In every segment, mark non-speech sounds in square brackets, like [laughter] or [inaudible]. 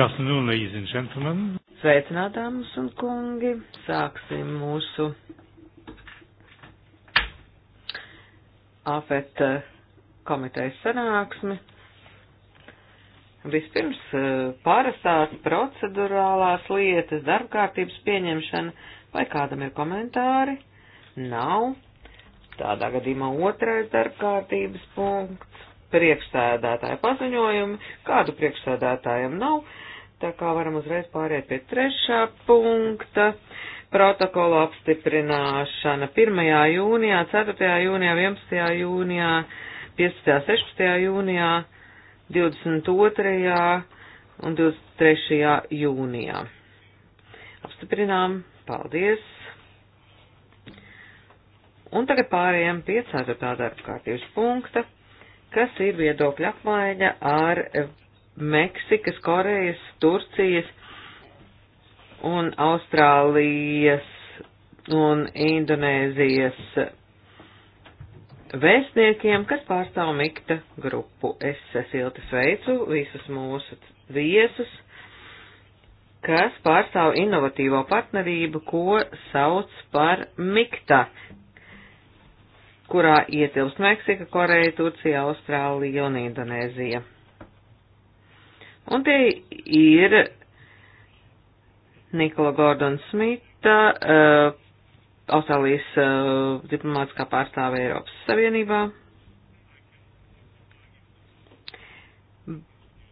Good afternoon, ladies and gentlemen. Sveicinātāms un kungi, sāksim mūsu AFET eh, komitejas sanāksmi. Vispirms eh, pārastās procedurālās lietas, darbkārtības pieņemšana, vai kādam ir komentāri? Nav. Tādā gadījumā otrais darbkārtības punkts - priekšsēdētāja paziņojumi, kādu priekšsēdētājiem nav, Tā kā varam uzreiz pāriet pie trešā punkta. Protokola apstiprināšana 1. jūnijā, 4. jūnijā, 11. jūnijā, 15. 16. jūnijā, 22. un 23. jūnijā. Apstiprinām. Paldies! Un tagad pārējām pie 4. darba kārtības punkta, kas ir viedokļa apmaiņa ar Meksikas, Korejas, Turcijas un Austrālijas un Indonēzijas vēstniekiem, kas pārstāv Mikta grupu. Es silti sveicu visus mūsu viesus, kas pārstāv inovatīvo partnerību, ko sauc par Mikta, kurā ietilpst Meksika, Koreja, Turcija, Austrālija un Indonēzija. Un tie ir Nikola Gordona Smita, uh, eh, Austrālijas uh, diplomātiskā pārstāve Eiropas Savienībā.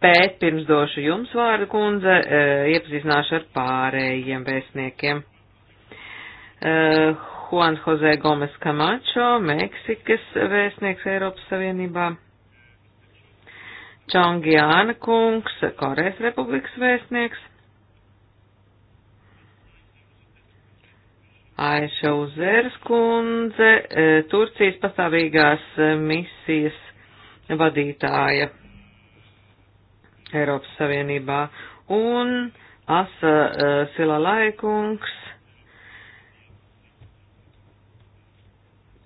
Bet pirms došu jums vārdu, kundze, uh, iepazīstināšu ar pārējiem vēstniekiem. Uh, Juan Jose Gomez Camacho, Meksikas vēstnieks Eiropas Savienībā. Čongjāna kungs, Korejas republikas vēstnieks, Aiša Uzeres kundze, e, Turcijas pastāvīgās e, misijas vadītāja Eiropas Savienībā, un Asa e, Silalai kungs,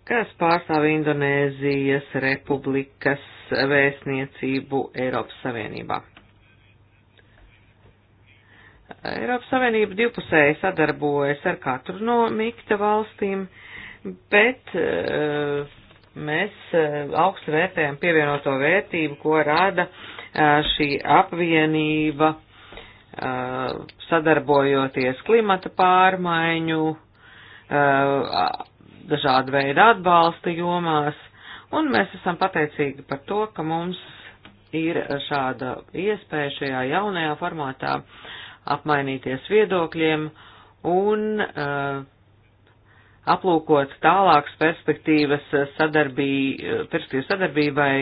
kas pārstāv Indonēzijas republikas vēstniecību Eiropas Savienībā. Eiropas Savienība divpusēji sadarbojas ar katru no mikta valstīm, bet uh, mēs uh, augstu vērtējam pievienoto vērtību, ko rada uh, šī apvienība, sadarbojoties klimata pārmaiņu dažādu veidu atbalsta jomās, un mēs esam pateicīgi par to, ka mums ir šāda iespēja šajā jaunajā formātā apmainīties viedokļiem un uh, aplūkot tālākas perspektīvas sadarbī, perspektīvas sadarbībai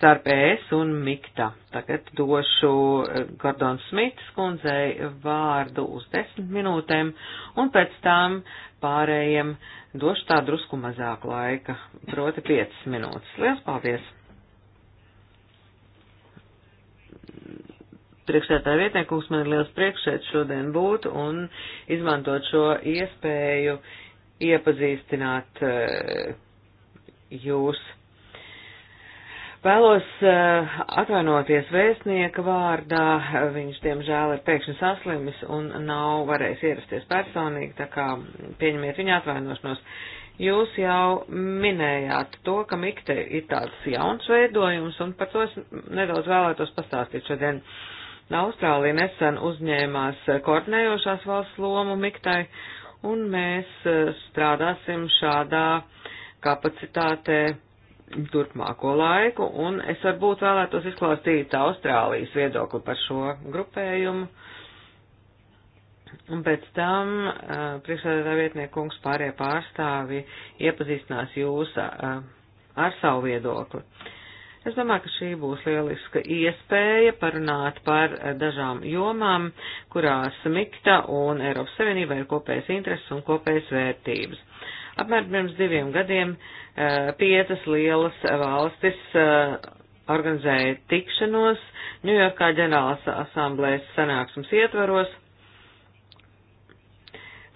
starp ES un MIKTA. Tagad došu uh, Gordon Smits kundzei vārdu uz desmit minūtēm, un pēc tam pārējiem došu tā drusku mazāk laika, proti 5 minūtes. Lielas paldies! Priekšētāja vietniekums man ir liels prieks šeit šodien būt un izmantot šo iespēju iepazīstināt eh, jūs Vēlos uh, atvainoties vēstnieka vārdā, viņš diemžēl ir pēkšņi saslimis un nav varējis ierasties personīgi, tā kā pieņemiet viņa atvainošanos. Jūs jau minējāt to, ka mikte ir tāds jauns veidojums, un par to es nedaudz vēlētos pastāstīt šodien. Austrālija nesen uzņēmās koordinējošās valsts lomu miktai, un mēs eh, strādāsim šādā kapacitātē turpmāko laiku, un es varbūt vēlētos izklāstīt Austrālijas viedokli par šo grupējumu. Un pēc tam uh, priekšsēdētā vietnieku kungs pārējie pārstāvi iepazīstinās jūs uh, ar savu viedokli. Es domāju, ka šī būs lieliska iespēja parunāt par dažām jomām, kurās Mikta un Eiropas Savienība ir kopējas intereses un kopējas vērtības. Apmēram pirms diviem gadiem eh, piecas lielas valstis eh, organizēja tikšanos Ņujorkā ģenerālas asamblējas sanāksmes ietvaros.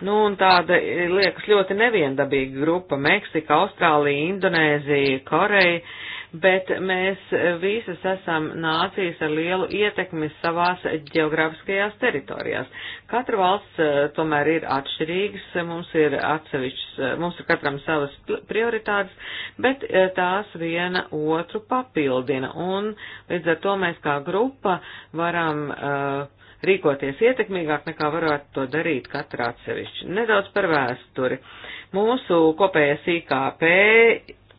Nu, un tāda eh, liekas ļoti neviendabīga grupa - Meksika, Austrālija, Indonēzija, Koreja bet mēs visas esam nācijas ar lielu ietekmi savās geogrāfiskajās teritorijās. Katra valsts eh, tomēr ir atšķirīgas, mums ir atsevišķas, eh, mums ir katram savas prioritātes, bet eh, tās viena otru papildina, un līdz ar to mēs kā grupa varam uh, rīkoties ietekmīgāk nekā varētu to darīt katra atsevišķi. Nedaudz par vēsturi. Mūsu kopējais IKP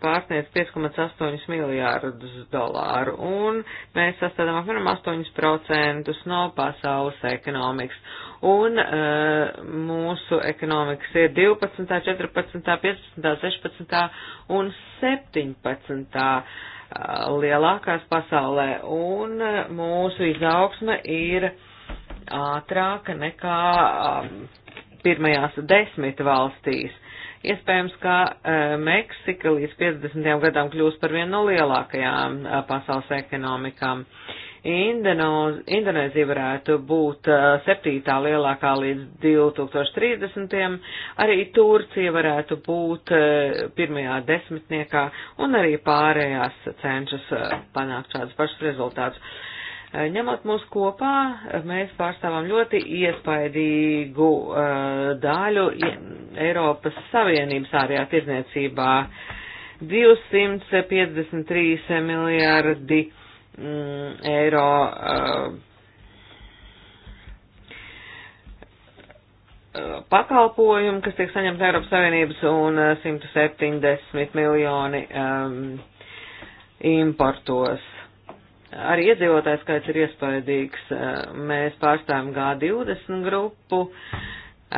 pārsniedz 5,8 miljārdus dolāru, un mēs sastādām apmēram 8% no pasaules ekonomikas. Un uh, mūsu ekonomikas ir 12., 14., 15., 16. un 17. Eh, lielākās pasaulē, un eh, mūsu izaugsme ir ātrāka nekā um, pirmajās desmit valstīs Iespējams, ka e, Meksika līdz 50. gadam kļūs par vienu no lielākajām e, pasaules ekonomikām. Indenoz, Indonēzija varētu būt e, septītā lielākā līdz 2030. Arī Turcija varētu būt pirmajā desmitniekā un arī pārējās cenšas panākt šādus pašus rezultātus. Ņemot mūs kopā, mēs pārstāvam ļoti iespaidīgu uh, daļu Eiropas Savienības ārējā tirdzniecībā. 253 miljardi mm, eiro. Uh, pakalpojumu, kas tiek saņemta Eiropas Savienības un 170 miljoni um, importos. Arī iedzīvotājs skaits ir iespaidīgs. Eh, mēs pārstāvam G20 grupu,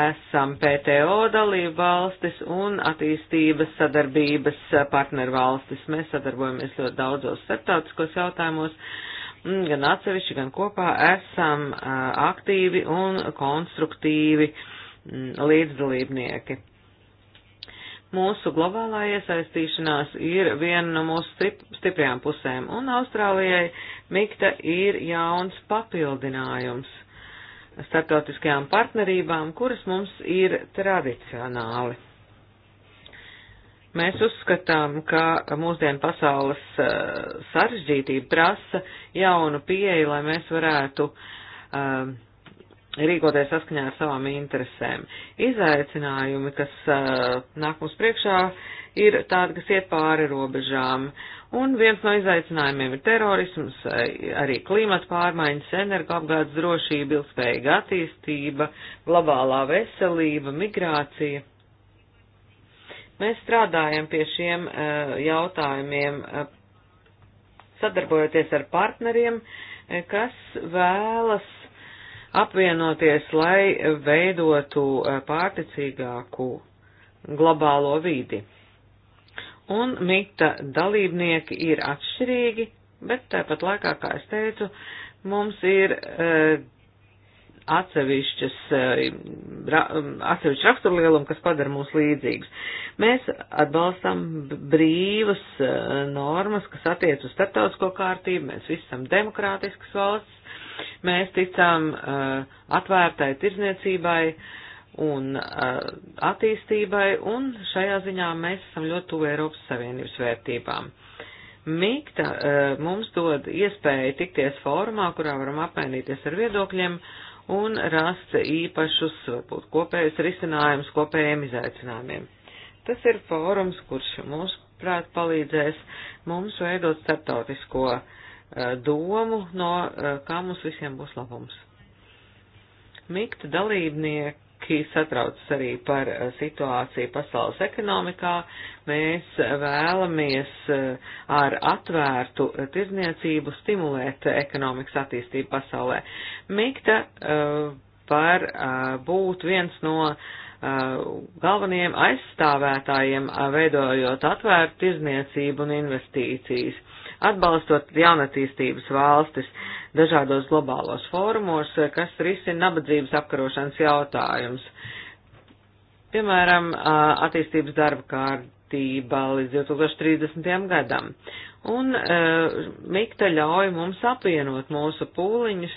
esam PTO dalība valstis un attīstības sadarbības partneru valstis. Mēs sadarbojamies ļoti daudzos starptautiskos jautājumos, mm, gan atsevišķi, gan kopā esam eh, aktīvi un konstruktīvi mm, līdzdalībnieki. Mūsu globālā iesaistīšanās ir viena no mūsu stip stiprajām pusēm, un Austrālijai Mikta ir jauns papildinājums starptautiskajām partnerībām, kuras mums ir tradicionāli. Mēs uzskatām, ka mūsdienu pasaules eh, sarežģītība prasa jaunu pieeju, lai mēs varētu uh, rīkoties saskaņā ar savām interesēm. Izaicinājumi, kas uh, nāk mums priekšā, ir tādi, kas iet pāri robežām. Un viens no izaicinājumiem ir terorisms, eh, arī klimata pārmaiņas, energoapgādes drošība, ilgspējīga attīstība, globālā veselība, migrācija. Mēs strādājam pie šiem uh, jautājumiem, uh, sadarbojoties ar partneriem, kas vēlas apvienoties, lai veidotu eh, pārticīgāku globālo vīdi. Un mita dalībnieki ir atšķirīgi, bet tāpat laikā, kā es teicu, mums ir eh, atsevišķas, eh, atsevišķi raksturlielumi, kas padara mūs līdzīgus. Mēs atbalstam brīvas normas, kas attiec uz starptautisko kārtību, mēs visi esam demokrātiskas valsts, Mēs ticam uh, atvērtai tirzniecībai un uh, attīstībai, un šajā ziņā mēs esam ļoti tuvu Eiropas Savienības vērtībām. Mikta uh, mums dod iespēju tikties fórumā, kurā varam apmainīties ar viedokļiem un rast īpašus, varbūt kopējus risinājumus kopējiem izaicinājumiem. Tas ir fórums, kurš mums, prāt, palīdzēs mums veidot starptautisko uh, Eh, domu, no eh, kā mums visiem būs labums. Mikta dalībnieki satraucas arī par eh, situāciju pasaules ekonomikā. Mēs vēlamies ar atvērtu tirzniecību stimulēt ekonomikas attīstību pasaulē. Mikta var būt viens no galvenajiem aizstāvētājiem, veidojot atvērtu tirzniecību un investīcijas atbalstot jaunatīstības valstis dažādos globālos fórumos, eh, kas risina nabadzības apkarošanas jautājums. Piemēram, attīstības darba kārtība līdz 2030. gadam. Un e, Mikta ļauj mums apvienot mūsu pūliņus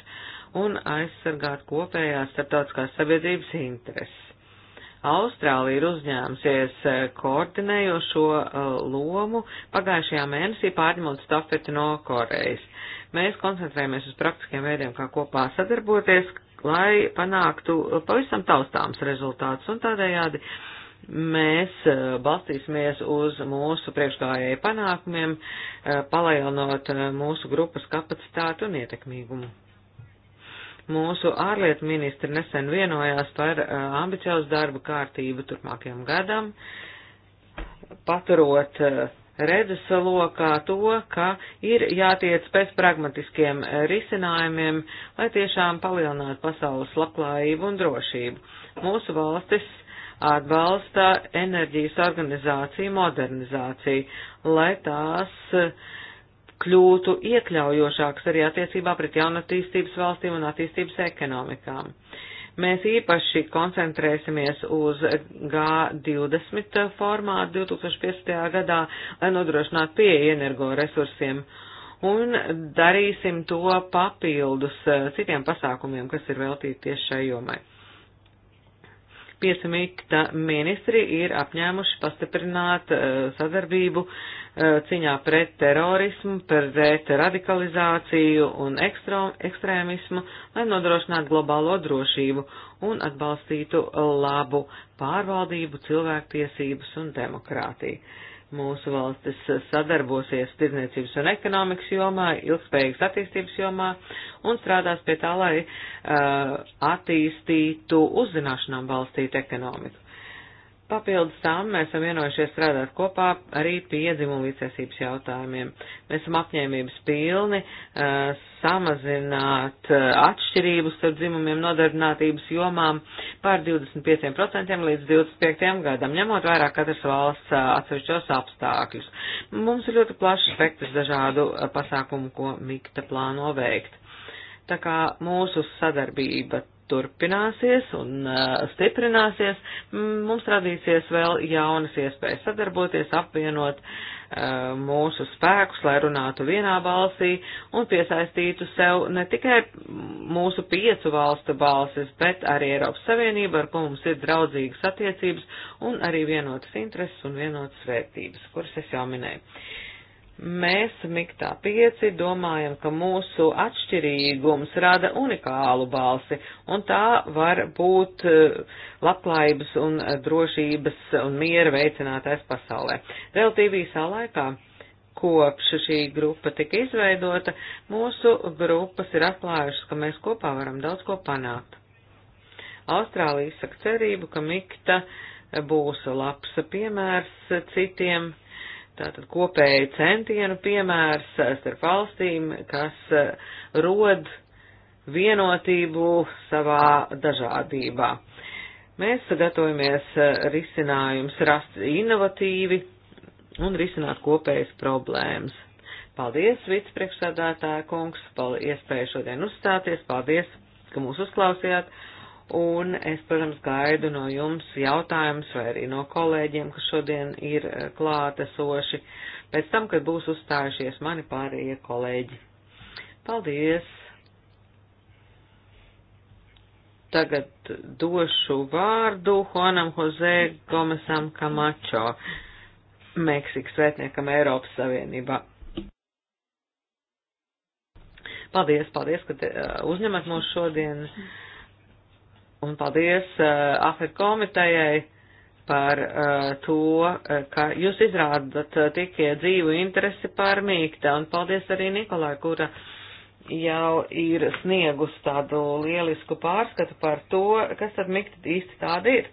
un aizsargāt kopējās starptautiskās sabiedrības intereses. Austrālija ir uzņēmusies eh, koordinējošo eh, lomu pagājušajā mēnesī pārņemot stafeti no Korejas. Mēs koncentrējamies uz praktiskiem veidiem, kā kopā sadarboties, lai panāktu eh, pavisam taustāms rezultāts un tādējādi mēs balstīsimies uz mūsu priekšgājēju panākumiem, palielinot mūsu grupas kapacitātu un ietekmīgumu. Mūsu ārlietu ministri nesen vienojās par eh, ambiciozu darba kārtību turpmākajam gadam, paturot eh, redzes lokā to, ka ir jātiec pēc pragmatiskiem eh, risinājumiem, lai tiešām palielinātu pasaules labklājību un drošību. Mūsu valstis atbalsta enerģijas organizāciju modernizāciju, lai tās uh, kļūtu iekļaujošāks arī attiecībā pret jaunatīstības valstīm un attīstības ekonomikām. Mēs īpaši koncentrēsimies uz G20 formātu 2015. gadā, lai nodrošinātu pieeja energoresursiem un darīsim to papildus eh, citiem pasākumiem, kas ir veltīti tieši šai jomai. Piesamīgta ministri ir apņēmuši pastiprināt eh, sadarbību E, ciņā pret terorismu, pret radikalizāciju un ekstro, ekstrēmismu, lai nodrošinātu globālo drošību un atbalstītu labu pārvaldību, cilvēktiesības un demokrātiju. Mūsu valstis sadarbosies tirdzniecības un ekonomikas jomā, ilgspējīgas attīstības jomā un strādās pie tā, lai uh, attīstītu uzzināšanām balstītu ekonomiku Papildus tam mēs esam vienojušies strādāt kopā arī pie dzimumu līdzsēsības jautājumiem. Mēs esam apņēmības pilni uh, samazināt uh, atšķirības starp dzimumiem nodarbinātības jomām par 25% līdz 25 gadam, ņemot vairāk katras valsts uh, atsevišķos apstākļus. Mums ir ļoti plašs spektrs dažādu pasākumu, ko Mikta plāno veikt. Tā kā mūsu sadarbība turpināsies un uh, stiprināsies, mums radīsies vēl jaunas iespējas sadarboties, apvienot uh, mūsu spēkus, lai runātu vienā balsī un piesaistītu sev ne tikai mūsu piecu valstu balsis, bet arī Eiropas Savienību, ar ko mums ir draudzīgas attiecības un arī vienotas intereses un vienotas vērtības, kuras es jau minēju. Uh, Mēs miktā pieci domājam, ka mūsu atšķirīgums rada unikālu balsi, un tā var būt eh, labklājības un eh, drošības un miera veicinātājs pasaulē. Relatīvi īsā laikā, kopš šī grupa tika izveidota, mūsu grupas ir atklājušas, ka mēs kopā varam daudz ko panākt. Austrālija izsaka cerību, ka mikta eh, būs labs piemērs citiem tātad kopēju centienu piemērs eh, starp valstīm, kas eh, rod vienotību savā dažādībā. Mēs sagatavojamies eh, risinājums rast inovatīvi un risināt kopējas problēmas. Paldies, vicepriekšsādātāja kungs, par iespēju šodien uzstāties, paldies, ka mūs uzklausījāt. Un es, protams, gaidu no jums jautājumus vai arī no kolēģiem, kas šodien ir eh, klātesoši, pēc tam, kad būs uzstājušies mani pārējie kolēģi. Paldies! Tagad došu vārdu Juanam Jose Gomesam Kamačo, Meksikas vētniekam Eiropas Savienībā. Paldies, paldies, ka eh, uzņemat mūs šodien. Uh, Un paldies uh, AFET komitejai par uh, to, uh, ka jūs izrādat uh, tik dzīvu interesi par mīkta. Un paldies arī Nikolai, kura jau ir sniegus tādu lielisku pārskatu par to, kas tad mīkta īsti tāda ir.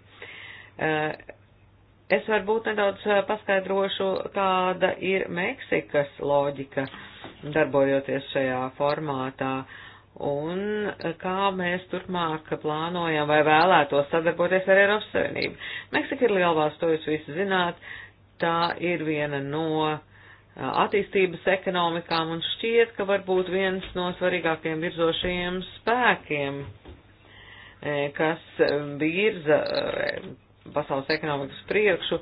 Uh, Es varbūt nedaudz paskaidrošu, kāda ir Meksikas loģika darbojoties šajā formātā. Uh, un kā mēs turpmāk plānojam vai vēlētos sadarboties ar Eiropas Savienību. Meksika ir lielvalsts, to jūs visi zināt, tā ir viena no attīstības ekonomikām un šķiet, ka varbūt viens no svarīgākajiem virzošajiem spēkiem, kas virza pasaules ekonomikas priekšu,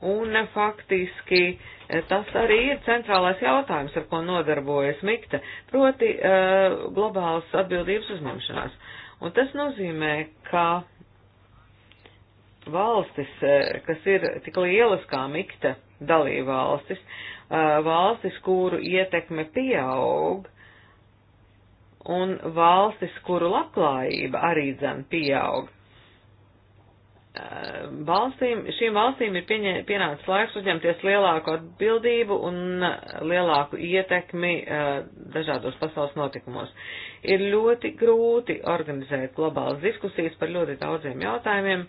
Un faktiski eh, tas arī ir centrālais jautājums, ar ko nodarbojas Mikta, proti uh, eh, globālas atbildības uzņemšanās. Un tas nozīmē, ka valstis, eh, kas ir tik lielas kā Mikta dalībvalstis, uh, valstis, kuru ietekme pieaug, un valstis, kuru labklājība arī dzen pieaug, valstīm, šīm valstīm ir pieņē, pienācis laiks uzņemties lielāku atbildību un lielāku ietekmi eh, dažādos pasaules notikumos. Ir ļoti grūti organizēt globālas diskusijas par ļoti daudziem jautājumiem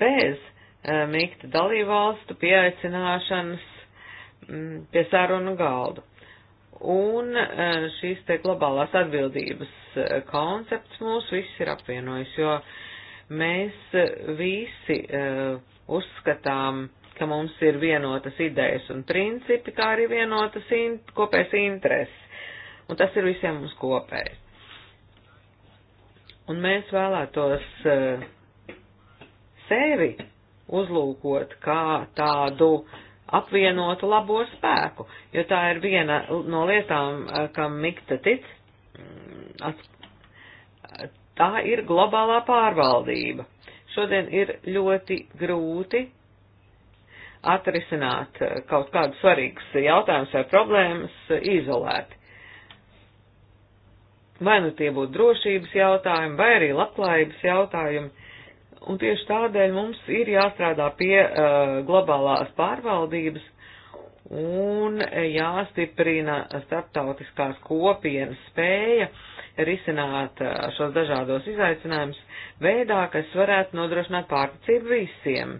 bez eh, mīkta dalībvalstu pieaicināšanas mm, pie sarunu galdu. Un eh, šīs te globālās atbildības koncepts mūs viss ir apvienojis, jo uh, Mēs eh, visi uh, uzskatām, ka mums ir vienotas idejas un principi, kā arī vienotas in kopējas intereses. Un tas ir visiem mums kopējs. Un mēs vēlētos uh, sevi uzlūkot kā tādu uh, apvienotu labo spēku, jo tā ir viena no lietām, kam Mikta tic, mm, tā ir globālā pārvaldība. Šodien ir ļoti grūti atrisināt eh, kaut kādus svarīgus jautājumus vai problēmas eh, izolēti. Vai nu tie būtu drošības jautājumi, vai arī labklājības jautājumi. Un tieši tādēļ mums ir jāstrādā pie uh, globālās pārvaldības un jāstiprina starptautiskās kopienas spēja uh, risināt uh, šos dažādos izaicinājumus veidā, kas varētu nodrošināt pārticību visiem.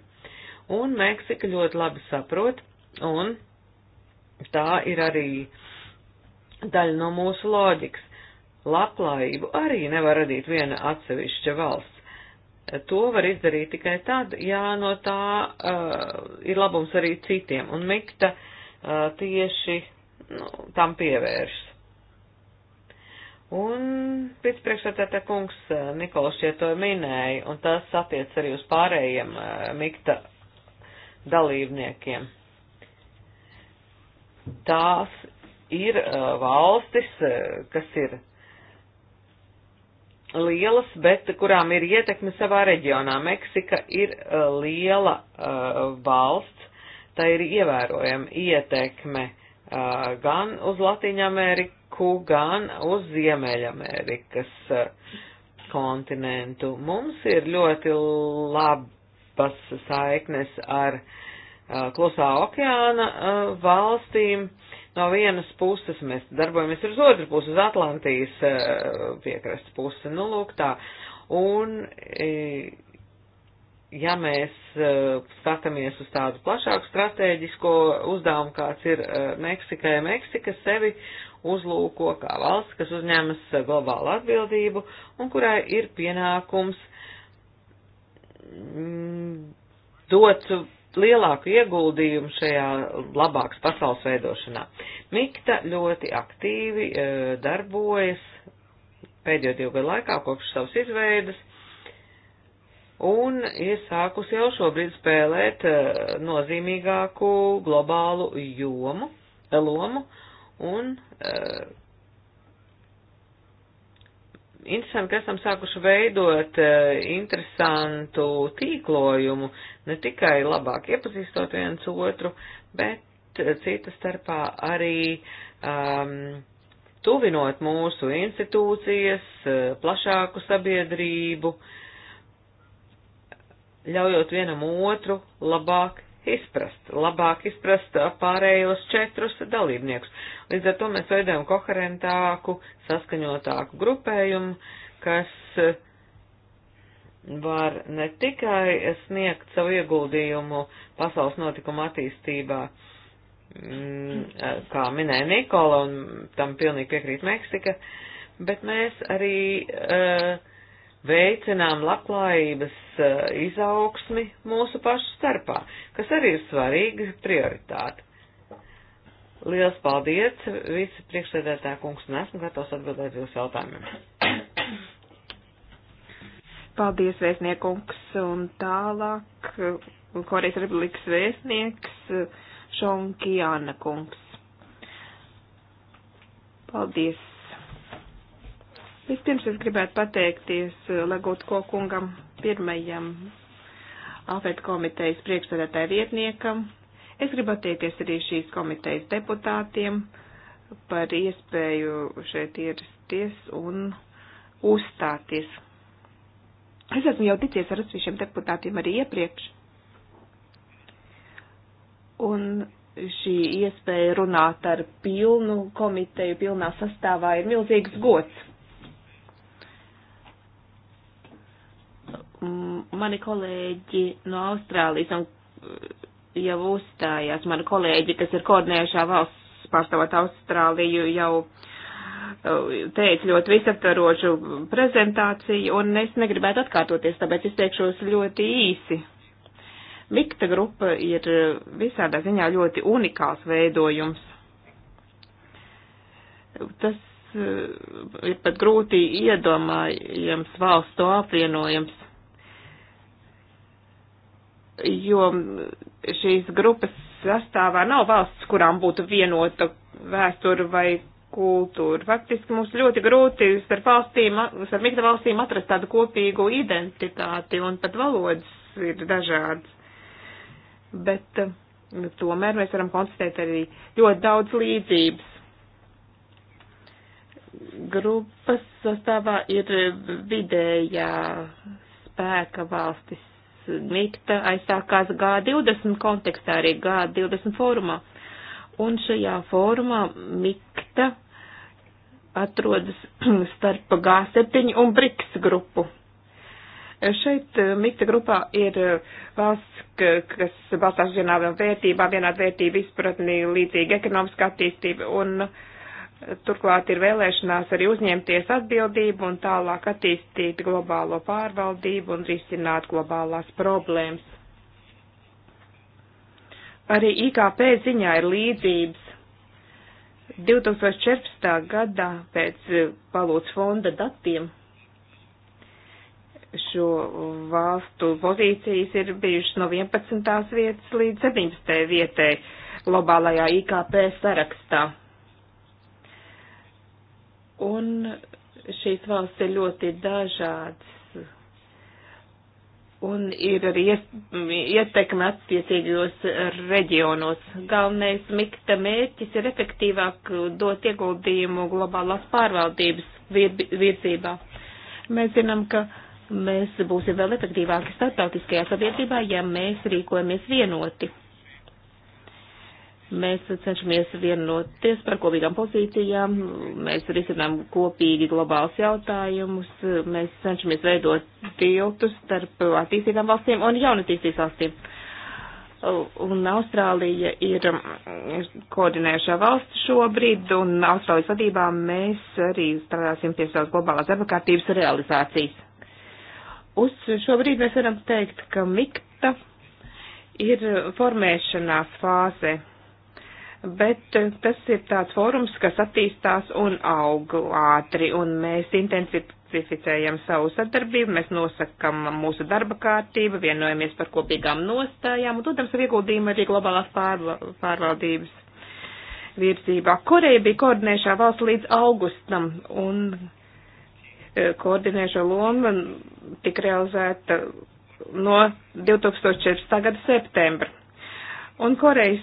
Un Meksika ļoti labi saprot, un tā ir arī daļa no mūsu loģikas. Labklājību arī nevar radīt viena atsevišķa valsts. To var izdarīt tikai tad, ja no tā uh, ir labums arī citiem, un Mikta uh, tieši nu, tam pievēršas. Un vicepriekšsēdētā kungs eh, Nikolaus šie to minēja, un tas attiec arī uz pārējiem eh, mikta dalībniekiem. Tās ir eh, valstis, kas ir lielas, bet kurām ir ietekme savā reģionā. Meksika ir liela valsts, tā ir ievērojama ietekme gan uz Latīņu Ameriku, Ameriku, gan uz Ziemeļamerikas eh, kontinentu. Mums ir ļoti labas saiknes ar uh, klusā okeāna uh, valstīm. No vienas puses mēs darbojamies uz otru pusi, uz Atlantijas uh, piekrastes pusi, nu lūk tā. Un, ja mēs skatāmies uz tādu plašāku strateģisko uzdevumu, kāds ir Meksikai, Meksika sevi uzlūko kā valsts, kas uzņēmas globālu atbildību un kurai ir pienākums mm, dot lielāku ieguldījumu šajā labākas pasaules veidošanā. Mikta ļoti aktīvi e, darbojas pēdējo divu gadu laikā kopš savas izveidas un ir sākus jau šobrīd spēlēt e, nozīmīgāku globālu jomu, lomu Un uh, interesanti, ka esam sākuši veidot uh, interesantu tīklojumu, ne tikai labāk iepazīstot viens otru, bet uh, cita starpā arī um, tuvinot mūsu institūcijas, uh, plašāku sabiedrību, ļaujot vienam otru labāk izprast, labāk izprast uh, pārējos četrus dalībniekus. Līdz ar to mēs veidojam koherentāku, saskaņotāku grupējumu, kas uh, var ne tikai sniegt savu ieguldījumu pasaules notikuma attīstībā, mm, uh, kā minēja Nikola, un tam pilnīgi piekrīt Meksika, bet mēs arī uh, veicinām labklājības eh, izaugsmi mūsu pašu starpā, kas arī ir svarīga prioritāte. Liels paldies, visi priekšsēdētā kungs, un esmu gatavs atbildēt jūsu jautājumiem. Paldies, vēstniekungs, un tālāk Korejas Republikas vēstnieks Šonkijāna kungs. Paldies Vispirms es gribētu pateikties eh, Legutko kungam, pirmajam Alfēta komitejas priekšsēdētāja vietniekam. Es gribu pateikties arī šīs komitejas deputātiem par iespēju šeit ierasties un uzstāties. Es esmu jau ticies ar atsevišķiem deputātiem arī iepriekš. Un šī iespēja runāt ar pilnu komiteju, pilnā sastāvā ir milzīgs gods. mani kolēģi no Austrālijas un eh, jau uzstājās, mani kolēģi, kas ir koordinējušā valsts pārstāvot Austrāliju, jau eh, teica ļoti visaptarošu prezentāciju, un es negribētu atkārtoties, tāpēc izteikšos ļoti īsi. Mikta grupa ir eh, visādā ziņā ļoti unikāls veidojums. Tas ir pat grūti iedomājams valsts to apvienojams jo šīs grupas sastāvā nav valsts, kurām būtu vienota vēsture vai kultūra. Faktiski mums ļoti grūti starp valstīm, starp mikta valstīm atrast tādu kopīgu identitāti un pat valodas ir dažādas. Bet eh, nu, tomēr mēs varam konstatēt arī ļoti daudz līdzības. Grupas sastāvā ir vidējā spēka valstis MIPTA aizsākās G20 kontekstā, arī G20 fórumā. Un šajā fórumā MIPTA atrodas [clears throat] starp G7 un BRICS grupu. Šeit eh, MIPTA grupā ir eh, valsts, kas balstās vienādām vērtībām, vienādu vērtību izpratni, līdzīga ekonomiska attīstība un uh, Turklāt ir vēlēšanās arī uzņemties atbildību un tālāk attīstīt globālo pārvaldību un risināt globālās problēmas. Arī IKP ziņā ir līdzības. 2014. gadā pēc palūdz eh, fonda datiem šo valstu pozīcijas ir bijušas no 11. vietas līdz 17. vietai globālajā IKP sarakstā Un šīs valsts ir ļoti dažādas. Un ir arī ietekme attiecīgajos reģionos. Galvenais mikta mērķis ir efektīvāk dot ieguldījumu globālās pārvaldības virzībā. Mēs zinām, ka mēs būsim vēl efektīvāki starptautiskajā sabiedrībā, ja mēs rīkojamies vienoti. Mēs cenšamies vienoties par kopīgām pozīcijām, mēs risinām kopīgi globālus jautājumus, mēs cenšamies veidot tiltus starp attīstītām valstīm un jaunatīstīs valstīm. Un Austrālija ir koordinējušā valsts šobrīd, un Austrālijas vadībā mēs arī strādāsim pie savas globālās darba kārtības realizācijas. Uz šobrīd mēs varam teikt, ka mikta ir formēšanās fāze bet tas ir tāds fórums, kas attīstās un aug ātri, un mēs intensificējam savu sadarbību, mēs nosakam mūsu darba kārtību, vienojamies par kopīgām nostājām un dodam savu ieguldījumu arī globālās pārvaldības virzībā. Koreja bija koordinēšā valsts līdz augustam, un e, koordinēšo loma tika realizēta no 2014. gada septembra. Un Korejas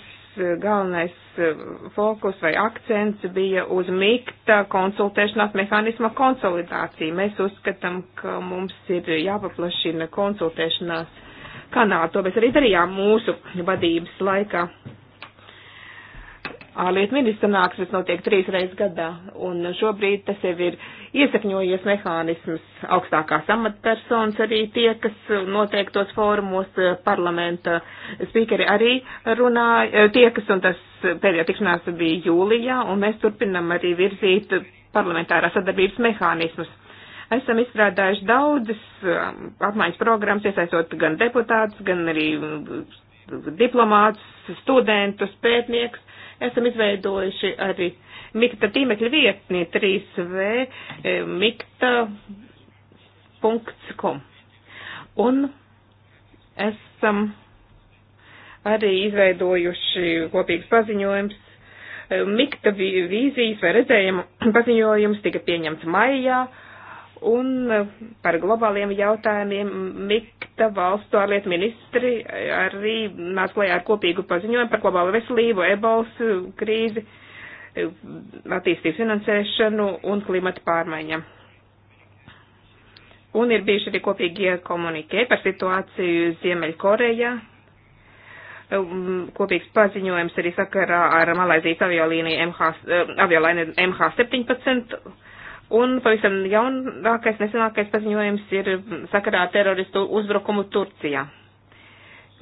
galvenais eh, fokus vai akcents bija uz mikta konsultēšanās mehānisma konsolidāciju. Mēs uzskatām, ka mums ir jāpaplašina konsultēšanās kanāla. To mēs arī darījām mūsu vadības laikā ārlietu ministra nāks, tas notiek trīs reizes gadā, un šobrīd tas jau ir iesakņojies mehānisms. Augstākās amatpersonas arī tie, kas noteiktos fórumos parlamenta spīkeri arī runāja, eh, tiekas, un tas pēdējā tikšanās bija jūlijā, un mēs turpinam arī virzīt parlamentārā sadarbības mehānismus. Esam izstrādājuši daudzas eh, apmaiņas programmas, iesaistot gan deputātus, gan arī diplomāts, studentus, pētniekus. Esam izveidojuši arī Mikta tīmekļa vietni 3v e, mikta.com. Un esam arī izveidojuši kopīgs paziņojums. E, mikta vīzijas vai redzējuma paziņojums tika pieņemts maijā un e, par globāliem jautājumiem Mikta valstu ārlietu ministri arī nāca klajā ar kopīgu paziņojumu par globālu veselību, ebols e, krīzi, e, attīstības finansēšanu un klimata pārmaiņām. Un ir bijuši arī kopīgie komunikē par situāciju Ziemeļkorejā. Kopīgs paziņojums arī sakarā ar Malaizijas aviolīniju MH, aviolīniju MH17 Un pavisam jaunākais, nesenākais paziņojums ir sakarā teroristu uzbrukumu Turcijā.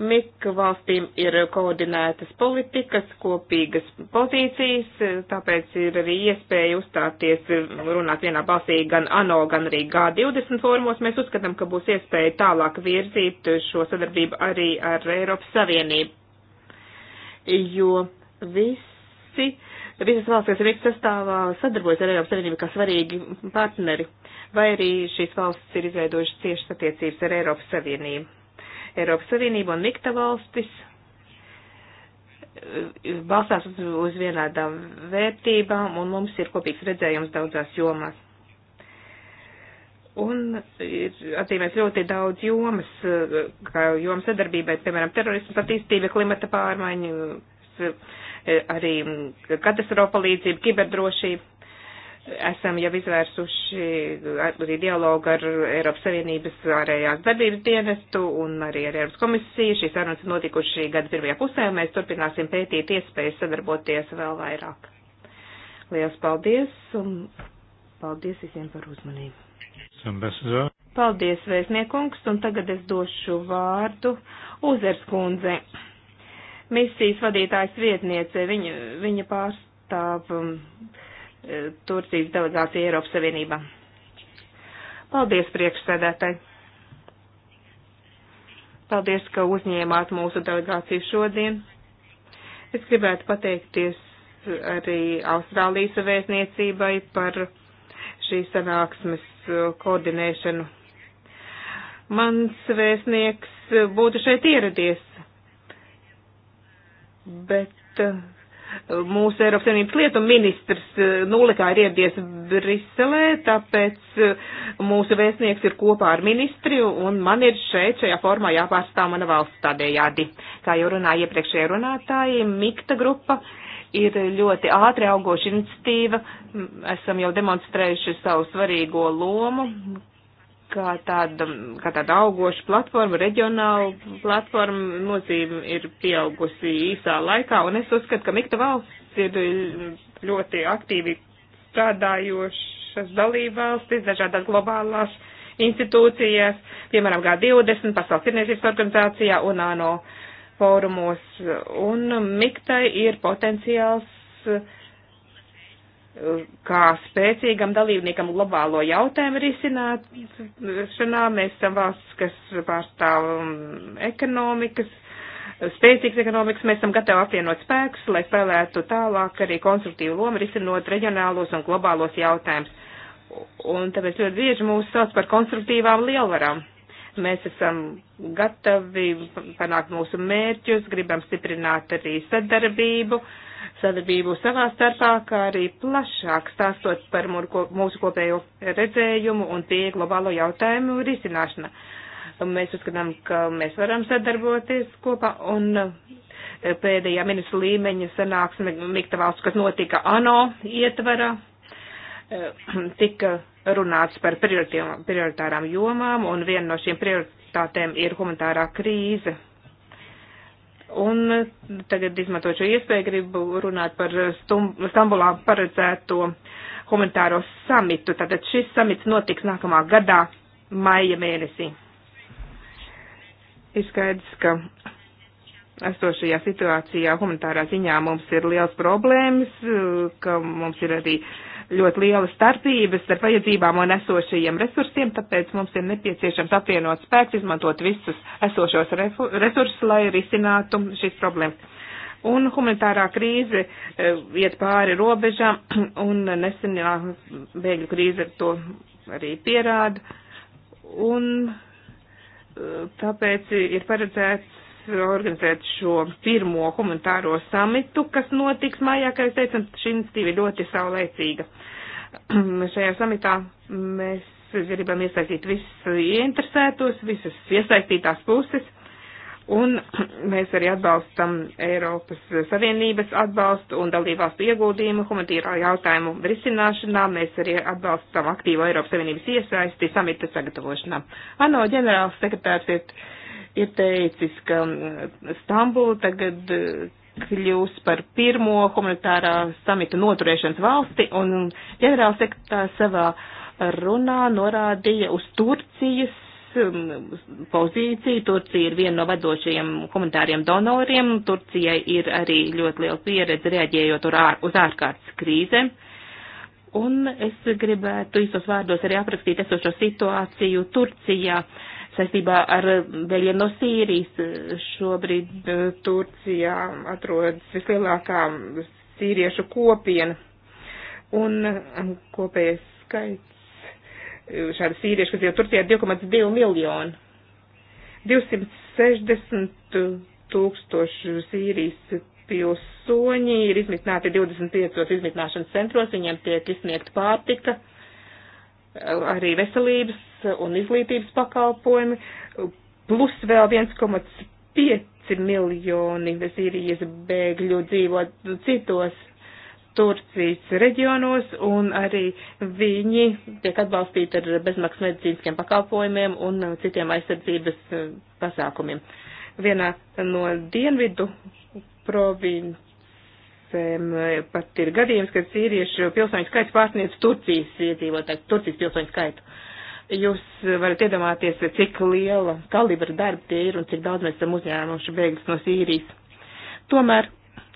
MIK valstīm ir koordinētas politikas, kopīgas pozīcijas, tāpēc ir arī iespēja uzstāties, runāt vienā balsī gan ANO, gan arī G20 formos. Mēs uzskatām, ka būs iespēja tālāk virzīt šo sadarbību arī ar Eiropas Savienību, jo visi visas valsts, kas ir veiks sastāvā, sadarbojas ar Eiropas Savienību kā svarīgi partneri, vai arī šīs valsts ir izveidojušas ciešas attiecības ar Eiropas Savienību. Eiropas Savienība un Mikta valstis eh, balstās uz, uz vienādām vērtībām, un mums ir kopīgs redzējums daudzās jomās. Un ir atzīmēts ļoti daudz jomas, eh, kā jomas sadarbībai, piemēram, terorismas attīstība, klimata pārmaiņas, Eh, arī mm, katastrofa palīdzība, kiberdrošība. Esam jau izvērsuši eh, arī dialogu ar Eiropas Savienības ārējās darbības dienestu un arī ar Eiropas komisiju. Šīs sarunas notikušas šī gada pirmajā pusē, un mēs turpināsim pētīt iespējas sadarboties vēl vairāk. Lielas paldies, un paldies visiem par uzmanību. Paldies, vēstniekungs, un tagad es došu vārdu Uzers kundzei misijas vadītājas vietniece. Viņa, viņa pārstāv um, e, Turcijas delegācija Eiropas Savienībā. Paldies priekšsēdētāji! Paldies, ka uzņēmāt mūsu delegāciju šodien. Es gribētu pateikties arī Austrālijas vēstniecībai par šīs sanāksmes e, koordinēšanu. Mans vēstnieks būtu šeit ieradies, bet eh, mūsu Eiropas Savienības lietu ministrs eh, nulikā ir ieradies Briselē, tāpēc eh, mūsu vēstnieks ir kopā ar ministri un man ir šeit šajā formā jāpārstāv mana valsts tādējādi. Kā jau runāja iepriekšējā runātāji, Mikta grupa ir ļoti ātri augoša iniciatīva. Esam jau demonstrējuši savu svarīgo lomu, kā tāda, kā tāda augoša platforma, reģionāla platforma nozīme ir pieaugusi īsā laikā, un es uzskatu, ka Mikta valsts ir ļoti aktīvi strādājošas dalībvalstis dažādās globālās institūcijās, piemēram, G20, Pasaules tirniecības organizācijā un ANO fórumos, un Miktai ir potenciāls uh, kā spēcīgam dalībniekam globālo jautājumu risināšanā. Mēs esam valsts, kas pārstāv um, ekonomikas, spēcīgas ekonomikas. Mēs esam gatavi apvienot spēkus, lai spēlētu tālāk arī konstruktīvu lomu risinot reģionālos un globālos jautājumus. Un tāpēc ļoti bieži mūs sauc par konstruktīvām lielvarām. Mēs esam gatavi panākt mūsu mērķus, gribam stiprināt arī sadarbību. Uh, sadarbību savā starpā, kā arī plašāk stāstot par mūsu kopējo redzējumu un pie globālo jautājumu risināšana. Mēs uzskatām, ka mēs varam sadarboties kopā un e, pēdējā ministra līmeņa sanāksme Miktavāls, kas notika ANO ietvara, e, [clears throat] tika runāts par prioritārām jomām, un viena no šīm prioritātēm ir humanitārā krīze Un tagad, izmantojot šo iespēju, gribu runāt par Stambulā paredzēto humanitāro samitu. Tātad šis samits notiks nākamā gadā, maija mēnesī. Ir skaidrs, ka esošajā situācijā humanitārā ziņā mums ir liels problēmas, ka mums ir arī uh, ļoti liela starpība starp vajadzībām un esošajiem resursiem, tāpēc mums ir nepieciešams apvienot spēks, izmantot visus esošos resursus, lai risinātu šīs problēmas. Un humanitārā krīze e, iet pāri robežām, [clears throat] un nesenā bēgļu krīze to arī pierāda. Un e, tāpēc ir paredzēts organizēt šo pirmo humanitāro samitu, kas notiks mājā, kā es teicu, šī iniciatīva ir ļoti saulēcīga. [clears throat] Šajā samitā mēs gribam iesaistīt visus ieinteresētos, visas iesaistītās puses, un [clears throat] mēs arī atbalstam Eiropas Savienības atbalstu un dalībvalstu ieguldījumu humanitārā jautājumu risināšanā. Mēs arī atbalstam aktīvo Eiropas Savienības iesaisti samita sagatavošanā. ANO ģenerāls sekretārs ir ir teicis, ka mm, Stambula tagad eh, kļūs par pirmo humanitārā samita noturēšanas valsti, un ģenerālsekretārs savā runā norādīja uz Turcijas mm, pozīciju. Turcija ir viena no vadošajiem humanitāriem donoriem. Turcijai ir arī ļoti liela pieredze reaģējot uz ārkārtas krīzēm. Un es gribētu īsos vārdos arī aprakstīt esošo situāciju Turcijā. Uh, saistībā ar vēl vienu no Sīrijas. Šobrīd eh, Turcijā atrodas vislielākā sīriešu kopiena. Un eh, kopējais skaits eh, šādi sīrieši, kas jau Turcijā ir 2,2 miljoni. 260 tūkstoši Sīrijas pilsoņi ir izmitināti 25 izmitināšanas centros, viņiem tiek izsniegta pārtika arī veselības un izglītības pakalpojumi, plus vēl 1,5 miljoni Sīrijas bēgļu dzīvo citos Turcijas reģionos, un arī viņi tiek atbalstīti ar bezmaksas medicīniskiem pakalpojumiem un citiem aizsardzības pasākumiem. Vienā no dienvidu provinces reizēm pat ir gadījums, kad sīriešu pilsoņu skaits pārsniedz Turcijas iedzīvotāju, Turcijas pilsoņu skaitu. Jūs varat iedomāties, cik liela kalibra darba tie ir un cik daudz mēs esam uzņēmuši bēgļus no Sīrijas. Tomēr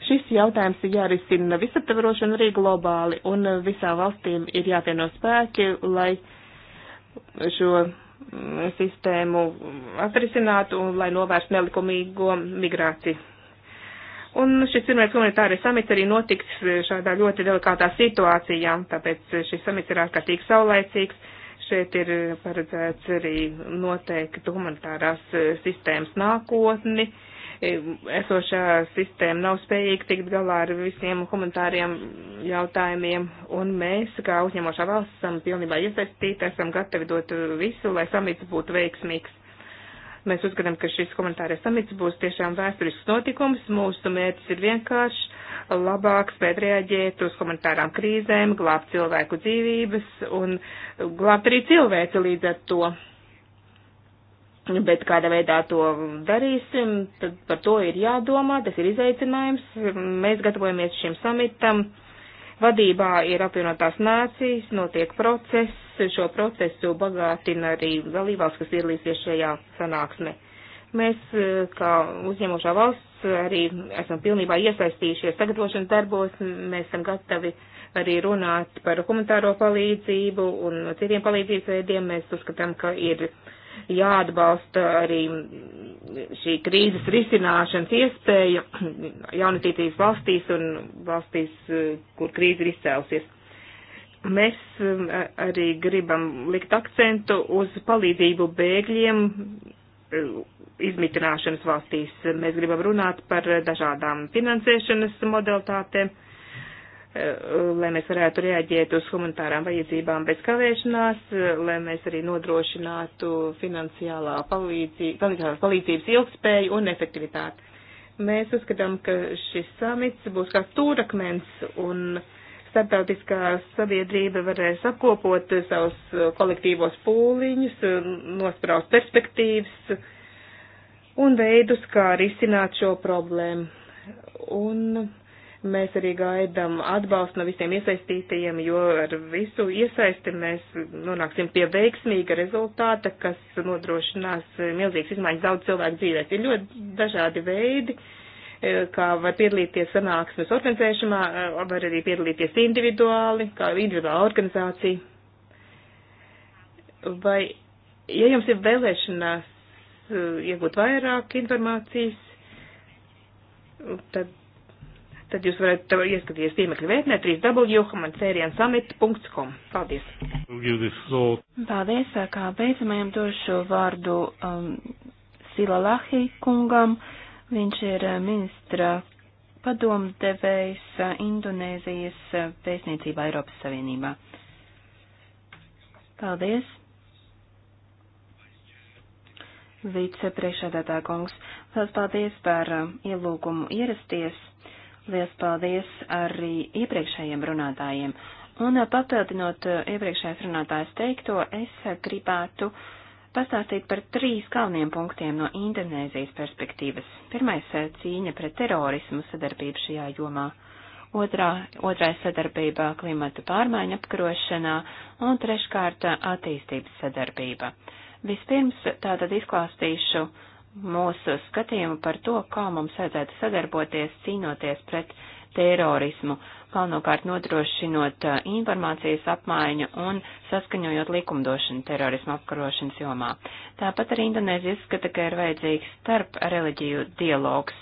šis jautājums ir jārisina visaptvarošana arī globāli un visām valstīm ir jāpieno spēki, lai šo mm, sistēmu atrisinātu un lai novērstu nelikumīgo migrāciju. Un šis pirmais humanitārais samits arī notiks šādā ļoti delikātā situācijā, tāpēc šis samits ir ārkārtīgi saulēcīgs. Šeit ir paredzēts arī noteikti humanitārās sistēmas nākotni. Esošā sistēma nav spējīga tikt galā ar visiem humanitāriem jautājumiem, un mēs, kā uzņemošā valsts, esam pilnībā iesaistīti, esam gatavi dot visu, lai samits būtu veiksmīgs Mēs uzskatām, ka šis komentārais samits būs tiešām vēsturisks notikums. Mūsu mērķis ir vienkāršs, labāk spēt reaģēt uz komentārām krīzēm, glābt cilvēku dzīvības un glābt arī cilvēci līdz ar to. Bet kādā veidā to darīsim, tad par to ir jādomā, tas ir izaicinājums. Mēs gatavojamies šim samitam. Vadībā ir apvienotās nācijas, notiek process, šo procesu bagātina arī dalībvalsts, kas piedalīsies šajā sanāksmē. Mēs, e, kā uzņemošā valsts, arī esam pilnībā iesaistījušies sagatavošanas darbos, mēs esam gatavi arī runāt par humanitāro palīdzību un citiem palīdzības veidiem. Mēs uzskatām, ka ir jāatbalsta arī šī krīzes risināšanas iespēja [clears throat] jaunatītības valstīs un valstīs, e, kur krīze ir izcēlusies. Mēs um, arī gribam likt akcentu uz palīdzību bēgļiem um, izmitināšanas valstīs. Mēs gribam runāt par dažādām finansēšanas modalitātēm, um, lai mēs varētu reaģēt uz humanitārām vajadzībām bez kavēšanās, lai mēs arī nodrošinātu finansiālā palīdzības, palīdzības ilgspēju un efektivitāti. Mēs uzskatām, ka šis samits būs kā stūrakmens un uh, starptautiskā sabiedrība varēs apkopot savus uh, kolektīvos pūliņus, uh, nospraust perspektīvas un veidus, kā risināt šo problēmu. Un mēs arī gaidām atbalstu no visiem iesaistītajiem, jo ar visu iesaisti mēs nonāksim pie veiksmīga rezultāta, kas nodrošinās milzīgas izmaiņas daudz cilvēku dzīvēs. Ir ļoti dažādi veidi, uh, E, kā var piedalīties sanāksmes organizēšanā, e, var arī piedalīties individuāli, kā individuāla organizācija. Vai, ja jums ir vēlēšanās e, iegūt vairāk informācijas, tad, tad jūs varat ieskatīties tiemekļa vētnē 3w.humanitariansummit.com. Paldies! Paldies, kā beidzamajam došu vārdu um, Sila Lahi kungam. Uh, Viņš ir eh, ministra padomdevējs eh, Indonēzijas eh, pētniecībā Eiropas Savienībā. Paldies! Vicepriekšādātā kungs, liels paldies par ielūgumu ierasties, liels paldies arī iepriekšējiem runātājiem. Un papildinot iepriekšējais runātājs teikto, es gribētu uh, pastāstīt par trīs galveniem punktiem no Indonēzijas perspektīvas. Pirmais eh, - cīņa pret terorismu sadarbību šajā jomā. Otrā, otrais sadarbība klimata pārmaiņu apkarošanā un treškārt eh, attīstības sadarbība. Vispirms tātad izklāstīšu mūsu skatījumu par to, kā mums vajadzētu sadarboties cīnoties pret terorismu, galvenokārt nodrošinot uh, informācijas apmaiņu un saskaņojot likumdošanu terorismu apkarošanas jomā. Tāpat arī Indonēzija izskata, ka ir vajadzīgs starp reliģiju dialogs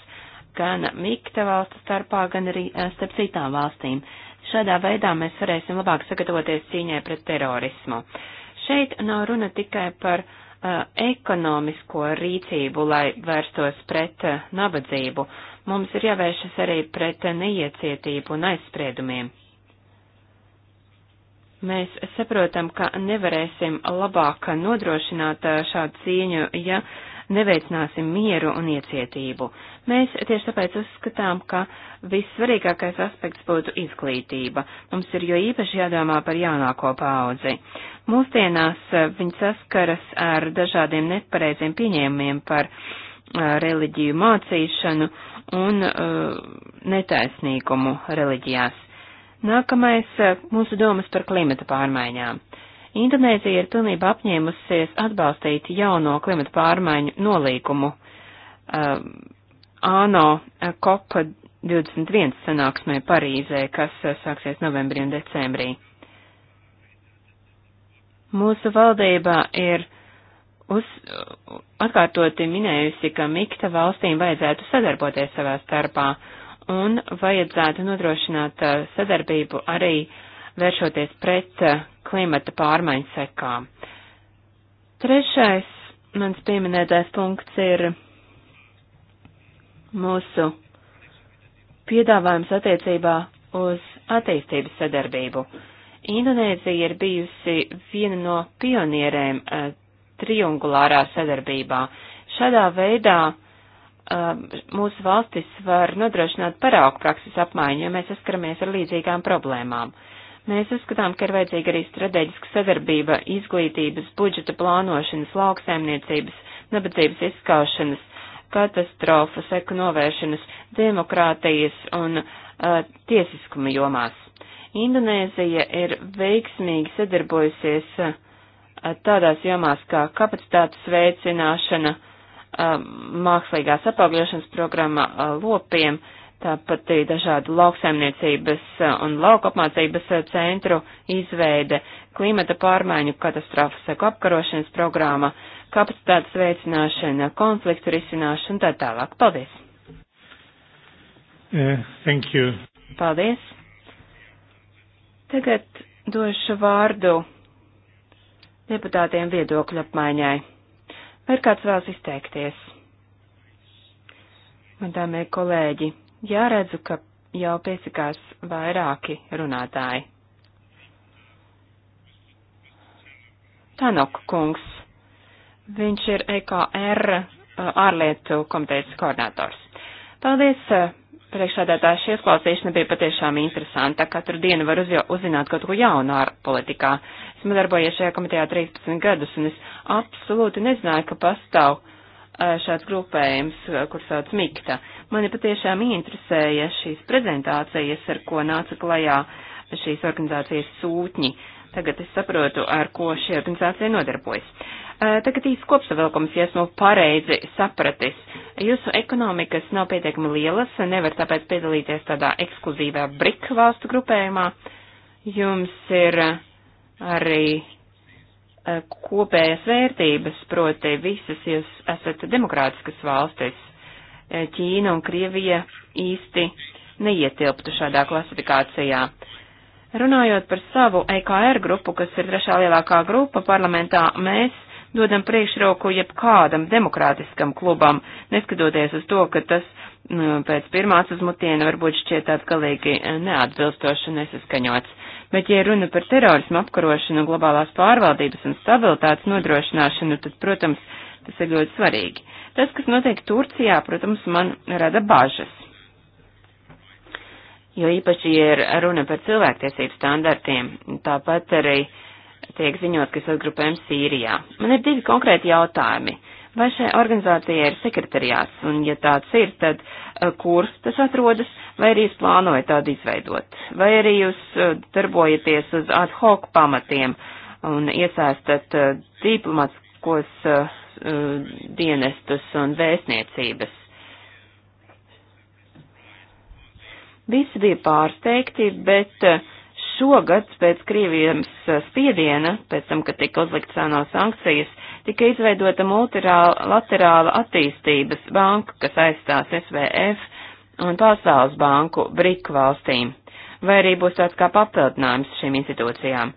gan mikta valstu starpā, gan arī uh, starp citām valstīm. Šādā veidā mēs varēsim labāk sagatavoties cīņai pret terorismu. Šeit nav runa tikai par uh, ekonomisko rīcību, lai vērstos pret uh, nabadzību, uh, Mums ir jāvēršas arī pret neiecietību un aizspriedumiem. Mēs saprotam, ka nevarēsim labāk nodrošināt šādu cīņu, ja neveicināsim mieru un iecietību. Mēs tieši tāpēc uzskatām, ka vissvarīgākais aspekts būtu izglītība. Mums ir jo īpaši jādomā par jaunāko paudzi. Mūsdienās viņi saskaras ar dažādiem nepareiziem pieņēmumiem par reliģiju mācīšanu, uh, un uh, netaisnīgumu reliģijās. Nākamais uh, - mūsu domas par klimata pārmaiņām. Indonēzija ir pilnībā apņēmusies atbalstīt jauno klimata pārmaiņu nolīgumu uh, ANO uh, COP 21 sanāksmē Parīzē, kas uh, sāksies novembrī un decembrī. Mūsu valdībā ir uz, atkārtoti minējusi, ka mikta valstīm vajadzētu sadarboties savā starpā un vajadzētu nodrošināt uh, sadarbību arī vēršoties pret uh, klimata pārmaiņu sekām. Trešais mans pieminētais punkts ir mūsu piedāvājums attiecībā uz attīstības sadarbību. Indonēzija ir bijusi viena no pionierēm uh, triangulārā sadarbībā. Šādā veidā um, mūsu valstis var nodrošināt paraugu prakses apmaiņu, jo mēs saskaramies ar līdzīgām problēmām. Mēs uzskatām, ka ir vajadzīga arī strateģiska sadarbība izglītības, budžeta plānošanas, lauksaimniecības, nabadzības izskaušanas, katastrofu, seku novēršanas, demokrātijas un uh, tiesiskuma jomās. Indonēzija ir veiksmīgi sadarbojusies uh, tādās jomās kā kapacitātes veicināšana, mākslīgās apaugļošanas programma lopiem, tāpat arī dažādu lauksaimniecības un lauka apmācības centru izveide, klimata pārmaiņu katastrofu seku apkarošanas programma, kapacitātes veicināšana, konfliktu risināšana un tā tālāk. Paldies! Uh, thank you. Paldies! Tagad došu vārdu deputātiem viedokļu apmaiņai. Vai ir kāds vēlas izteikties? Madāmie kolēģi, jāredzu, ka jau piesakās vairāki runātāji. Tanok kungs, viņš ir EKR uh, ārlietu komitejas koordinators. Paldies, uh, priekšsēdētāji, šī izklausīšana bija patiešām interesanta. Katru dienu var uzzināt kaut ko jaunu ārpolitikā. Esmu darbojies šajā komitejā 13 gadus, un es absolūti nezināju, ka pastāv šāds grupējums, kur sauc Mikta. Mani patiešām interesēja šīs prezentācijas, ar ko nāca klajā šīs organizācijas sūtņi. Uh, Tagad es saprotu, ar ko šī organizācija nodarbojas. Tagad īsts kopsavilkums, ja esmu pareizi sapratis. Jūsu ekonomikas nav pietiekami lielas, nevar tāpēc piedalīties tādā ekskluzīvā BRIK valstu grupējumā. Jums ir arī kopējas vērtības, proti visas jūs esat demokrātiskas valstis. Ķīna un Krievija īsti neietilptu šādā klasifikācijā. Runājot par savu EKR grupu, kas ir trešā lielākā grupa parlamentā, mēs dodam priekšroku jebkādam demokrātiskam klubam, neskatoties uz to, ka tas nu, pēc pirmās uzmutiena varbūt šķiet tāds galīgi e, neatbilstošs un nesaskaņots. Bet, ja runa par terorismu apkarošanu, globālās pārvaldības un stabilitātes nodrošināšanu, tad, protams, tas ir ļoti svarīgi. Tas, kas notiek Turcijā, protams, man rada bažas jo īpaši ir runa par cilvēktiesību standartiem, tāpat arī tiek ziņot, ka sazgrupējam Sīrijā. Man ir divi konkrēti jautājumi. Vai šai organizācijai ir sekretariāts, un ja tāds ir, tad eh, kurs tas atrodas, vai arī jūs plānojat tādu izveidot, vai arī jūs eh, darbojaties uz ad hoc pamatiem un iesaistat eh, diplomatiskos dienestus un vēstniecības Visi bija pārsteigti, bet eh, šogad pēc Krievijas eh, spiediena, pēc tam, kad tika uzlikts ANO sankcijas, tika izveidota multilaterāla attīstības banka, kas aizstās SVF un Pasaules banku BRIK valstīm. Vai arī būs tāds kā papildinājums šīm institūcijām?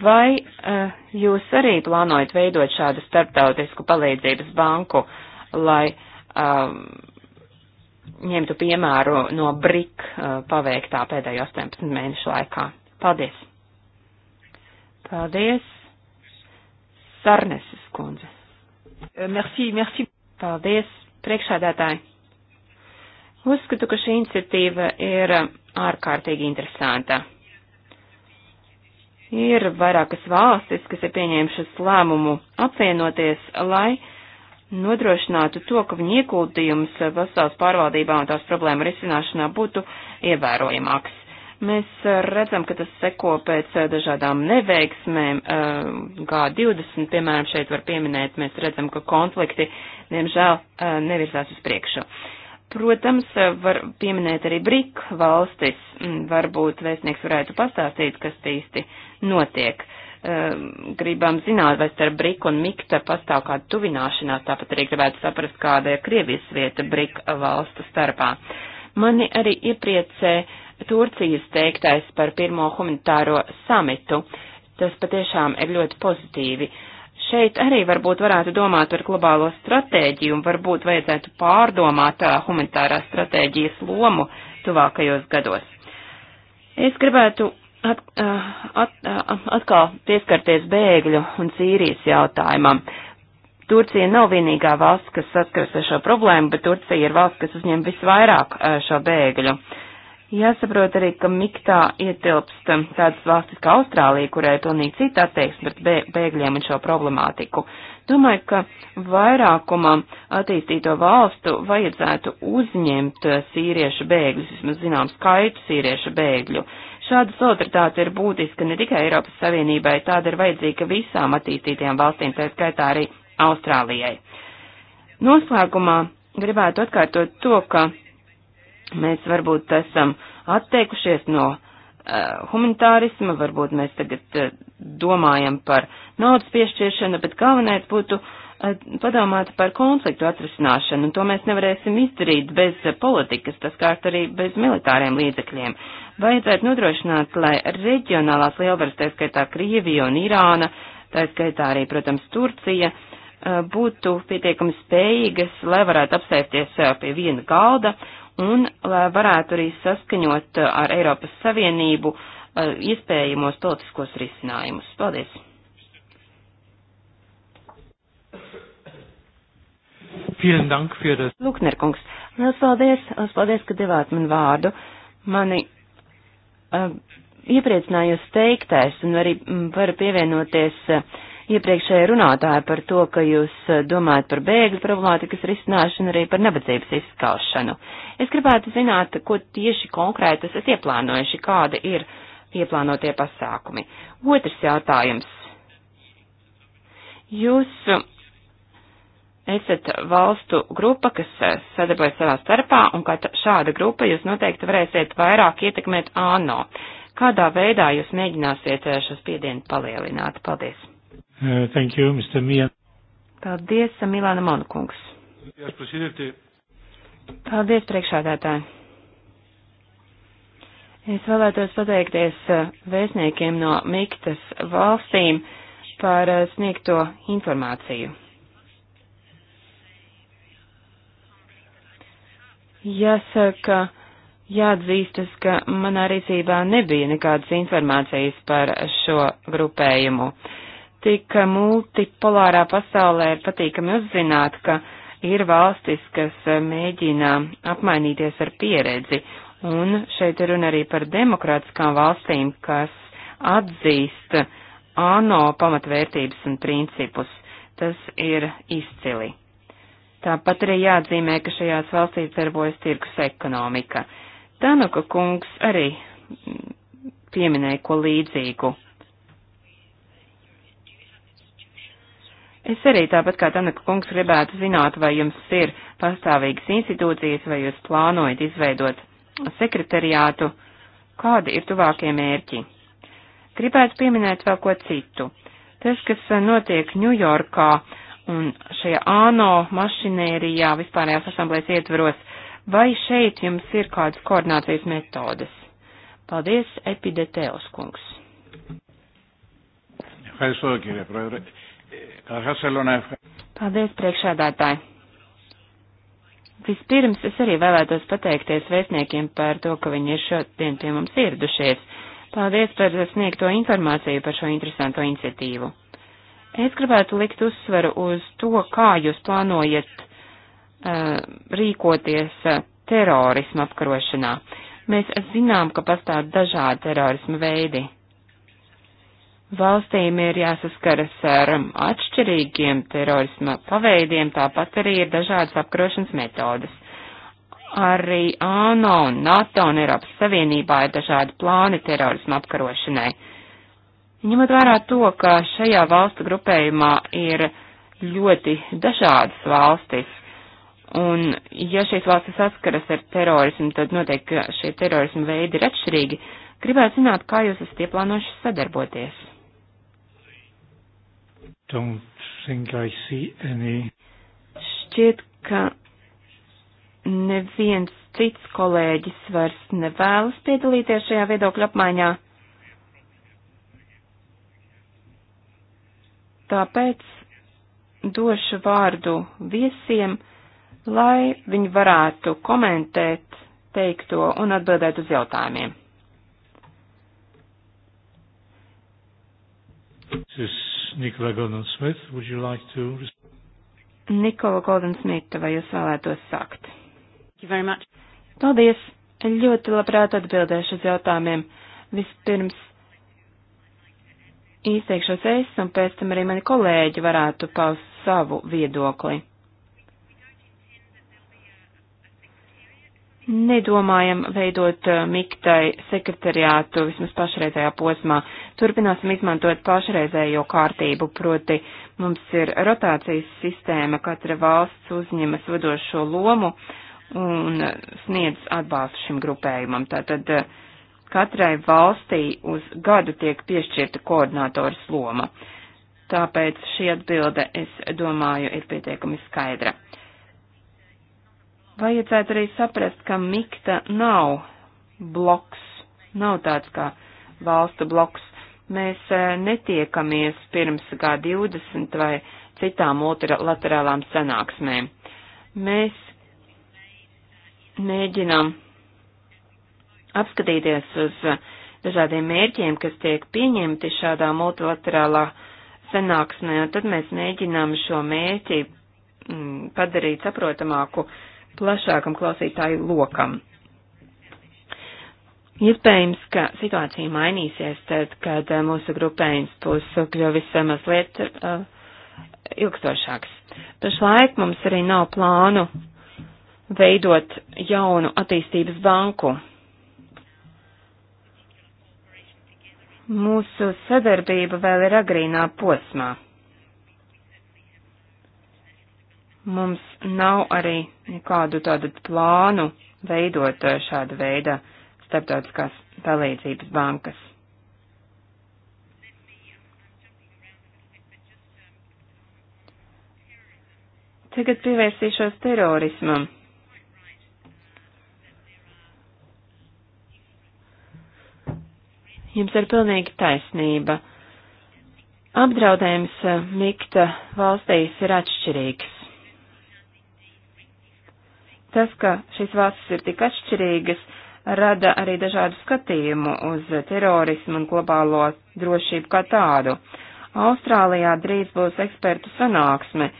Vai uh, jūs arī plānojat veidot šādu starptautisku palīdzības banku, lai um, uh, ņemtu piemēru no BRIK uh, paveiktā pēdējo 18 mēnešu laikā. Paldies! Paldies! Sarneses kundze. Eh, merci, merci. Paldies, priekšādātāji. Uzskatu, ka šī iniciatīva ir ārkārtīgi interesanta. Ir vairākas valstis, kas ir pieņēmušas lēmumu apvienoties, lai nodrošinātu to, ka viņa ieguldījums pasaules pārvaldībā un tās problēma risināšanā būtu ievērojamāks. Mēs eh, redzam, ka tas seko pēc eh, dažādām neveiksmēm. Eh, G20, piemēram, šeit var pieminēt, mēs redzam, ka konflikti, diemžēl, nevirzās uz priekšu. Protams, var pieminēt arī BRIK valstis. Mm, varbūt vēstnieks varētu pastāstīt, kas īsti notiek. Uh, Ehm, gribam zināt, vai starp Briku un Mikta pastāv kāda tuvināšanās, tāpat arī gribētu saprast, kāda ir Krievijas vieta Brika valstu starpā. Mani arī iepriecē Turcijas teiktais par pirmo humanitāro samitu. Tas patiešām ir ļoti pozitīvi. Šeit arī varbūt varētu domāt par globālo stratēģiju un varbūt vajadzētu pārdomāt humanitārā stratēģijas lomu tuvākajos gados. Es gribētu at, eh, at, eh, atkal pieskarties bēgļu un Sīrijas jautājumam. Turcija nav vienīgā valsts, kas saskaras ar šo problēmu, bet Turcija ir valsts, kas uzņem visvairāk eh, šo bēgļu. Jāsaprot arī, ka miktā ietilpst tādas valstis kā Austrālija, kurai ir pilnīgi cita attieksme pret bēgļiem un šo problemātiku. Domāju, ka vairākumam attīstīto valstu vajadzētu uzņemt sīriešu bēgļus, vismaz zinām skaitu sīriešu bēgļu. Uh, Šāda solidaritāte ir būtiska ne tikai Eiropas Savienībai, tāda ir vajadzīga visām attīstītajām valstīm, tā skaitā arī Austrālijai. Noslēgumā gribētu atkārtot to, ka mēs varbūt esam atteikušies no uh, humanitārisma, varbūt mēs tagad uh, domājam par naudas piešķiršanu, bet galvenais būtu uh, padomāt par konfliktu atrisināšanu, un to mēs nevarēsim izdarīt bez politikas, tas kārt arī bez militāriem līdzekļiem. Vajadzētu nodrošināt, lai reģionālās lielvaras, tā skaitā Krievija un Irāna, tā skaitā arī, protams, Turcija, eh, būtu pietiekami spējīgas, lai varētu apsēsties eh, pie viena galda un lai varētu arī saskaņot eh, ar Eiropas Savienību iespējamos politiskos risinājumus. Paldies! Lukner kungs, liels paldies, liels paldies, ka devāt man vārdu. Mani uh, iepriecinājusi teiktais un arī mm, varu pievienoties uh, iepriekšējai runātāji par to, ka jūs eh, domājat par bēgļu problemātikas risināšanu, arī par nabadzības izskaušanu. Es gribētu zināt, ko tieši konkrēti esat ieplānojuši, kādi ir ieplānotie pasākumi. Otrs jautājums. Jūs esat valstu grupa, kas eh, sadarbojas savā starpā, un kā šāda grupa jūs noteikti varēsiet vairāk ietekmēt ANO. Kādā veidā jūs mēģināsiet eh, šo spiedienu palielināt? Paldies. Uh, thank you, Mr. Mia. Paldies, Milāna Monkungs. Paldies, priekšādātāji. Es vēlētos pateikties eh, vēstniekiem no Miktas valstīm par sniegto informāciju. Jāsaka, jāatzīstas, ka manā rīcībā nebija nekādas informācijas par šo grupējumu. Tik multipolārā pasaulē ir patīkami uzzināt, ka ir valstis, kas mēģina apmainīties ar pieredzi, un šeit ir runa arī par demokrātiskām valstīm, kas atzīst ANO pamatvērtības un principus. Tas ir izcili. Tāpat arī jāatzīmē, ka šajās valstīs darbojas tirkus ekonomika. Tanuka kungs arī pieminēja ko līdzīgu. Es arī tāpat kā Tanuka kungs gribētu zināt, vai jums ir pastāvīgas institūcijas, vai jūs plānojat izveidot sekretariātu, kādi ir tuvākie mērķi. Gribētu pieminēt vēl ko citu. Tas, kas notiek Ņujorkā, un šajā ANO mašinērijā vispārējās asamblēs ietveros, vai šeit jums ir kādas koordinācijas metodas? Paldies, Epidetēos kungs. Paldies, priekšādātāji. Vispirms es arī vēlētos pateikties vēstniekiem par to, ka viņi ir šodien pie mums ieradušies. Paldies par sniegto informāciju par šo interesanto iniciatīvu. Es gribētu likt uzsveru uz to, kā jūs plānojat uh, rīkoties uh, terorisma apkarošanā. Mēs zinām, ka pastāv dažādi terorisma veidi. Valstīm ir jāsaskaras ar atšķirīgiem terorisma paveidiem, tāpat arī ir dažādas apkarošanas metodas. Arī ANO un NATO un Eiropas Savienībā ir dažādi plāni terorisma apkarošanai. Uh, Ņemot vērā to, ka šajā valstu grupējumā ir ļoti dažādas valstis, un ja šīs valstis saskaras ar terorismu, tad noteikti šie terorismu veidi ir atšķirīgi, gribētu zināt, kā jūs esat ieplānojuši sadarboties. Šķiet, ka neviens cits kolēģis vairs nevēlas piedalīties šajā viedokļa apmaiņā. Tāpēc došu vārdu viesiem, lai viņi varētu komentēt teikto un atbildēt uz jautājumiem. Nikola Golden-Smith, would you like to... Nikola Golden-Smith, vai jūs vēlētos sākt? Thank you very much. Paldies! Ļoti labprāt atbildēšu uz jautājumiem. Vispirms izteikšos es, un pēc tam arī mani kolēģi varētu paust savu viedokli. Nedomājam veidot eh, miktai sekretariātu vismaz pašreizējā posmā. Turpināsim izmantot pašreizējo kārtību, proti mums ir rotācijas sistēma, katra valsts uzņemas vadošo lomu un sniedz atbalstu šim grupējumam. Tātad uh, Katrai valstī uz gadu tiek piešķirta koordinātoras loma. Tāpēc šī atbilde, es domāju, ir pietiekami skaidra. Vajadzētu arī saprast, ka mikta nav bloks, nav tāds kā valstu bloks. Mēs e, netiekamies pirms G20 vai citām multilaterālām sanāksmēm. Mēs mēģinām apskatīties uz uh, dažādiem mērķiem, kas tiek pieņemti šādā multilaterālā sanāksmē, un tad mēs mēģinām šo mērķi mm, padarīt saprotamāku plašākam klausītāju lokam. Iespējams, ka situācija mainīsies tad, kad uh, mūsu grupējums būs kļuvis uh, mazliet uh, ilgstošāks. Pašlaik mums arī nav plānu veidot jaunu attīstības banku. Mūsu sadarbība vēl ir agrīnā posmā. Mums nav arī nekādu tādu plānu veidot eh, šādu veidu starptautiskās palīdzības bankas. Tagad pievērsīšos terorismam. Jums ir pilnīgi taisnība. Apdraudējums eh, mikta valstīs ir atšķirīgs. Tas, ka šīs valstis ir tik atšķirīgas, rada arī dažādu skatījumu uz terorismu un globālo drošību kā tādu. Austrālijā drīz būs ekspertu sanāksme eh,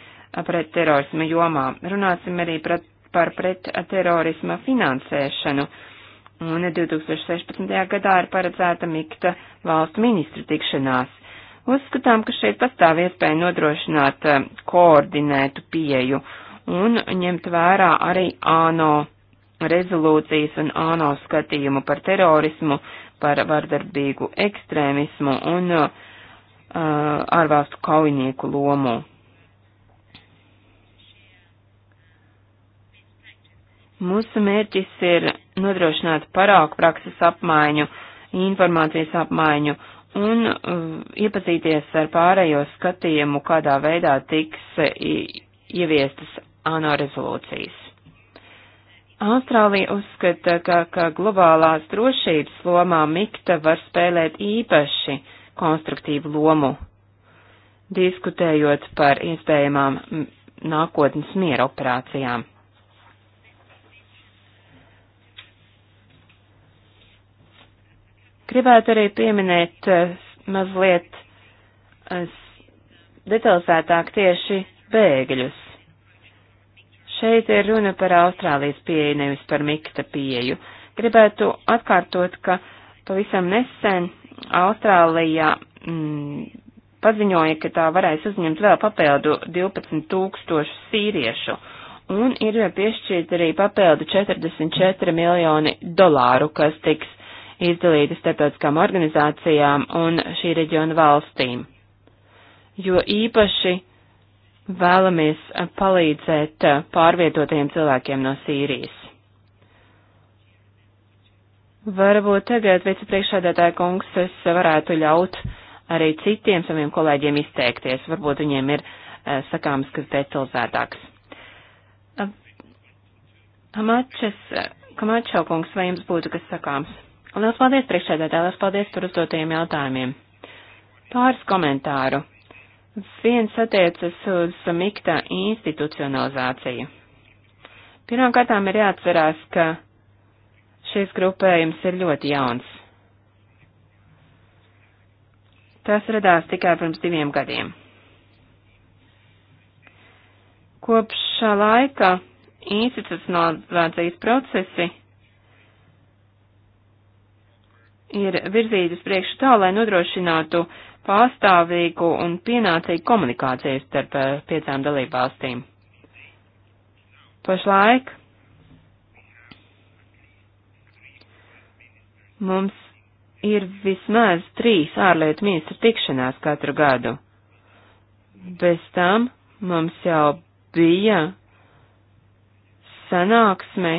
pret terorismu jomā. Runāsim arī pret, par pret terorisma finansēšanu. Uh, un 2016. gadā ir paredzēta mikta valstu ministru tikšanās. Uzskatām, ka šeit pastāv iespēja nodrošināt eh, koordinētu pieju un ņemt vērā arī ANO rezolūcijas un ANO skatījumu par terorismu, par vardarbīgu ekstrēmismu un uh, ārvalstu kaujinieku lomu. Mūsu mērķis ir nodrošināt parāku prakses apmaiņu, informācijas apmaiņu un uh, iepazīties ar pārējo skatījumu, kādā veidā tiks ieviestas ANO rezolūcijas. Austrālija uzskata, ka, ka globālās drošības lomā Mikta var spēlēt īpaši konstruktīvu lomu, diskutējot par iespējamām nākotnes miera operācijām. Gribētu arī pieminēt eh, mazliet eh, detalizētāk tieši bēgļus. Šeit ir runa par Austrālijas pieeju, nevis par mikta pieeju. Gribētu atkārtot, ka pavisam nesen Austrālijā mm, paziņoja, ka tā varēs uzņemt vēl papildu 12 tūkstošu sīriešu, un ir piešķirt arī papildu 44 miljoni dolāru, kas tiks izdalīti starptautiskām organizācijām un šī reģiona valstīm. Jo īpaši vēlamies palīdzēt pārvietotajiem cilvēkiem no Sīrijas. Varbūt tagad vicepriekšādātāja kungs es varētu ļaut arī citiem saviem kolēģiem izteikties. Varbūt viņiem ir eh, sakāms, kas detalizētāks. Amačes, Kamačo kungs, vai jums būtu kas sakāms? Lielas paldies priekšsēdētāji, lielas paldies par uzdotajiem jautājumiem. Pāris komentāru. Viens attiecas uz mikta institucionalizāciju. Pirmkārtām ir jāatcerās, ka šis grupējums ir ļoti jauns. Tas radās tikai pirms diviem gadiem. Kopš šā laika institucionalizācijas procesi ir virzītas priekš tā, lai nodrošinātu pārstāvīgu un pienācīgu komunikāciju starp eh, piecām dalībvalstīm. Pašlaik mums ir vismaz trīs ārlietu ministru tikšanās katru gadu. Bez tam mums jau bija sanāksme,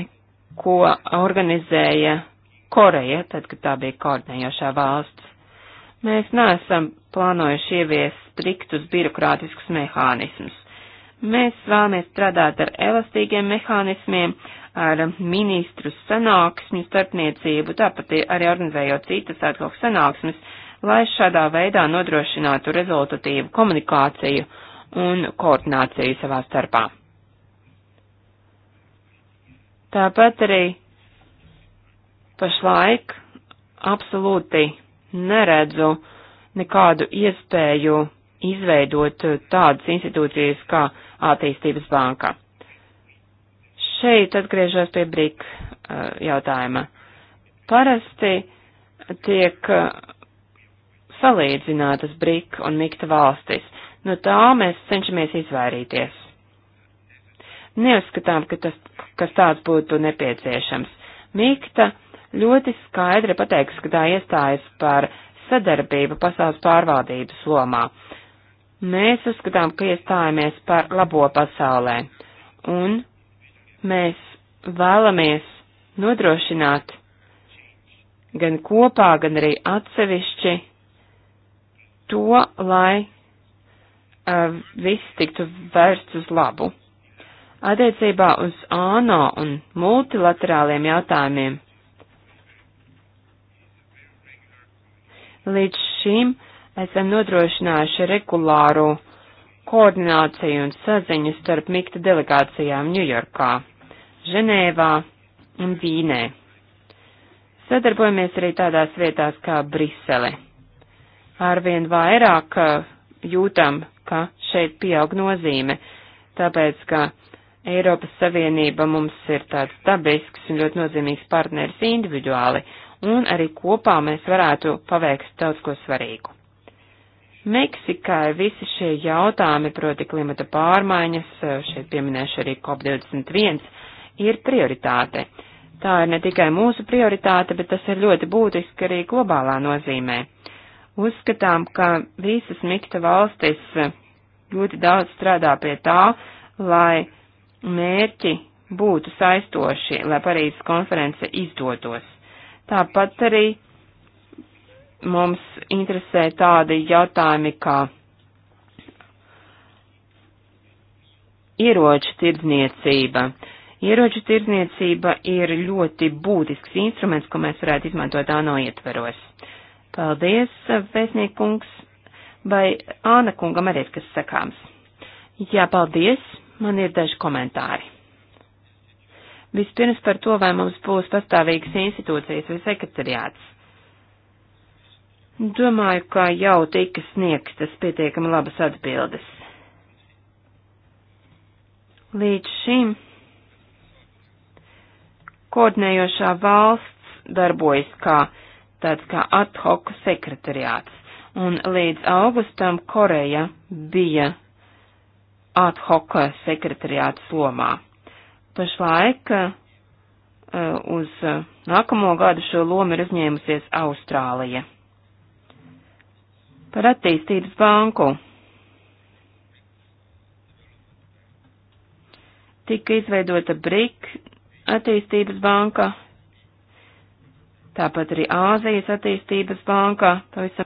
ko organizēja Koreja, tad, kad tā bija koordinējošā valsts. Mēs neesam plānojuši ievies striktus birokrātiskus mehānismus. Mēs vēlamies strādāt ar elastīgiem mehānismiem, ar ministru sanāksmju starpniecību, tāpat arī organizējot citas atkal sanāksmes, lai šādā veidā nodrošinātu rezultatīvu komunikāciju un koordināciju savā starpā. Tāpat arī pašlaik absolūti neredzu nekādu iespēju izveidot tādas institūcijas kā attīstības banka. Šeit atgriežos pie brīk eh, jautājuma. Parasti tiek eh, salīdzinātas brīk un mikta valstis. No tā mēs cenšamies izvairīties. Neuzskatām, ka tas, kas tāds būtu nepieciešams. Mikta ļoti skaidri pateiks, ka tā iestājas par sadarbību pasaules pārvaldības lomā. Mēs uzskatām, ka iestājamies par labo pasaulē, un mēs vēlamies nodrošināt gan kopā, gan arī atsevišķi to, lai uh, viss tiktu vērsts uz labu. Attiecībā uz ANO un multilaterāliem jautājumiem Līdz šim esam nodrošinājuši regulāru koordināciju un saziņu starp mikta delegācijām Ņujorkā, Ženēvā un Vīnē. Sadarbojamies arī tādās vietās kā Brisele. Arvien vairāk uh, jūtam, ka šeit pieaug nozīme, tāpēc, ka Eiropas Savienība mums ir tāds dabisks un ļoti nozīmīgs partneris individuāli, un arī kopā mēs varētu paveikt daudz ko svarīgu. Meksikai visi šie jautājumi, proti klimata pārmaiņas, šeit pieminēšu arī COP21, ir prioritāte. Tā ir ne tikai mūsu prioritāte, bet tas ir ļoti būtiski arī globālā nozīmē. Uzskatām, ka visas mikta valstis ļoti daudz strādā pie tā, lai mērķi būtu saistoši, lai Parīzes konference izdotos. Tāpat arī mums interesē tādi jautājumi kā ieroču tirdzniecība. Ieroču tirdzniecība ir ļoti būtisks instruments, ko mēs varētu izmantot ANO ietveros. Paldies, vēstniekungs, vai Āna kungam arī kas sakāms? Jā, paldies, man ir daži komentāri. Vispirms par to, vai mums būs pastāvīgas institūcijas vai sekretariāts. Domāju, ka jau tika sniegtas pietiekami labas atbildes. Līdz šim koordinējošā valsts darbojas kā tāds kā ad hoc sekretariāts, un līdz augustam Koreja bija ad hoc sekretariāts lomā. Pašlaik eh, uz eh, nākamo gadu šo lomu ir uzņēmusies Austrālija. Par attīstības banku. Tika izveidota BRIC attīstības banka, tāpat arī Āzijas attīstības banka, pavisam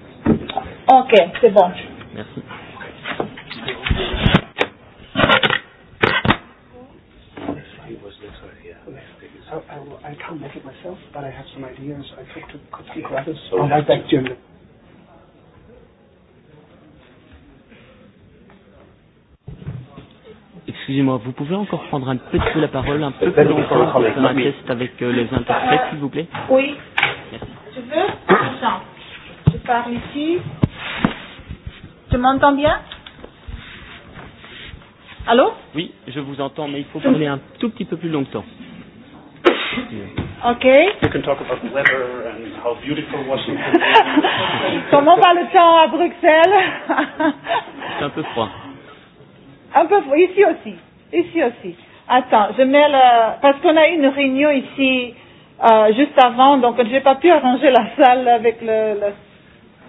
Ok, c'est bon. Merci. Oh, I, I, I can't make it myself, but I have some ideas. I talked to Kotsky Gratis on that back Germany. Excusez-moi, vous pouvez encore prendre un petit peu la parole, un peu plus longtemps pour faire un test avec euh, les interprètes, s'il vous plaît Oui. Merci. Tu veux Attends. Je pars ici. Tu m'entends bien Allô Oui, je vous entends, mais il faut parler un tout petit peu plus longtemps. Ok. You can talk about weather and how beautiful Washington. [laughs] Comment va le temps à Bruxelles [laughs] C'est un peu froid. Un peu froid, ici aussi. Ici aussi. Attends, je mets le... Parce qu'on a eu une réunion ici euh, juste avant, donc je n'ai pas pu arranger la salle avec le, le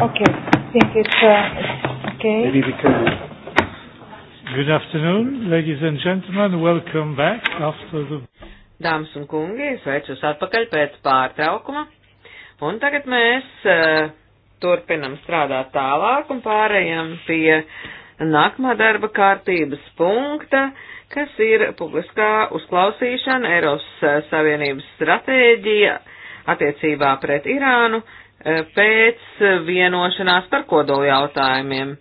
Okay. I think it's uh, okay. Maybe we can. Good afternoon, ladies and gentlemen. Welcome back after the. Dāmas un kungi, sveicu jūs atpakaļ pēc pārtraukuma. Un tagad mēs uh, turpinam strādāt tālāk un pārējam pie nākamā darba kārtības punkta, kas ir publiskā uzklausīšana Eiropas Savienības stratēģija attiecībā pret Irānu pēc vienošanās par kodolu jautājumiem.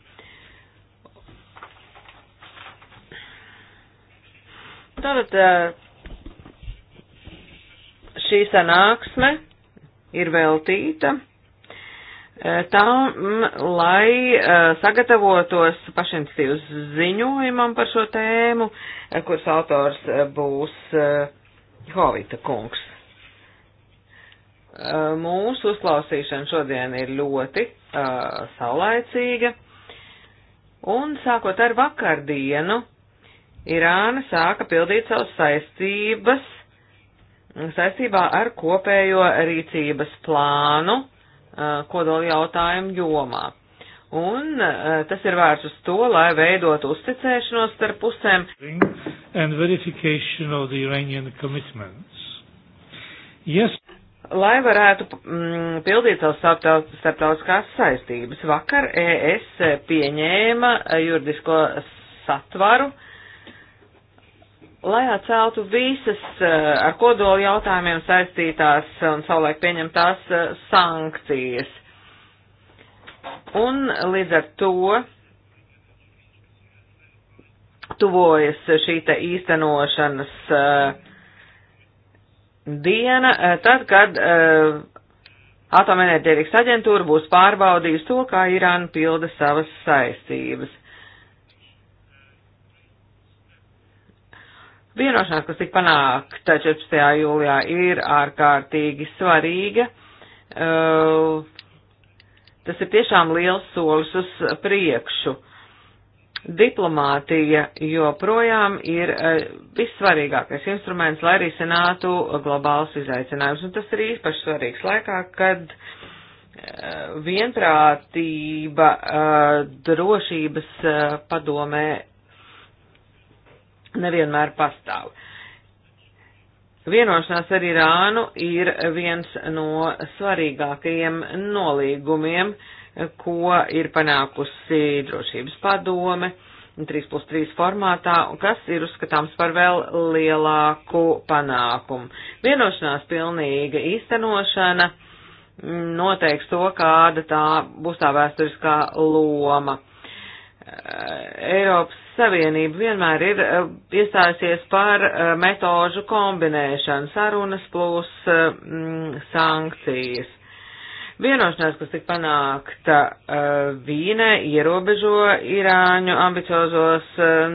Tātad eh, šī sanāksme ir veltīta eh, tam, lai eh, sagatavotos pašinstīvas ziņojumam par šo tēmu, kuras autors būs Hovita kungs. Eh, mūsu uzklausīšana šodien ir ļoti uh, saulaicīga, un sākot ar vakardienu, Irāna sāka pildīt savas saistības mm, saistībā ar kopējo rīcības plānu uh, eh, kodoli jautājumu jomā. Un uh, tas ir vērts uz to, lai veidot uzticēšanos starp pusēm. Yes lai varētu mm, pildīt savas starptautiskās saistības. Vakar ES pieņēma juridisko satvaru, lai atceltu visas eh, ar kodolu jautājumiem saistītās un savulaik pieņemtās eh, sankcijas. Un līdz ar to tuvojas šī te īstenošanas uh, diena, eh, tad, kad uh, atomenerģētikas aģentūra būs pārbaudījusi to, kā Irāna pilda savas saistības. Vienošanās, kas tika panākta 14. jūlijā, ir ārkārtīgi svarīga. Uh, tas ir tiešām liels solis uz priekšu. Uh, diplomātija joprojām ir e, vissvarīgākais instruments, lai arī senātu globālus izaicinājumus. Un tas ir īpaši svarīgs laikā, kad e, vienprātība e, drošības padomē nevienmēr pastāv. Vienošanās ar Irānu ir viens no svarīgākajiem nolīgumiem, uh, ko ir panākusi drošības padome 3 plus 3 formātā, kas ir uzskatāms par vēl lielāku panākumu. Vienošanās pilnīga īstenošana noteiks to, kāda tā būs tā vēsturiskā loma. Eiropas Savienība vienmēr ir eh, iestājusies par eh, metožu kombinēšanu, sarunas plus mm, sankcijas. Vienošanās, kas tika panākta uh, eh, Vīnē, ierobežo Irāņu ambiciozos uh,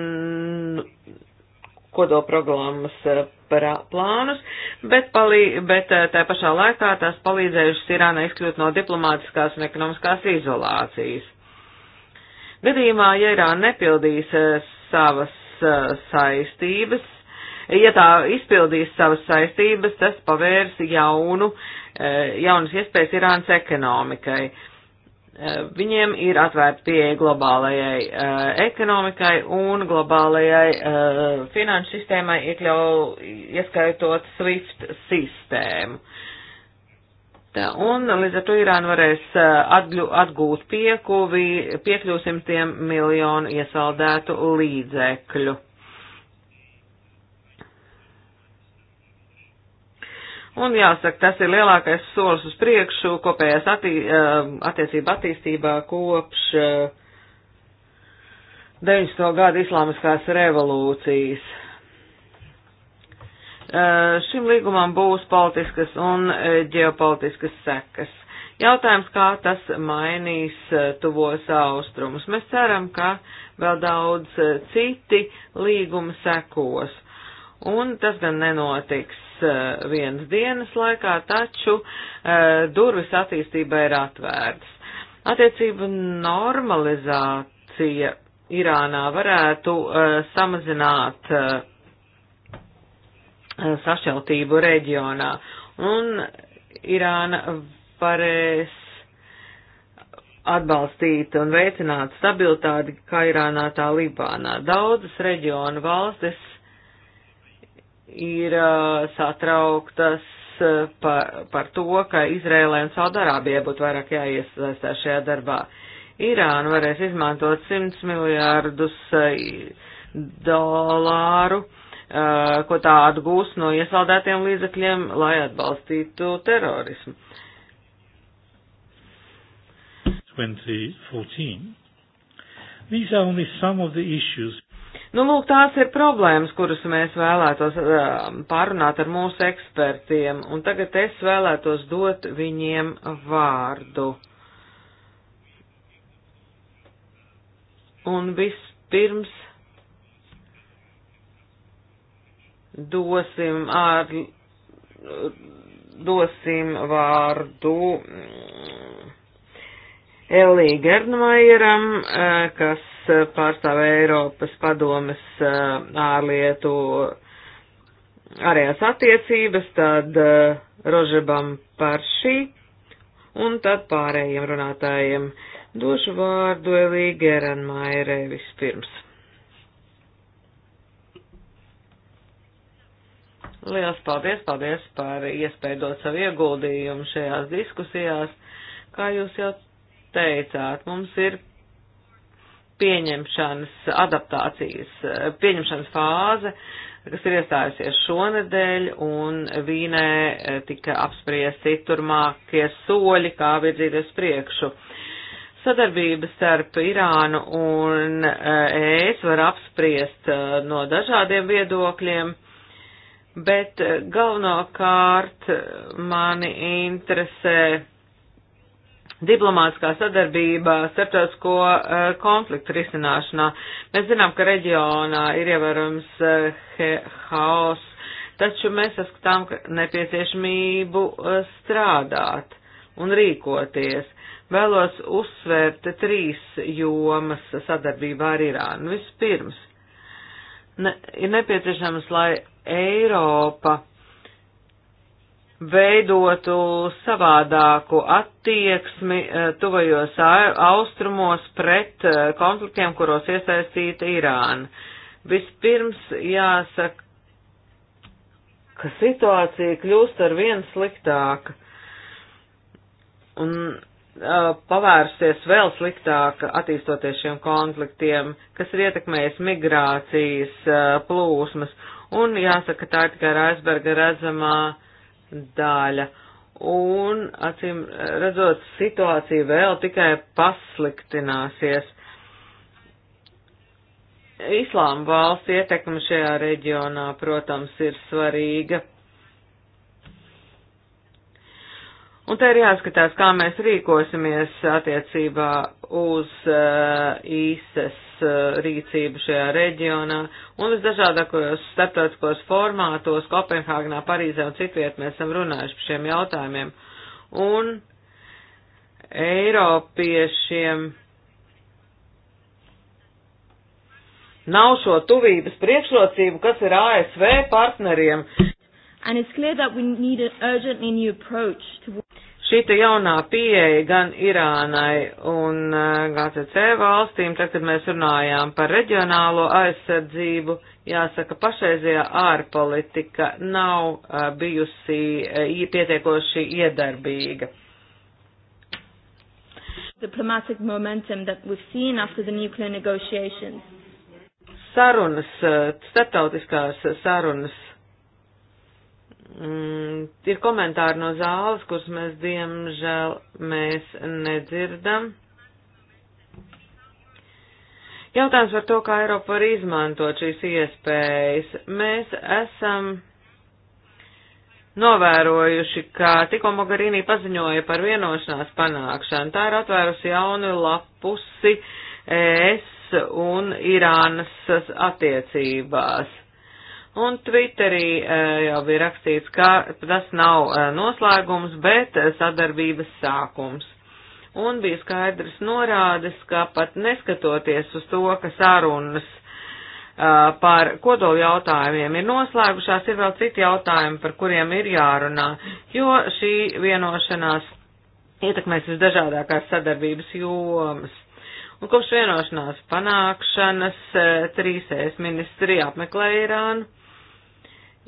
kodolprogrammas uh, plānus, bet, palī, bet uh, tā pašā laikā tās palīdzējušas Irānai izkļūt no diplomātiskās un ekonomiskās izolācijas. Gadījumā, ja Irāna nepildīs uh, savas uh, saistības, ja tā izpildīs savas saistības, tas pavērs jaunu uh, Eh, jaunas iespējas Irānas ekonomikai. Eh, viņiem ir atvērta pieeja globālajai uh, ekonomikai un globālajai uh, finanšu sistēmai, iekļau, ieskaitot SWIFT sistēmu. Tā, un līdz ar to Irāna varēs uh, atgļu, atgūt piekuvi, piekļūsim tiem miljonu iesaldētu līdzekļu. Un jāsaka, tas ir lielākais solis uz priekšu kopējās attī, eh, attiecība attīstībā kopš 90. Eh, gada islāmiskās revolūcijas. Eh, šim līgumam būs politiskas un ģeopolitiskas sekas. Jautājums, kā tas mainīs tuvos austrumus. Mēs ceram, ka vēl daudz citi līgumi sekos. Un tas gan nenotiks Eh, vienas dienas laikā, taču eh, durvis attīstībai ir atvērtas. Attiecība normalizācija Irānā varētu eh, samazināt sašķeltību reģionā, un Irāna varēs atbalstīt un veicināt stabilitāti kā Irānā, tā Libānā. Daudzas reģionu valstis ir uh, satrauktas uh, par, par to, ka Izrēlē un Saudārābija būtu vairāk jāiesaistās šajā darbā. Irāna varēs izmantot 100 miljārdus uh, dolāru, ko tā atgūs no iesaldētiem līdzekļiem, lai atbalstītu terorismu. 2014. These are only some of the issues. Nu, lūk, tās ir problēmas, kuras mēs vēlētos eh, pārunāt ar mūsu ekspertiem, un tagad es vēlētos dot viņiem vārdu. Un vispirms dosim ar, dosim vārdu mm, Elī Gernmaieram, eh, kas Eh, pārstāv Eiropas padomes eh, ārlietu ārējās attiecības, tad eh, Rožebam par šī, un tad pārējiem runātājiem došu vārdu Elī Geranmairē vispirms. Liels paldies, paldies par iespēju dot savu ieguldījumu šajās diskusijās. Kā jūs jau teicāt, mums ir pieņemšanas adaptācijas, eh, pieņemšanas fāze, kas ir iestājusies šonedēļ, un vīnē eh, tika apspriesti turmākie soļi, kā virzīties priekšu. Sadarbība starp Irānu un eh, ES var apspriest no dažādiem viedokļiem, bet galvenokārt mani interesē diplomātiskā sadarbība starptautisko uh, konfliktu risināšanā. Mēs zinām, ka reģionā ir ievērojams uh, haos, taču mēs saskatām nepieciešamību uh, strādāt un rīkoties. Vēlos uzsvērt trīs jomas sadarbībā ar Irānu. Vispirms, ne, ir nepieciešams, lai Eiropa veidotu savādāku attieksmi eh, tuvajos austrumos pret eh, konfliktiem, kuros iesaistīta Irāna. Vispirms jāsaka, ka situācija kļūst ar vien sliktāka un uh, eh, pavērsties vēl sliktāk attīstoties šiem konfliktiem, kas ir ietekmējis migrācijas uh, plūsmas. Un jāsaka, tā ir tikai aizberga redzamā uh, daļa. Un, acīm redzot, situācija vēl tikai pasliktināsies. Islāma valsts ietekme šajā reģionā, protams, ir svarīga Un te ir jāskatās, kā mēs rīkosimies attiecībā uz uh, īses uh, rīcību šajā reģionā un visdažādākajos starptautiskos formātos Kopenhāgnā, Parīzē un citviet mēs esam runājuši par šiem jautājumiem. Un Eiropiešiem nav šo tuvības priekšrocību, kas ir ASV partneriem. And it's clear that we need an urgently new approach to šīta jaunā pieeja gan Irānai un eh, GCC valstīm, tad, kad mēs runājām par reģionālo aizsardzību, jāsaka, pašreizajā ārpolitika nav eh, bijusi eh, pietiekoši iedarbīga. Diplomatic momentum that we've seen after the nuclear negotiations. Sarunas, starptautiskās sarunas Mm, ir komentāri no zāles, kurus mēs diemžēl mēs nedzirdam. Jautājums par to, kā Eiropa var izmantot šīs iespējas. Mēs esam novērojuši, ka tikko Mogarīnī paziņoja par vienošanās panākšanu. Tā ir atvērusi jaunu lapusi ES un Irānas attiecībās Un Twitterī eh, jau bija rakstīts, ka tas nav eh, noslēgums, bet eh, sadarbības sākums. Un bija skaidrs norādes, ka pat neskatoties uz to, ka sarunas par kodolu jautājumiem ir noslēgušās, ir vēl citi jautājumi, par kuriem ir jārunā, jo šī vienošanās ietekmēs visdažādākās sadarbības jomas. Un kopš vienošanās panākšanas trīsēs ministri apmeklē Irānu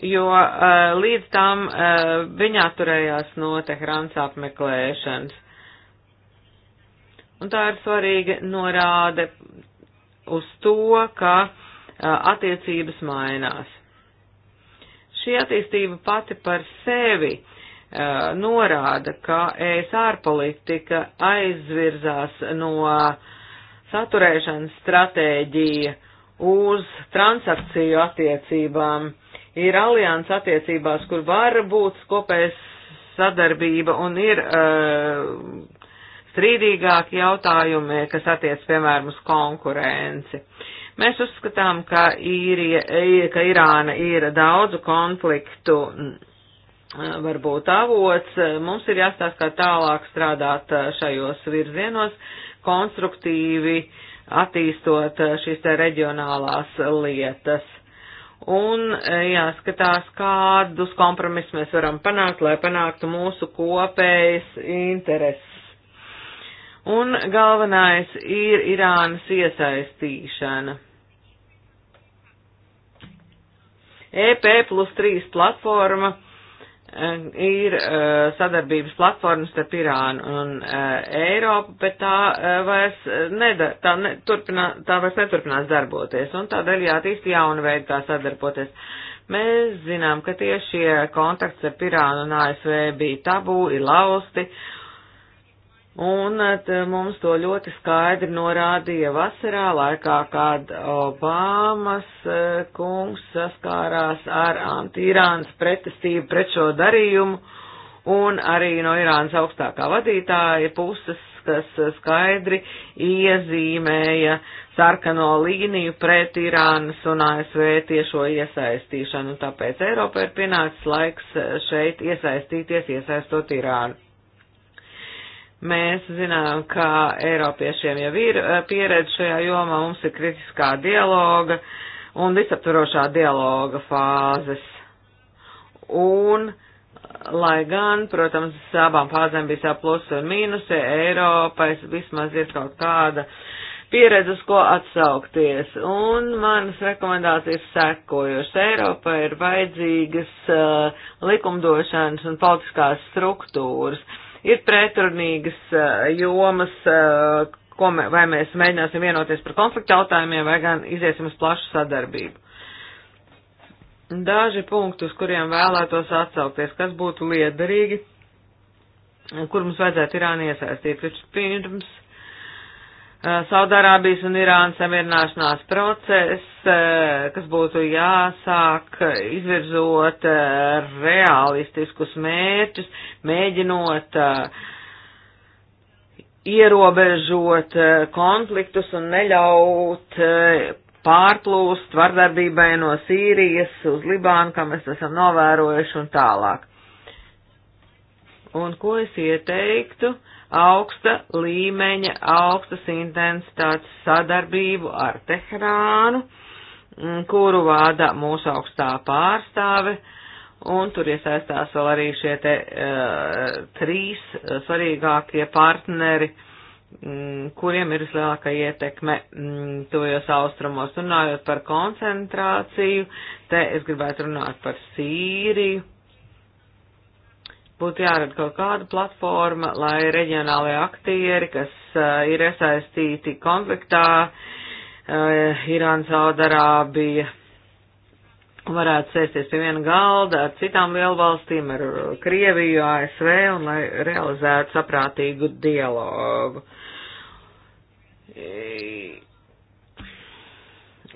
jo uh, līdz tam uh, eh, viņa atturējās no Tehrāns apmeklēšanas. Un tā ir svarīga norāde uz to, ka uh, attiecības mainās. Šī attīstība pati par sevi uh, norāda, ka ES ārpolitika aizvirzās no saturēšanas stratēģija uz transakciju attiecībām ir alians attiecībās, kur var būt kopējas sadarbība un ir uh, strīdīgāki jautājumi, kas attiec, piemēram, uz konkurenci. Mēs uzskatām, ka, īrie, ka Irāna ir daudzu konfliktu eh, varbūt avots. Mums ir jāstāsta, kā tālāk strādāt eh, šajos virzienos konstruktīvi attīstot šīs te reģionālās lietas un e, jāskatās, kādus kompromisus mēs varam panākt, lai panāktu mūsu kopējas intereses. Un galvenais ir Irānas iesaistīšana. EP plus 3 platforma Eh, ir eh, sadarbības platformas starp Irānu un eh, Eiropu, bet tā vairs, neda, tā ne, turpinā, tā vairs neturpinās darboties, un tādēļ jātīst jauna veida, kā sadarboties. Mēs zinām, ka tieši kontakts ar Irānu un ASV bija tabū, ir lausti, uh, Un eh, mums to ļoti skaidri norādīja vasarā, laikā, kad Obamas eh, kungs saskārās ar Irānas pretestību pret šo darījumu, un arī no Irānas augstākā vadītāja puses, kas skaidri iezīmēja sarkano līniju pret Irānas un ASV tiešo iesaistīšanu, tāpēc Eiropa ir pienācis laiks šeit iesaistīties, iesaistot Irānu. Mēs zinām, ka Eiropiešiem jau ir eh, pieredze šajā jomā, mums ir kritiskā dialoga un visaptvarošā dialoga fāzes. Un, lai gan, protams, abām fāzēm bija savu plusu un mīnusi, Eiropai vismaz ir kaut kāda pieredze, uz ko atsaukties. Un manas rekomendācijas sekojušas. Eiropai ir vajadzīgas uh, likumdošanas un politiskās struktūras. Uh, Ir pretrunīgas eh, jomas, eh, mē, vai mēs mēģināsim vienoties par konflikta jautājumiem, vai gan iziesim uz plašu sadarbību. Daži punkti, uz kuriem vēlētos atsaukties, kas būtu liederīgi, kur mums vajadzētu Irānu iesaistīt. Pirms Eh, Saudārābijas un Irānas samierināšanās process, eh, kas būtu jāsāk izvirzot eh, realistiskus mērķus, mēģinot ierobežot konfliktus un neļaut pārplūst vardarbībai no Sīrijas uz Libānu, kā mēs esam novērojuši un tālāk. Un ko es ieteiktu? Augsta līmeņa, augstas intensitātes sadarbību ar Teherānu, mm, kuru vāda mūsu augstā pārstāve, un tur iesaistās vēl arī šie te uh, trīs svarīgākie partneri, um, kuriem ir vislielākā ietekme um, tuvajos austrumos. Runājot par koncentrāciju, te es gribētu runāt par Sīriju būtu jārada kaut kāda platforma, lai reģionālajie aktieri, kas uh, ir iesaistīti konfliktā, uh, Irāna, Saudarābija, varētu sēsties pie viena galda ar citām lielvalstīm, ar eh, Krieviju, ASV, un lai realizētu saprātīgu dialogu.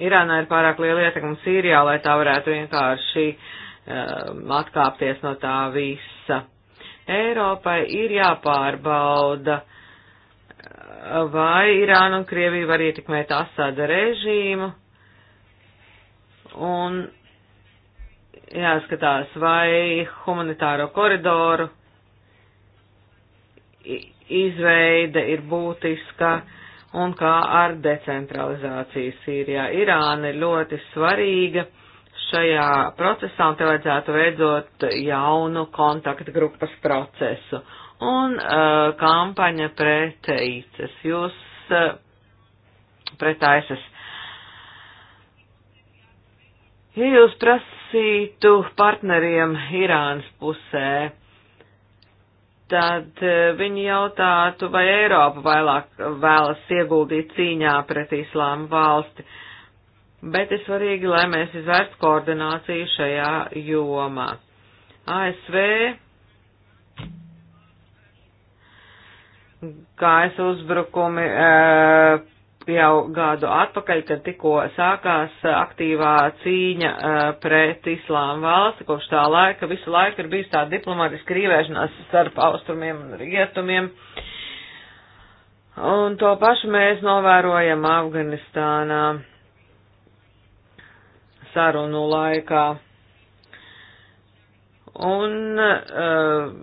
Irānā ir pārāk liela ietekme Sīrijā, lai tā varētu vienkārši um, atkāpties no tā visa. Eiropai ir jāpārbauda, vai Irāna un Krievija var ietekmēt Asada režīmu, un jāskatās, vai humanitāro koridoru izveide ir būtiska un kā ar decentralizāciju Sīrijā. Irāna ir ļoti svarīga šajā procesā un te vajadzētu veidot jaunu kontaktgrupas procesu un uh, kampaņa pret ICES, jūs uh, pret ICES. Ja jūs prasītu partneriem Irānas pusē, tad uh, viņi jautātu, vai Eiropa vēlāk vēlas ieguldīt cīņā pret islāma valsti. Uh, bet ir svarīgi, lai mēs izvērstu koordināciju šajā jomā. ASV gājas uzbrukumi e, jau gadu atpakaļ, kad tikko sākās aktīvā cīņa e, pret islāma valsti, kopš tā laika visu laiku ir bijis tāda diplomātiska rīvēšanās starp austrumiem un rietumiem. Un to pašu mēs novērojam Afganistānā sarunu laikā. Un uh,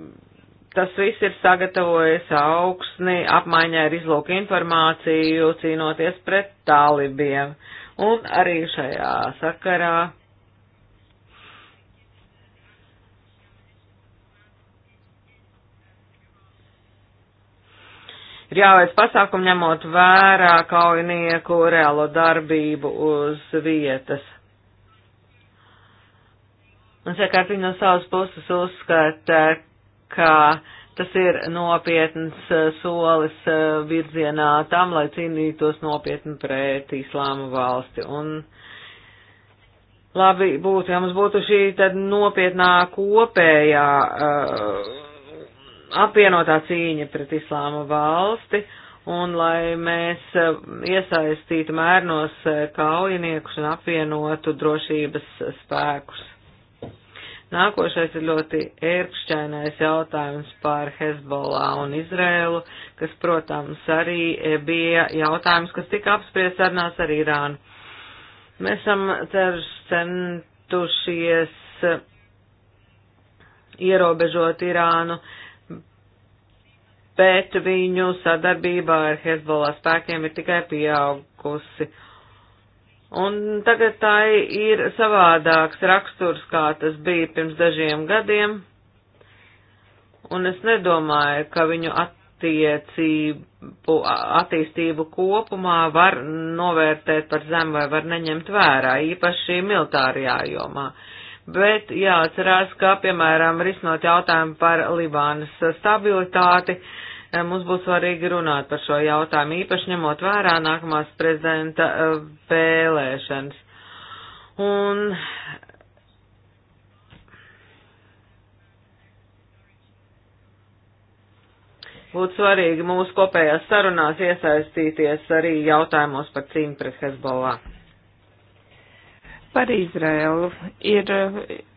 tas viss ir sagatavojies augsni apmaiņā ar izlūku informāciju, cīnoties pret tālibiem. Un arī šajā sakarā. ir jāveic pasākumu ņemot vērā kaujinieku reālo darbību uz vietas. Un sakārt viņi no savas puses uzskata, ka tas ir nopietns eh, solis eh, virzienā tam, lai cīnītos nopietni pret islāma valsti. Un labi būtu, ja mums būtu šī tad nopietnā kopējā uh, apvienotā cīņa pret islāma valsti un lai mēs iesaistītu mērnos kaujiniekus un apvienotu drošības spēkus. Nākošais ir ļoti ērkšķainais jautājums par Hezbollah un Izrēlu, kas, protams, arī bija jautājums, kas tika apspriests sarunās ar Irānu. Mēs esam centušies ierobežot Irānu, bet viņu sadarbībā ar Hezbollah spēkiem ir tikai pieaugusi. Un tagad tā ir savādāks raksturs, kā tas bija pirms dažiem gadiem. Un es nedomāju, ka viņu attiecību, attīstību kopumā var novērtēt par zem vai var neņemt vērā, īpaši militārajā jomā. Bet jāatcerās, ka, piemēram, risinot jautājumu par Libānas stabilitāti, uh, Eh, mums būs svarīgi runāt par šo jautājumu, īpaši ņemot vērā nākamās prezidenta eh, vēlēšanas. Un būtu svarīgi mūsu kopējās sarunās iesaistīties arī jautājumos par cīņu pret Hezbollah par Izraelu. Ir,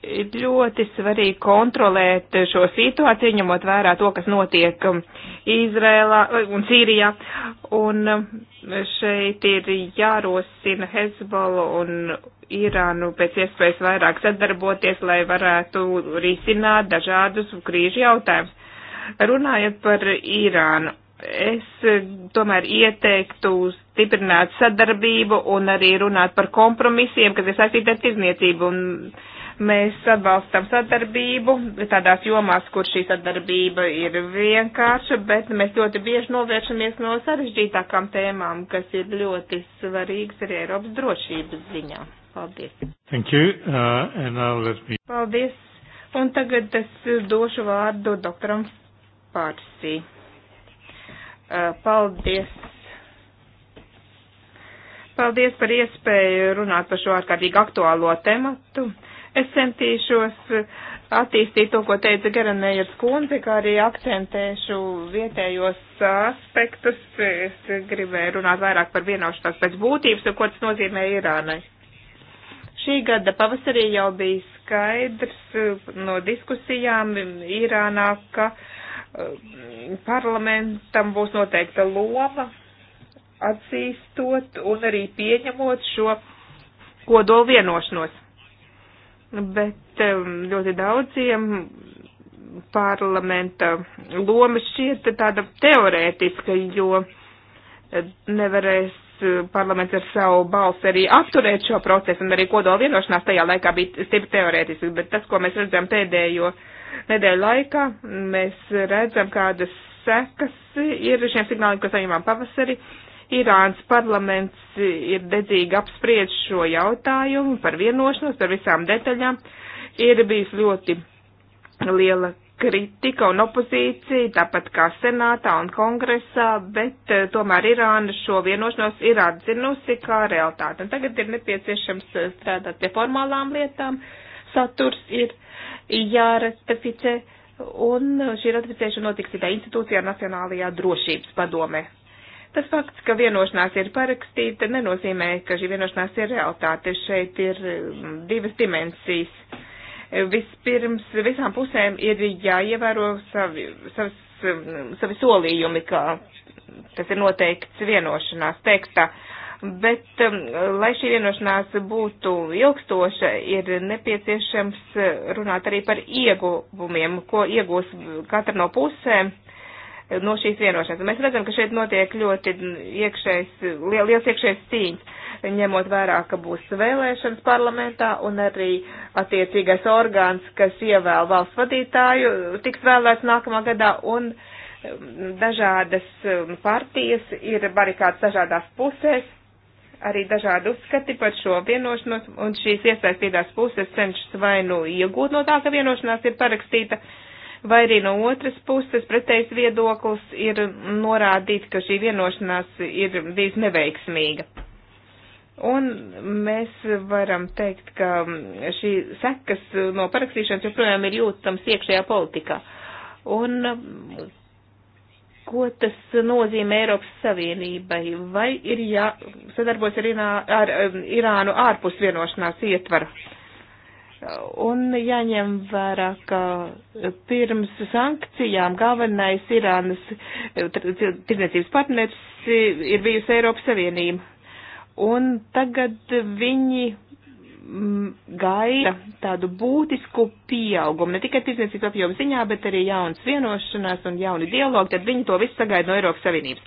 ir ļoti svarīgi kontrolēt šo situāciju, ņemot vērā to, kas notiek Izrēlā eh, un Sīrijā. Un eh, šeit ir jārosina Hezbollu un Irānu pēc iespējas vairāk sadarboties, lai varētu risināt dažādus krīžu jautājumus. Runājot par Irānu, es e, tomēr ieteiktu stiprināt sadarbību un arī runāt par kompromisiem, kas ir saistīti ar tirzniecību. Un mēs atbalstam sadarbību tādās jomās, kur šī sadarbība ir vienkārša, bet mēs ļoti bieži novēršamies no sarežģītākām tēmām, kas ir ļoti svarīgas arī Eiropas drošības ziņā. Paldies. Thank you. Uh, and now let me... Paldies. Un tagad es došu vārdu doktoram Pārsī. Eh, paldies! Paldies par iespēju runāt par šo ārkārtīgi aktuālo tematu. Es centīšos attīstīt to, ko teica Geranējas kundze, kā arī akcentēšu vietējos aspektus. Es gribēju runāt vairāk par vienošanās pēc būtības un ko tas nozīmē Irānai. Šī gada pavasarī jau bija skaidrs no diskusijām Irānā, ka uh, parlamentam būs noteikta loma atzīstot un arī pieņemot šo kodolu vienošanos. Bet um, ļoti daudziem parlamenta loma šķiet tāda teorētiska, jo nevarēs parlaments ar savu balsu arī atturēt šo procesu, un arī kodola vienošanās tajā laikā bija stipri teorētiski, bet tas, ko mēs redzam pēdējo uh, nedēļu laikā mēs redzam, kādas sekas ir šiem signāliem, ko saņemām pavasarī. Irāns parlaments ir dedzīgi apspried šo jautājumu par vienošanos, par visām detaļām. Ir bijis ļoti liela kritika un opozīcija, tāpat kā senātā un kongresā, bet eh, tomēr Irāna šo vienošanos ir atzinusi kā realitāte. Un tagad ir nepieciešams eh, strādāt pie formālām lietām. Saturs ir jārespektificē, un šī ratificēšana notiks tikai institūcijā Nacionālajā drošības padomē. Tas fakts, ka vienošanās ir parakstīta, nenozīmē, ka šī vienošanās ir realitāte. Šeit ir mm, divas dimensijas. Vispirms visām pusēm ir jāievēro savi, savas, mm, savi solījumi, ka tas ir noteikts vienošanās tekstā bet um, lai šī vienošanās būtu ilgstoša, ir nepieciešams uh, runāt arī par ieguvumiem, ko iegūs katra no pusēm uh, no šīs vienošanās. Mēs redzam, ka šeit notiek ļoti iekšējs, liel, liels iekšējs cīņas, ņemot vērā, ka būs vēlēšanas parlamentā un arī attiecīgais orgāns, kas ievēl valsts vadītāju, tiks vēlēts nākamā gadā un um, dažādas um, partijas ir barikādas dažādās pusēs arī dažādi uzskati par šo vienošanos, un šīs iesaistītās puses cenšas vai nu iegūt no tā, ka vienošanās ir parakstīta, vai arī no otras puses pretējs viedoklis ir norādīt, ka šī vienošanās ir bijis neveiksmīga. Un mēs varam teikt, ka šī sekas no parakstīšanas joprojām ir jūtams iekšējā politikā. Un ko tas nozīmē Eiropas Savienībai? Vai ir jāsadarbojas ar, Irā, ar um, Irānu ārpus vienošanās ietvara? Un jāņem vērā, ka pirms sankcijām galvenais Irānas eh, tirdzniecības partners eh, ir bijusi Eiropas Savienība. Un tagad viņi Mm, gaida tādu būtisku pieaugumu, ne tikai tirdzniecības apjomu ziņā, bet arī jaunas vienošanās un jauni dialogi, tad viņi to visu sagaida no Eiropas Savienības.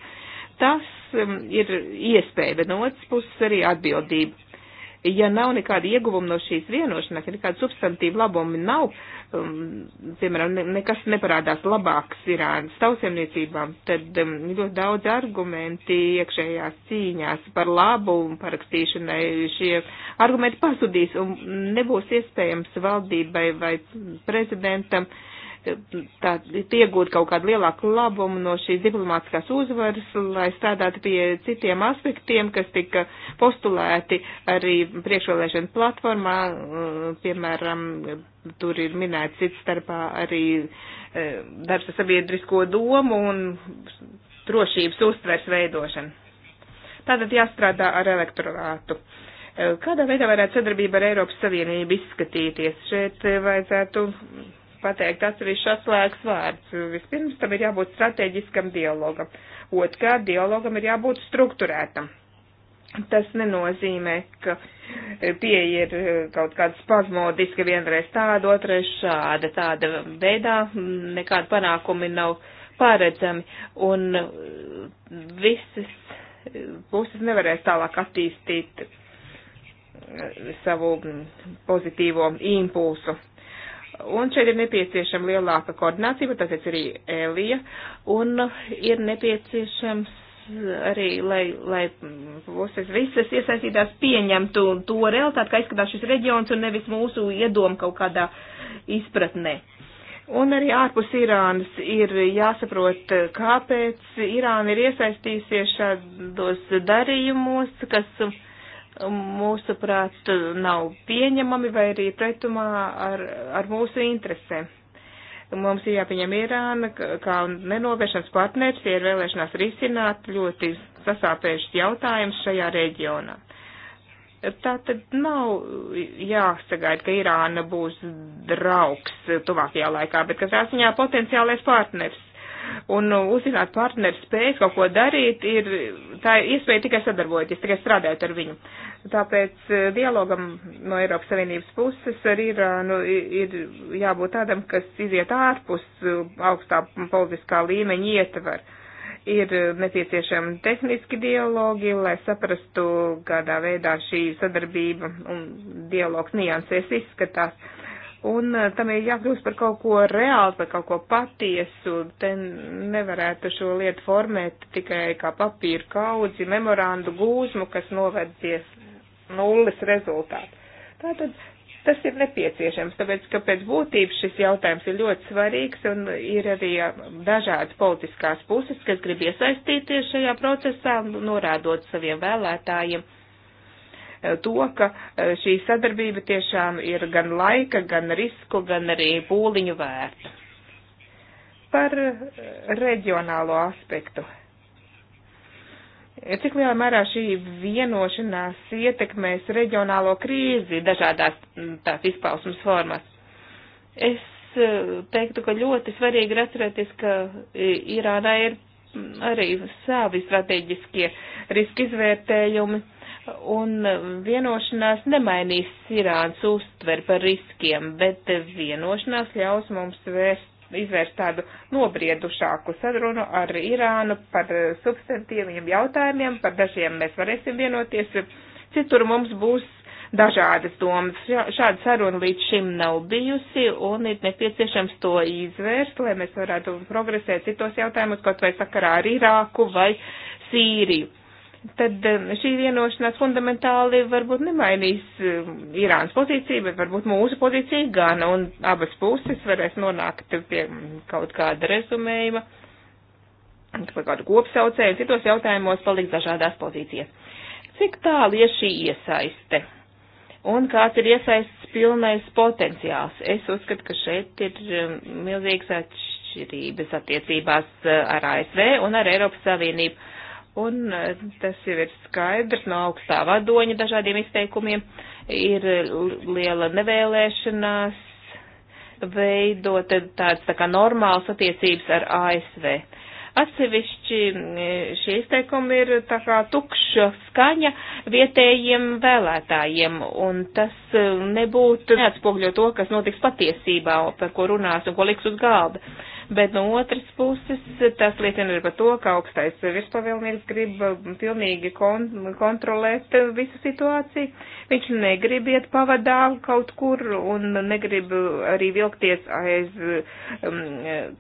Tas um, ir iespēja, bet no otras puses arī atbildība. Ja nav nekāda ieguvuma no šīs vienošanās, ja nekāda substantīva labuma nav, uh, Um, piemēram, nekas neparādās labāks Irānas tausiemniecībām, tad um, ļoti daudz argumenti iekšējās cīņās par labu un parakstīšanai šie argumenti pazudīs un nebūs iespējams valdībai vai prezidentam uh, tā, iegūt kaut kādu lielāku labumu no šīs diplomātiskās uzvaras, lai strādātu pie citiem aspektiem, kas tika postulēti arī priekšvēlēšana platformā, mm, piemēram, tur ir minēts cits starpā arī e, darbs ar sabiedrisko domu un drošības uztvers veidošana. Tātad jāstrādā ar elektorātu. E, kādā veidā varētu sadarbība ar Eiropas Savienību izskatīties? Šeit vajadzētu pateikt atsevišķu atslēgas vārds. Vispirms tam ir jābūt strateģiskam dialogam. Otrkārt, dialogam ir jābūt strukturētam. Tas nenozīmē, ka pieeja ir eh, kaut kāda spazmodiska, vienreiz tāda, otrais šāda, tāda veidā nekāda panākumi nav paredzami, un eh, visas puses nevarēs tālāk attīstīt eh, savu mm, pozitīvo impulsu. Un šeit ir nepieciešama lielāka koordinācija, bet tāpēc arī Elija, un ir nepieciešams arī, lai, lai puses visas iesaistītās pieņemtu to realitāti, kā izskatās šis reģions un nevis mūsu iedoma kaut kādā izpratnē. Un arī ārpus Irānas ir jāsaprot, kāpēc Irāna ir iesaistījusies šādos darījumos, kas mūsuprāt, nav pieņemami vai arī pretumā ar, ar mūsu interesēm. Mums ir jāpieņem Irāna kā nenovēršanas partners, ja ir vēlēšanās risināt ļoti sasāpējušas jautājumus šajā reģionā. Tā tad nav jāsagaida, ka Irāna būs draugs tuvākajā laikā, bet katrā ziņā potenciālais partners un nu, uzzināt partneru spējas kaut ko darīt, ir tā ir iespēja tikai sadarbojoties, tikai strādājot ar viņu. Tāpēc eh, dialogam no Eiropas Savienības puses ar Irānu ir jābūt tādam, kas iziet ārpus eh, augstā politiskā līmeņa ietvaru ir eh, nepieciešami tehniski dialogi, lai saprastu, kādā veidā šī sadarbība un dialogs niansēs izskatās. Un eh, tam ir jākļūst par kaut ko reāli, par kaut ko patiesu. Te nevarētu šo lietu formēt tikai kā papīru kaudzi, memorandu gūzmu, kas noved pie nulles rezultātu. Tātad tas ir nepieciešams, tāpēc, ka pēc būtības šis jautājums ir ļoti svarīgs un ir arī dažādas politiskās puses, kas grib iesaistīties šajā procesā, norādot saviem vēlētājiem Eh, to, ka eh, šī sadarbība tiešām ir gan laika, gan risku, gan arī pūliņu vērta. Par eh, reģionālo aspektu. Cik lielā mērā šī vienošanās ietekmēs reģionālo krīzi dažādās mm, tās izpausmas formas? Es teiktu, ka ļoti svarīgi ir atcerēties, ka Irānā ir mm, arī savi strateģiskie riski izvērtējumi un vienošanās nemainīs Irānas uztver par riskiem, bet vienošanās ļaus mums vērst, izvērst tādu nobriedušāku sarunu ar Irānu par substantīviem jautājumiem, par dažiem mēs varēsim vienoties, citur mums būs dažādas domas. Šāda saruna līdz šim nav bijusi un ir nepieciešams to izvērst, lai mēs varētu progresēt citos jautājumus, kaut vai sakarā ar Irāku vai Sīriju tad um, šī vienošanās fundamentāli varbūt nemainīs um, Irānas pozīciju, bet varbūt mūsu pozīciju gan, un abas puses varēs nonākt pie mm, kaut kāda rezumējuma, kaut kādu kopsaucēju, citos jautājumos paliks dažādās pozīcijas. Cik tālu ir šī iesaiste? Un kāds ir iesaists pilnais potenciāls? Es uzskatu, ka šeit ir um, milzīgs atšķirības attiecībās uh, ar ASV un ar Eiropas Savienību Un e, tas jau ir skaidrs no augstā vadoņa dažādiem izteikumiem. Ir liela nevēlēšanās veidot tādas tā kā normālas attiecības ar ASV. Atsevišķi e, šie izteikumi ir tā kā tukša skaņa vietējiem vēlētājiem, un tas e, nebūtu neatspogļo to, kas notiks patiesībā, par ko runās un ko liks uz galda. Uh, bet no otras puses tas liecina arī par to, ka augstais virspavēlnieks grib um, pilnīgi kon kontrolēt uh, visu situāciju. Viņš negrib iet pavadā kaut kur un negrib arī vilkties aiz um,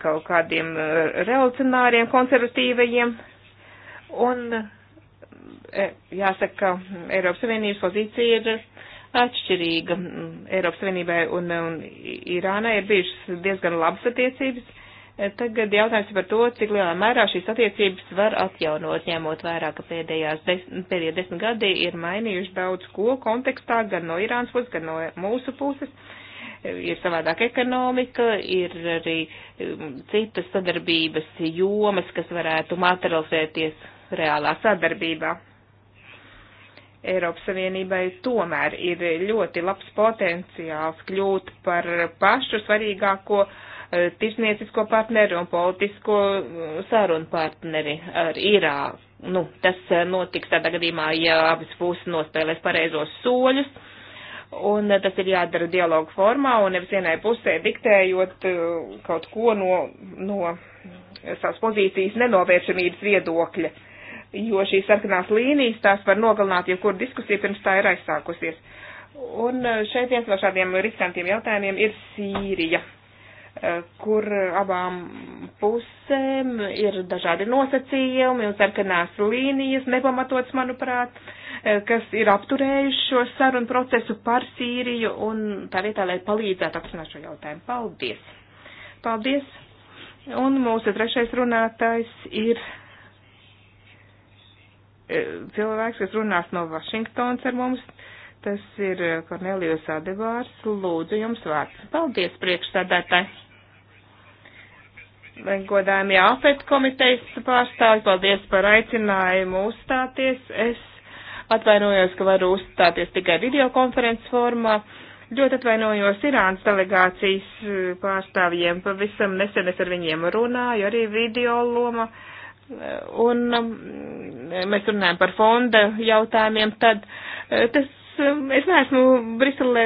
kaut kādiem uh, revolucionāriem, konservatīvajiem. Un uh, e, jāsaka, ka Eiropas Savienības pozīcija ir atšķirīga. Mm, Eiropas Savienībai un, un Irānai ir bijušas diezgan labas attiecības, E, tagad jautājums par to, cik lielā mērā šīs attiecības var atjaunot, ņemot vērā, ka pēdējās des, pēdējie desmit gadi ir mainījuši daudz ko kontekstā, gan no Irānas puses, gan no mūsu puses. E, ir savādāka ekonomika, ir arī e, citas sadarbības jomas, kas varētu materializēties reālā sadarbībā. Eiropas Savienībai tomēr ir ļoti labs potenciāls kļūt par pašu svarīgāko uh, Eh, tirsniecisko partneri un politisko eh, sarunu partneri ar Irāku. Nu, tas eh, notiks tādā gadījumā, ja abas puses nospēlēs pareizos soļus. Un tas ir jādara dialogu formā un nevis vienai pusē diktējot kaut ko no, no savas pozīcijas nenovēršamības viedokļa. Jo šīs sarkanās līnijas tās var nogalināt, ja kur diskusija pirms tā ir aizsākusies. Un šeit viens no šādiem riskantiem jautājumiem ir Sīrija kur abām pusēm ir dažādi nosacījumi un sarkanās līnijas, nepamatots, manuprāt, eh, kas ir apturējuši šo sarunu procesu par Sīriju un tā vietā, lai palīdzētu apsināt šo jautājumu. Paldies! Paldies! Un mūsu trešais runātājs ir eh, cilvēks, kas runās no Vašingtons ar mums. Uh, Tas ir Kornelijos Adevārs. Lūdzu, jums vārds. Paldies, priekšstādātāji. Godājumi jāpēt komitejas pārstāvi, paldies par aicinājumu uzstāties. Es atvainojos, ka varu uzstāties tikai videokonferences formā. Ļoti atvainojos Irānas delegācijas pārstāvjiem. Pavisam nesen es ar viņiem runāju, arī video loma. Un um, mēs runājam par fonda jautājumiem. Tad eh, tas Ehm, es neesmu Briselē,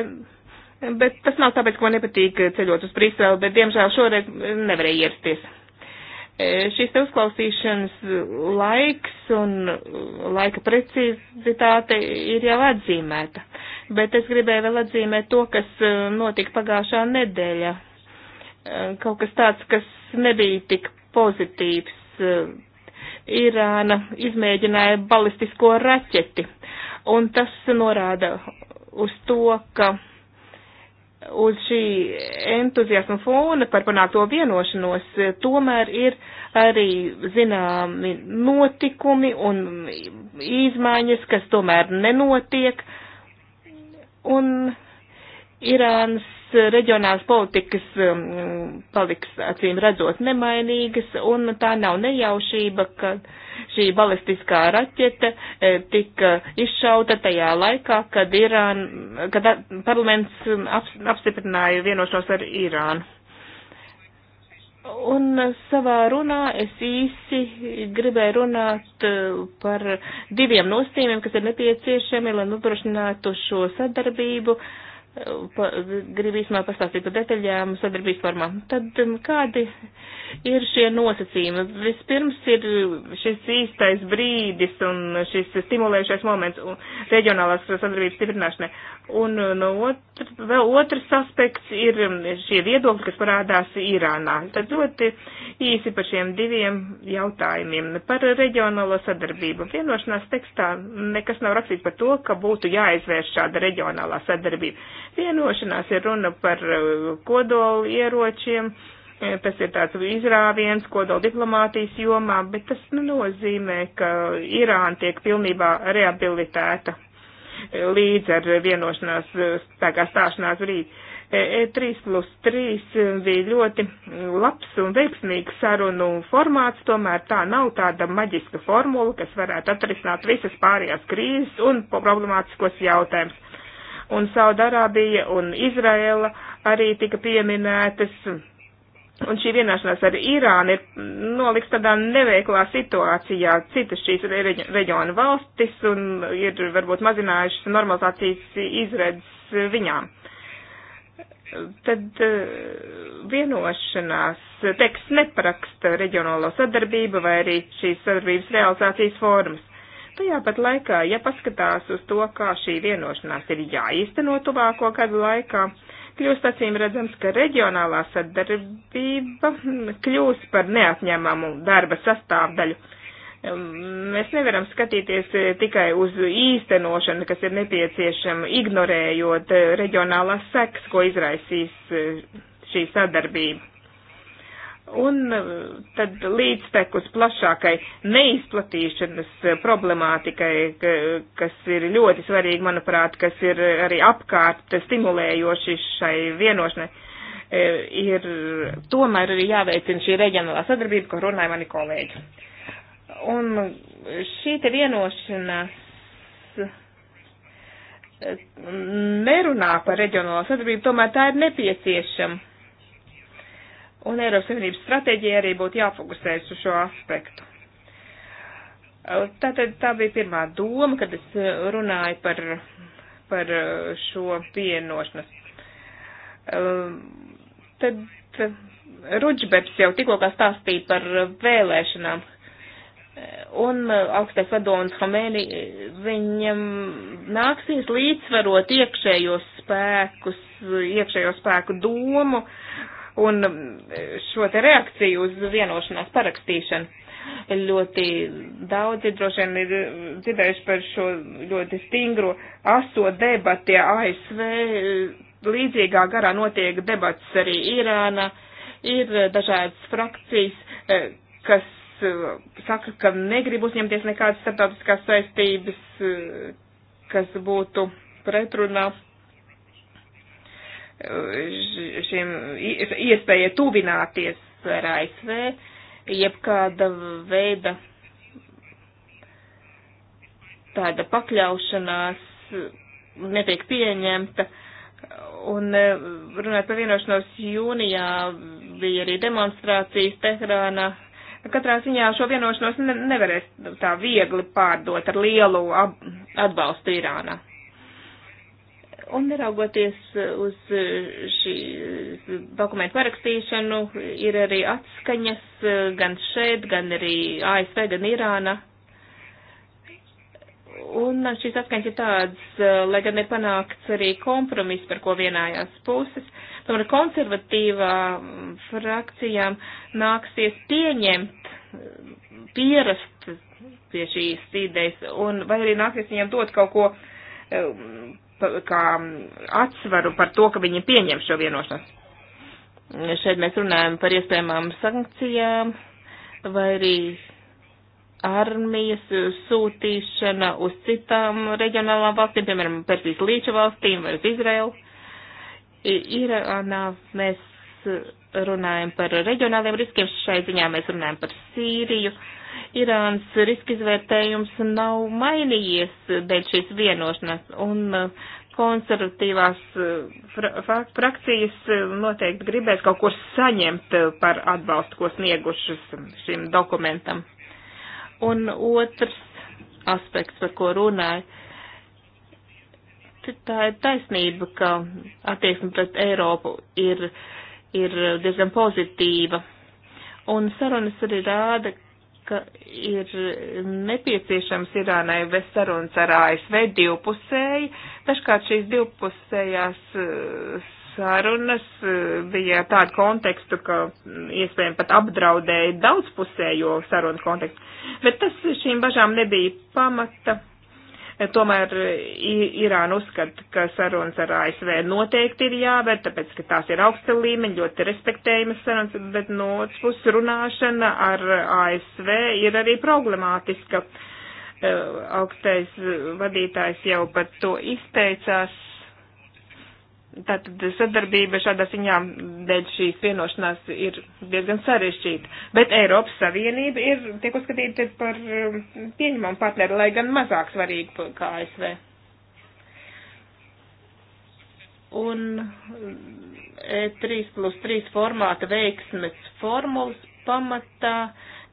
bet tas nav tāpēc, ka man nepatīk ceļot uz Briselu, bet diemžēl šoreiz nevarēju ierasties. Ehm, Šīs te uzklausīšanas laiks un laika precizitāte ir jau atzīmēta, bet es gribēju vēl atzīmēt to, kas ehm, notika pagājušā nedēļa. Kaut kas tāds, kas nebija tik pozitīvs. Irāna izmēģināja balistisko raķeti Un tas norāda uz to, ka uz šī entuziasma fona par panākto vienošanos eh, tomēr ir arī zināmi notikumi un izmaiņas, kas tomēr nenotiek. Un Irānas reģionālās politikas um, paliks acīm redzot nemainīgas, un tā nav nejaušība, ka šī balistiskā raķete eh, tika izšauta tajā laikā, kad, Irān, kad parlaments um, apstiprināja vienošanos ar Irānu. Un uh, savā runā es īsi gribēju runāt uh, par diviem nostīmiem, kas ir nepieciešami, lai nodrošinātu šo sadarbību pa, grib īsumā pastāstīt par detaļām sadarbības formā. Tad um, kādi ir šie nosacījumi? Vispirms ir šis īstais brīdis un šis stimulējušais moments reģionālās sadarbības stiprināšanai. Un uh, no otr, vēl otrs aspekts ir um, šie viedokļi, kas parādās Irānā. Tad ļoti īsi par šiem diviem jautājumiem. Par reģionālo sadarbību. Vienošanās tekstā nekas nav rakstīts par to, ka būtu jāizvērš šāda reģionālā sadarbība vienošanās. Ir runa par uh, kodolu ieročiem, e, tas ir tāds izrāviens kodola diplomātijas jomā, bet tas nu, nozīmē, ka Irāna tiek pilnībā rehabilitēta līdz ar vienošanās e, spēkā stāšanās brīdi. E3 e plus 3 bija ļoti labs un veiksmīgs sarunu formāts, tomēr tā nav tāda maģiska formula, kas varētu atrisināt visas pārējās krīzes un problemātiskos jautājumus un Saudarābija un Izraela arī tika pieminētas. Un šī vienošanās ar Irānu ir noliks tādā neveiklā situācijā citas šīs reģiona valstis un ir varbūt mazinājušas normalizācijas izredzes viņām. Tad eh, vienošanās teksts nepraksta reģionālo sadarbību vai arī šīs sadarbības realizācijas formas. Tajā pat laikā, ja paskatās uz to, kā šī vienošanās ir jāīsteno tuvāko gadu laikā, kļūst acīm redzams, ka reģionālā sadarbība kļūs par neatņemamu darba sastāvdaļu. Mēs nevaram skatīties eh, tikai uz īstenošanu, kas ir nepieciešama, ignorējot eh, reģionālās seks, ko izraisīs eh, šī sadarbība. Un e, tad līdztekus plašākai neizplatīšanas problemātikai, kas ir ļoti svarīgi, manuprāt, kas ir arī apkārt stimulējoši šai vienošanai, e, ir tomēr arī jāveicina šī reģionālā sadarbība, ko runāja mani kolēģi. Un šī te vienošanās e, nerunā par reģionālo sadarbību, tomēr tā ir nepieciešama Un Eiropas Savienības stratēģija arī būtu jāfokusēs uz šo aspektu. Tātad tā bija pirmā doma, kad es eh, runāju par, par eh, šo pienošanas. Eh, tad Rudžbeps jau tikko kā stāstīja par vēlēšanām. Un augstais vadonis Homēni, viņam nāksies līdzsvarot iekšējos spēkus, iekšējo spēku domu un um, šo te reakciju uz vienošanās parakstīšanu. Ļoti daudzi droši vien ir dzirdējuši par šo ļoti stingro aso debati ASV. Līdzīgā garā notiek debats arī Irāna. Ir dažādas frakcijas, eh, kas eh, saka, ka negrib uzņemties nekādas starptautiskās saistības, eh, kas būtu pretrunā šim iespēja tuvināties ar ASV, jebkāda veida tāda pakļaušanās netiek pieņemta. Un e, runāt par vienošanos jūnijā bija arī demonstrācijas Teherānā. Katrā ziņā šo vienošanos nevarēs tā viegli pārdot ar lielu atbalstu Irānā. Un neraugoties uh, uz uh, šī uh, dokumentu parakstīšanu, ir arī atskaņas gan šeit, gan arī ASV, gan Irāna. Un šīs atskaņas ir tādas, lai gan ir panākts arī kompromiss, par ko vienājās puses. Tomēr konservatīvā mm, frakcijām nāksies pieņemt, mm, pierast pie šīs idejas, un vai arī nāksies viņiem dot kaut ko mm, kā atsvaru par to, ka viņi pieņem šo vienošanos. Šeit mēs runājam par iespējamām sankcijām vai arī armijas sūtīšana uz citām reģionālām valstīm, piemēram, Persijas līča valstīm vai uz Izraelu. Irānā mēs runājam par reģionāliem riskiem, šai ziņā mēs runājam par Sīriju. Uh, Irānas riska izvērtējums nav mainījies dēļ šīs vienošanās, un uh, konservatīvās uh, frakcijas uh, noteikti gribēs kaut ko saņemt par atbalstu, ko sniegušas šim dokumentam. Un otrs aspekts, par ko runāju, tā ir taisnība, ka attieksme pret Eiropu ir, ir diezgan pozitīva. Un sarunas arī rāda, ka ir nepieciešams Irānai vest sarunas ar ASV divpusēji. Dažkārt šīs divpusējās eh, sarunas eh, bija tādu kontekstu, ka iespējams pat apdraudēja daudzpusējo sarunu kontekstu. Bet tas šīm bažām nebija pamata Tomēr Irāna uzskata, ka sarunas ar ASV noteikti ir jāvērt, tāpēc, ka tās ir augsta līmeņa, ļoti respektējamas sarunas, bet no otras puses runāšana ar ASV ir arī problemātiska. Eh, augstais vadītājs jau par to izteicās Tātad sadarbība šādā ziņā dēļ šīs vienošanās ir diezgan sarežģīta. Bet Eiropas Savienība ir tiek uzskatīta par um, pieņemamu partneri, lai gan mazāk svarīgu kā ASV. Un um, E3 plus 3 formāta veiksmes formulas pamatā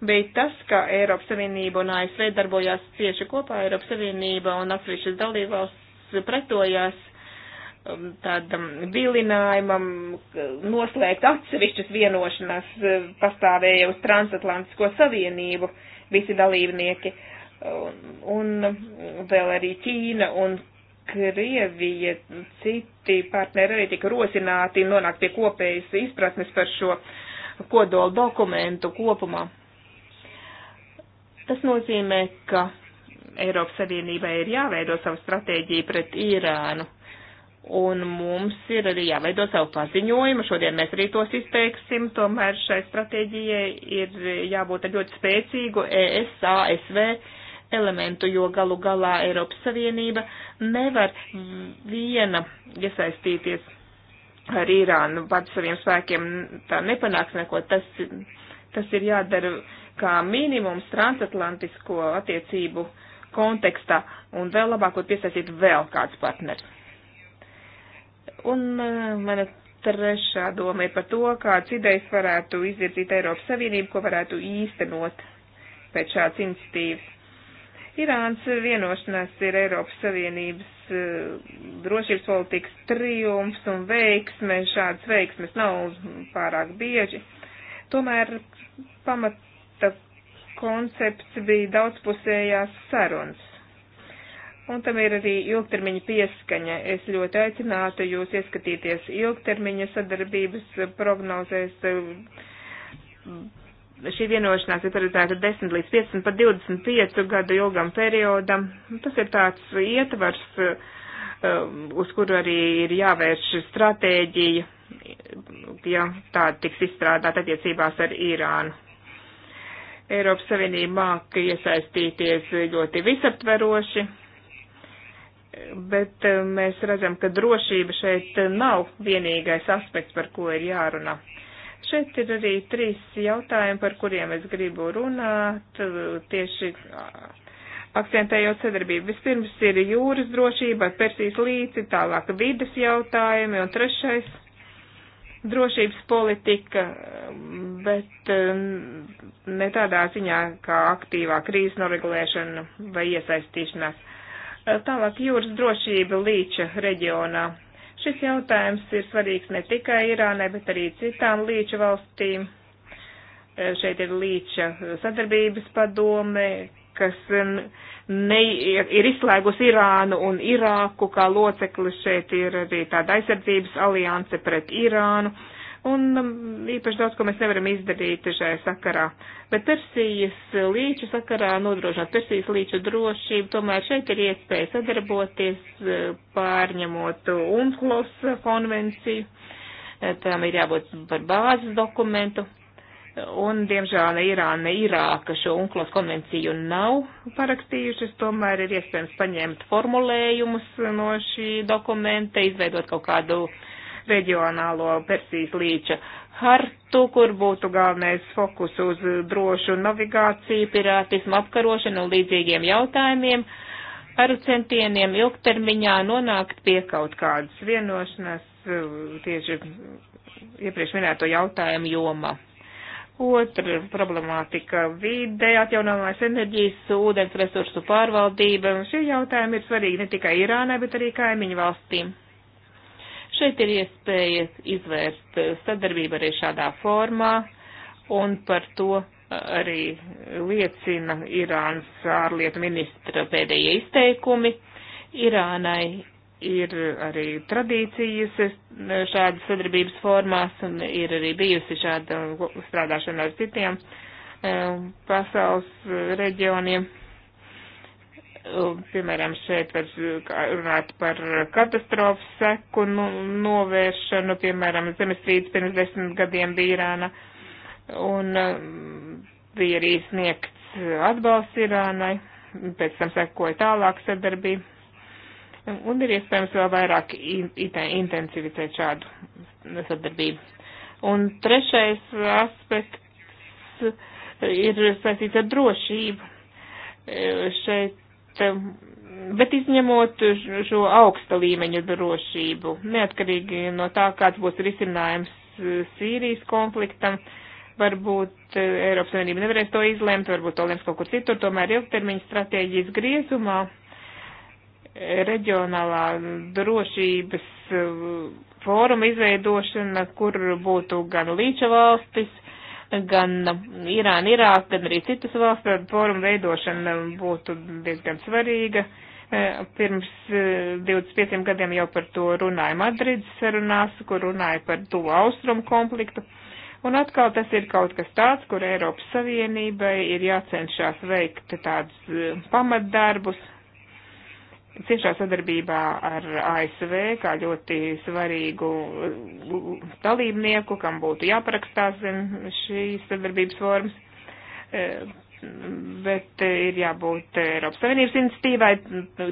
bija tas, ka Eiropas Savienība un ASV darbojās cieši kopā, Eiropas Savienība un atsevišķas dalībvalsts pretojās Um, tādam vilinājumam noslēgt atsevišķas vienošanās uh, pastāvēja uz transatlantisko savienību visi dalībnieki. Un, um, un vēl arī Ķīna un Krievija, citi partneri arī tika rosināti nonākt pie kopējas izpratnes par šo kodolu dokumentu kopumā. Tas nozīmē, ka Eiropas Savienībai ir jāveido savu stratēģiju pret Irānu Un mums ir arī jāveido savu paziņojumu, šodien mēs arī tos izteiksim, tomēr šai stratēģijai ir jābūt ar ļoti spēcīgu ES, ASV elementu, jo galu galā Eiropas Savienība nevar viena iesaistīties ar Irānu pat saviem spēkiem, tā nepanāks neko, tas, tas ir jādara kā minimums transatlantisko attiecību kontekstā un vēl labāk būtu piesaistīt vēl kāds partners. Un eh, mana trešā doma ir par to, kāds idejas varētu izvirzīt Eiropas Savienību, ko varētu īstenot pēc šāds institīvas. Irāns vienošanās ir Eiropas Savienības uh, drošības politikas triumfs un veiksme. Šādas veiksmes nav pārāk bieži. Tomēr pamata koncepts bija daudzpusējās sarunas un tam ir arī ilgtermiņa pieskaņa. Es ļoti aicinātu jūs ieskatīties ilgtermiņa sadarbības prognozēs. Šī vienošanās ir paredzēta 10 līdz 15 par 25 gadu ilgam periodam. Tas ir tāds ietvars, um, uz kuru arī ir jāvērš stratēģija, ja tāda tiks izstrādāta attiecībās ar Irānu. Eiropas Savienība māk iesaistīties ļoti visaptveroši, bet eh, mēs redzam, ka drošība šeit nav vienīgais aspekts, par ko ir jārunā. Šeit ir arī trīs jautājumi, par kuriem es gribu runāt, tieši akcentējot sadarbību. Vispirms ir jūras drošība, Persijas līci, tālāk vides jautājumi un trešais drošības politika, bet ne tādā ziņā kā aktīvā krīzes noregulēšana vai iesaistīšanās. Tālāk jūras drošība līča reģionā. Šis jautājums ir svarīgs ne tikai Irānai, bet arī citām līča valstīm. Šeit ir līča sadarbības padome, kas ne, ir izslēgusi Irānu un Irāku, kā locekli šeit ir arī tāda aizsardzības alianse pret Irānu. Uh, un um, īpaši daudz, ko mēs nevaram izdarīt šajā sakarā. Bet Persijas līča sakarā nodrošināt Persijas līča drošību, tomēr šeit ir iespēja sadarboties, uh, pārņemot UNCLOS konvenciju, uh, tam ir jābūt par bāzes dokumentu. Un, diemžēl, ne Irāna, ne Irāka šo UNCLOS konvenciju nav parakstījušas, tomēr ir iespējams paņemt formulējumus no šī dokumenta, izveidot kaut kādu uh, reģionālo Persijas līča hartu, kur būtu galvenais fokus uz drošu navigāciju, pirātismu apkarošanu un līdzīgiem jautājumiem, ar centieniem ilgtermiņā nonākt pie kaut kādas vienošanās tieši iepriekš minēto jautājumu jomā. Otra problemātika - vide, atjaunojamās enerģijas, ūdens resursu pārvaldība. Šie jautājumi ir svarīgi ne tikai Irānai, bet arī kaimiņu valstīm. Šeit ir iespējas izvērst eh, sadarbību arī šādā formā, un par to eh, arī liecina Irānas ārlietu ministra pēdējie izteikumi. Irānai ir arī tradīcijas šādas sadarbības formās, un ir arī bijusi šāda strādāšana ar citiem eh, pasaules reģioniem Piemēram, šeit var runāt par katastrofu seku nu, novēršanu, piemēram, zemestrīce pirms desmit gadiem bija Irāna, un um, bija arī sniegts atbalsts Irānai, pēc tam sekoja tālāk sadarbība, un ir iespējams vēl vairāk intensificēt šādu sadarbību. Un trešais aspekts ir saistīts ar drošību. E, šeit Eh, bet izņemot šo augsta līmeņu drošību, neatkarīgi no tā, kāds būs risinājums eh, Sīrijas konfliktam, varbūt eh, Eiropas Savienība nevarēs to izlemt, varbūt to lems kaut kur citur, tomēr ilgtermiņa stratēģijas griezumā reģionālā drošības fóruma izveidošana, kur būtu gan līča valstis, gan Irāna, Irāk, gan arī citas valsts, tad fórumu veidošana būtu diezgan svarīga. Eh, pirms 25 eh, gadiem jau par to runāja Madrids sarunās, kur runāja par to austrumu konfliktu. Un atkal tas ir kaut kas tāds, kur Eiropas Savienībai ir jācenšas veikt tādus eh, pamatdarbus, ciešā sadarbībā ar ASV kā ļoti svarīgu dalībnieku, kam būtu jāparakstās šīs sadarbības formas, e, bet ir jābūt Eiropas Savienības iniciatīvai,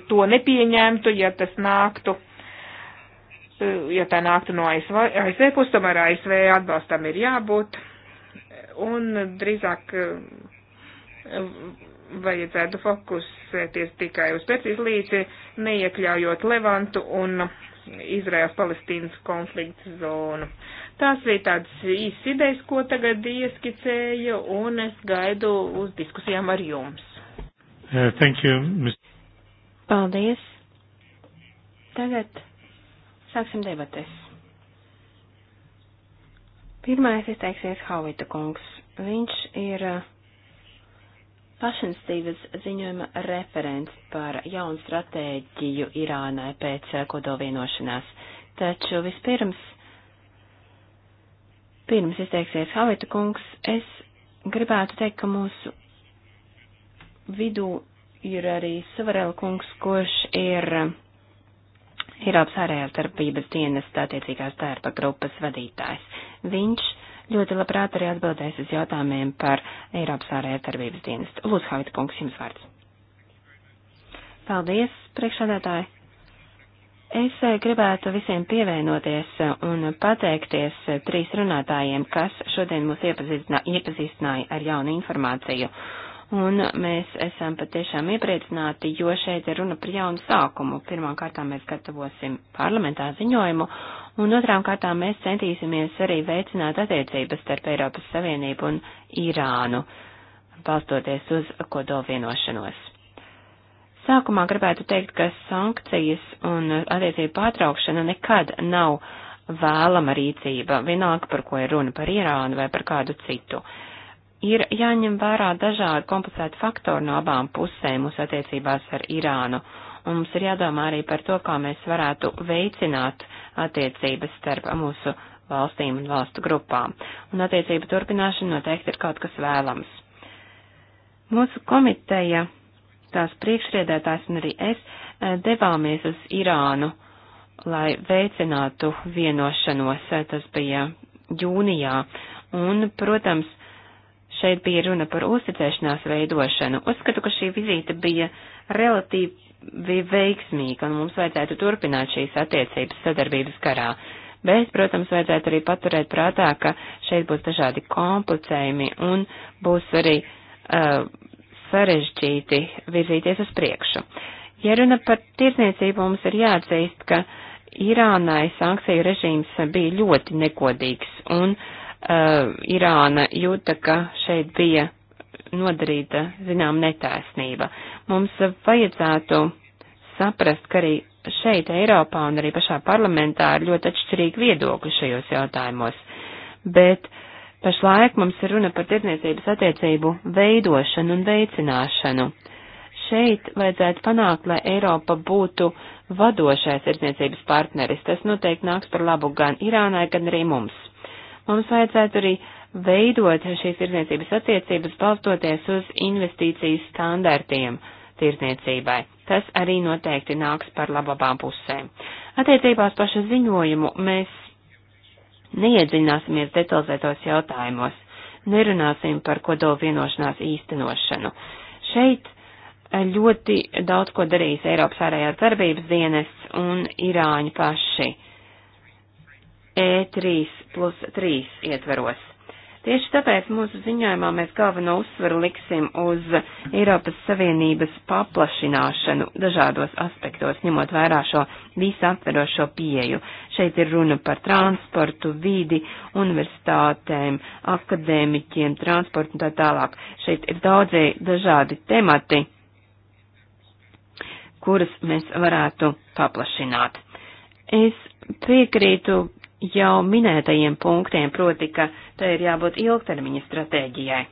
to nepieņemtu, ja tas nāktu. E, ja tā nāktu no ASV, ASV puses, tomēr ASV atbalstam ir jābūt. Un drīzāk e, vajadzētu fokusēties tikai uz Persijas līci, neiekļaujot Levantu un Izraels-Palestīnas konflikta zonu. Tās bija tādas īsts idejas, ko tagad ieskicēju, un es gaidu uz diskusijām ar jums. Uh, thank you, Ms. Paldies. Tagad sāksim debates. Pirmais izteiksies Havita kungs. Viņš ir uh, pašinstīvas ziņojuma referents par jaunu stratēģiju Irānai pēc eh, kodolvienošanās. Taču vispirms, pirms izteiksies Havita kungs, es gribētu teikt, ka mūsu vidū ir arī Savarela kungs, kurš ir Eiropas ārējās darbības dienas attiecīgās darba grupas vadītājs. Viņš ļoti labprāt arī atbildēs uz jautājumiem par Eiropas ārējās darbības dienestu. Lūdzu, Havita kungs, jums vārds. Paldies, priekšsādātāji. Es eh, gribētu visiem pievienoties eh, un pateikties eh, trīs runātājiem, kas šodien mūs iepazīstināja ar jaunu informāciju un mēs esam patiešām iepriecināti, jo šeit ir runa par jaunu sākumu. Pirmām kārtām mēs gatavosim parlamentā ziņojumu, un otrām kārtām mēs centīsimies arī veicināt attiecības starp Eiropas Savienību un Irānu, balstoties uz kodolvienošanos. Sākumā gribētu teikt, ka sankcijas un attiecību pārtraukšana nekad nav vēlama rīcība, vienalga par ko ir runa par Irānu vai par kādu citu. Uh, Ir jāņem vērā dažādi komplicēti faktori no abām pusēm mūsu attiecībās ar Irānu, un mums ir jādomā arī par to, kā mēs varētu veicināt attiecības starp mūsu valstīm un valstu grupām, un attiecību turpināšana noteikti ir kaut kas vēlams. Mūsu komiteja, tās priekšriedētājs un arī es, eh, devāmies uz Irānu, lai veicinātu vienošanos, tas bija jūnijā, un, protams, Šeit bija runa par uzticēšanās veidošanu. Uzskatu, ka šī vizīte bija relatīvi veiksmīga un mums vajadzētu turpināt šīs attiecības sadarbības karā. Bet, protams, vajadzētu arī paturēt prātā, ka šeit būs dažādi komplicējumi un būs arī uh, sarežģīti virzīties uz priekšu. Ja runa par tirdzniecību, mums ir jāatzīst, ka Irānai sankciju režīms bija ļoti nekodīgs un uh, uh, Irāna jūta, ka šeit bija nodarīta, zinām, netaisnība. Mums vajadzētu saprast, ka arī šeit, Eiropā un arī pašā parlamentā ir ļoti atšķirīgi viedokļi šajos jautājumos. Bet pašlaik mums ir runa par tirdzniecības attiecību veidošanu un veicināšanu. Šeit vajadzētu panākt, lai Eiropa būtu vadošais tirdzniecības partneris. Tas noteikti nāks par labu gan Irānai, gan arī mums. Mums vajadzētu arī veidot šīs tirzniecības attiecības balstoties uz investīciju standartiem tirzniecībai. Tas arī noteikti nāks par labu abām pusēm. Attiecībās paša ziņojumu mēs neiedziļināsimies detalizētos jautājumos, nerunāsim par kodolu vienošanās īstenošanu. Šeit eh, ļoti daudz ko darīs Eiropas ārējās darbības dienests un Irāņi paši. E3 plus 3 ietveros. Tieši tāpēc mūsu ziņojumā mēs galveno uzsvaru liksim uz Eiropas Savienības paplašināšanu dažādos aspektos, ņemot vērā šo visaptverošo pieju. Šeit ir runa par transportu, vidi, universitātēm, akadēmiķiem, transportu un tā tālāk. Šeit ir daudzi dažādi temati, kurus mēs varētu paplašināt. Es piekrītu jau minētajiem punktiem, proti, ka tai ir jābūt ilgtermiņa stratēģijai.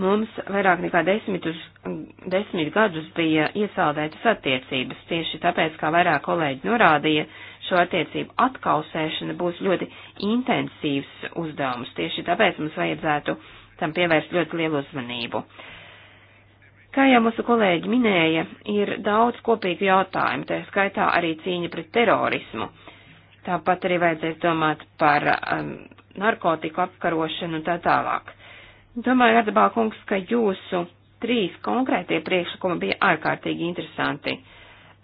Mums vairāk nekā desmit, uz, desmit gadus bija iesaldētas attiecības, tieši tāpēc, kā vairāk kolēģi norādīja, šo attiecību atkausēšana būs ļoti intensīvs uzdevums, tieši tāpēc mums vajadzētu tam pievērst ļoti lielu uzmanību. Kā jau mūsu kolēģi minēja, ir daudz kopīgu jautājumu, tā skaitā arī cīņa pret terorismu. Uh, Tāpat arī vajadzēs domāt par um, narkotiku apkarošanu un tā tālāk. Domāju, Erdabā kungs, ka jūsu trīs konkrētie priekšlikumi bija ārkārtīgi interesanti.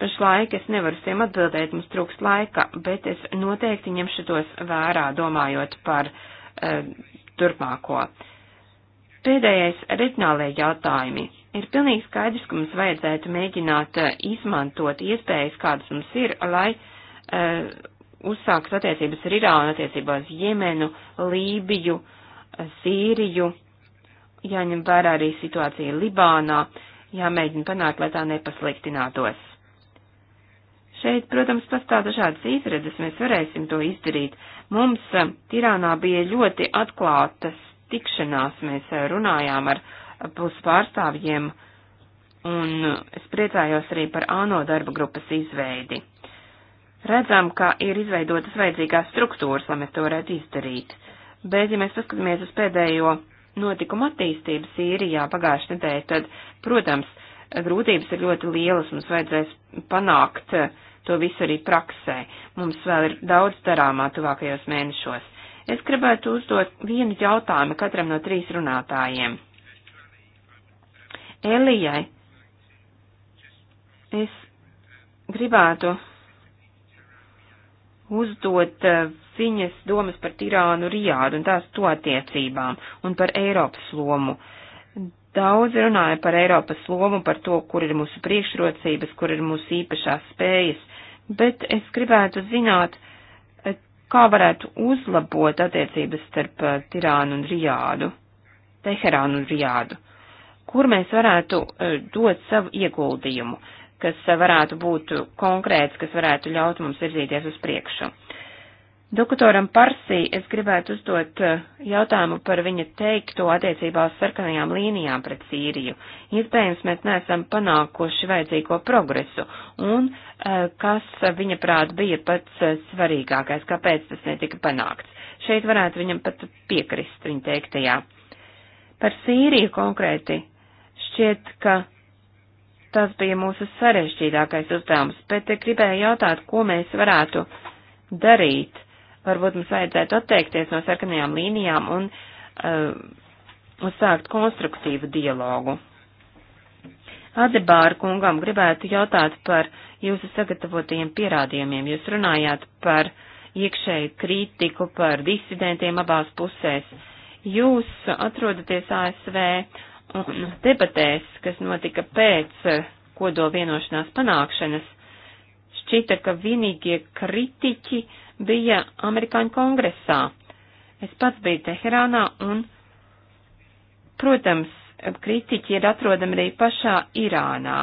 Pašlaik es nevaru tiem atbildēt, mums trūks laika, bet es noteikti ņemšu tos vērā, domājot par uh, turpmāko. Pēdējais - reģionālajie jautājumi. Ir pilnīgi skaidrs, ka mums vajadzētu mēģināt uh, izmantot iespējas, kādas mums ir, lai uh, uzsākt attiecības ar Irānu, attiecībā uz Jemenu, Lībiju, Sīriju, jāņem vērā arī situācija Libānā, jāmēģina panākt, lai tā nepasliktinātos. Šeit, protams, pastāv dažādas izredzes, mēs varēsim to izdarīt. Mums Tirānā eh, bija ļoti atklātas tikšanās, mēs eh, runājām ar puses pārstāvjiem, un eh, es priecājos arī par ANO darba grupas izveidi redzam, ka ir izveidotas vajadzīgās struktūras, lai mēs to varētu izdarīt. Bet, ja mēs paskatāmies uz pēdējo notikumu attīstību Sīrijā pagājušajā nedēļā, tad, protams, grūtības ir ļoti lielas, mums vajadzēs panākt eh, to visu arī praksē. Mums vēl ir daudz darāmā tuvākajos mēnešos. Es gribētu uzdot vienu jautājumu katram no trīs runātājiem. Elijai, es gribētu uzdot viņas eh, domas par Tirānu Rijādu un tās to attiecībām un par Eiropas lomu. Daudz runāja par Eiropas lomu, par to, kur ir mūsu priekšrocības, kur ir mūsu īpašās spējas, bet es gribētu zināt, eh, kā varētu uzlabot attiecības starp eh, Tirānu un Rijādu, Teherānu un Rijādu, kur mēs varētu dot savu ieguldījumu. Uh, kas varētu būt konkrēts, kas varētu ļaut mums virzīties uz priekšu. Doktoram Parsī es gribētu uzdot eh, jautājumu par viņa teikto attiecībā uz sarkanajām līnijām pret Sīriju. Iespējams, mēs neesam panākuši vajadzīgo progresu, un eh, kas viņa prāt bija pats eh, svarīgākais, kāpēc tas netika panākts. Šeit varētu viņam pat piekrist viņa teiktajā. Par Sīriju konkrēti šķiet, ka Tas bija mūsu sarežģītākais uzdevums, bet gribēju jautāt, ko mēs varētu darīt. Varbūt mums vajadzētu atteikties no sarkanajām līnijām un uh, uzsākt konstruktīvu dialogu. Adebāra kungam gribētu jautāt par jūsu sagatavotajiem pierādījumiem. Jūs runājāt par iekšēju kritiku, par disidentiem abās pusēs. Jūs atrodaties ASV Un debatēs, kas notika pēc eh, kodola vienošanās panākšanas, šķita, ka vienīgie kritiķi bija amerikāņu kongresā. Es pats biju Teherānā un, protams, kritiķi ir atrodami arī pašā Irānā.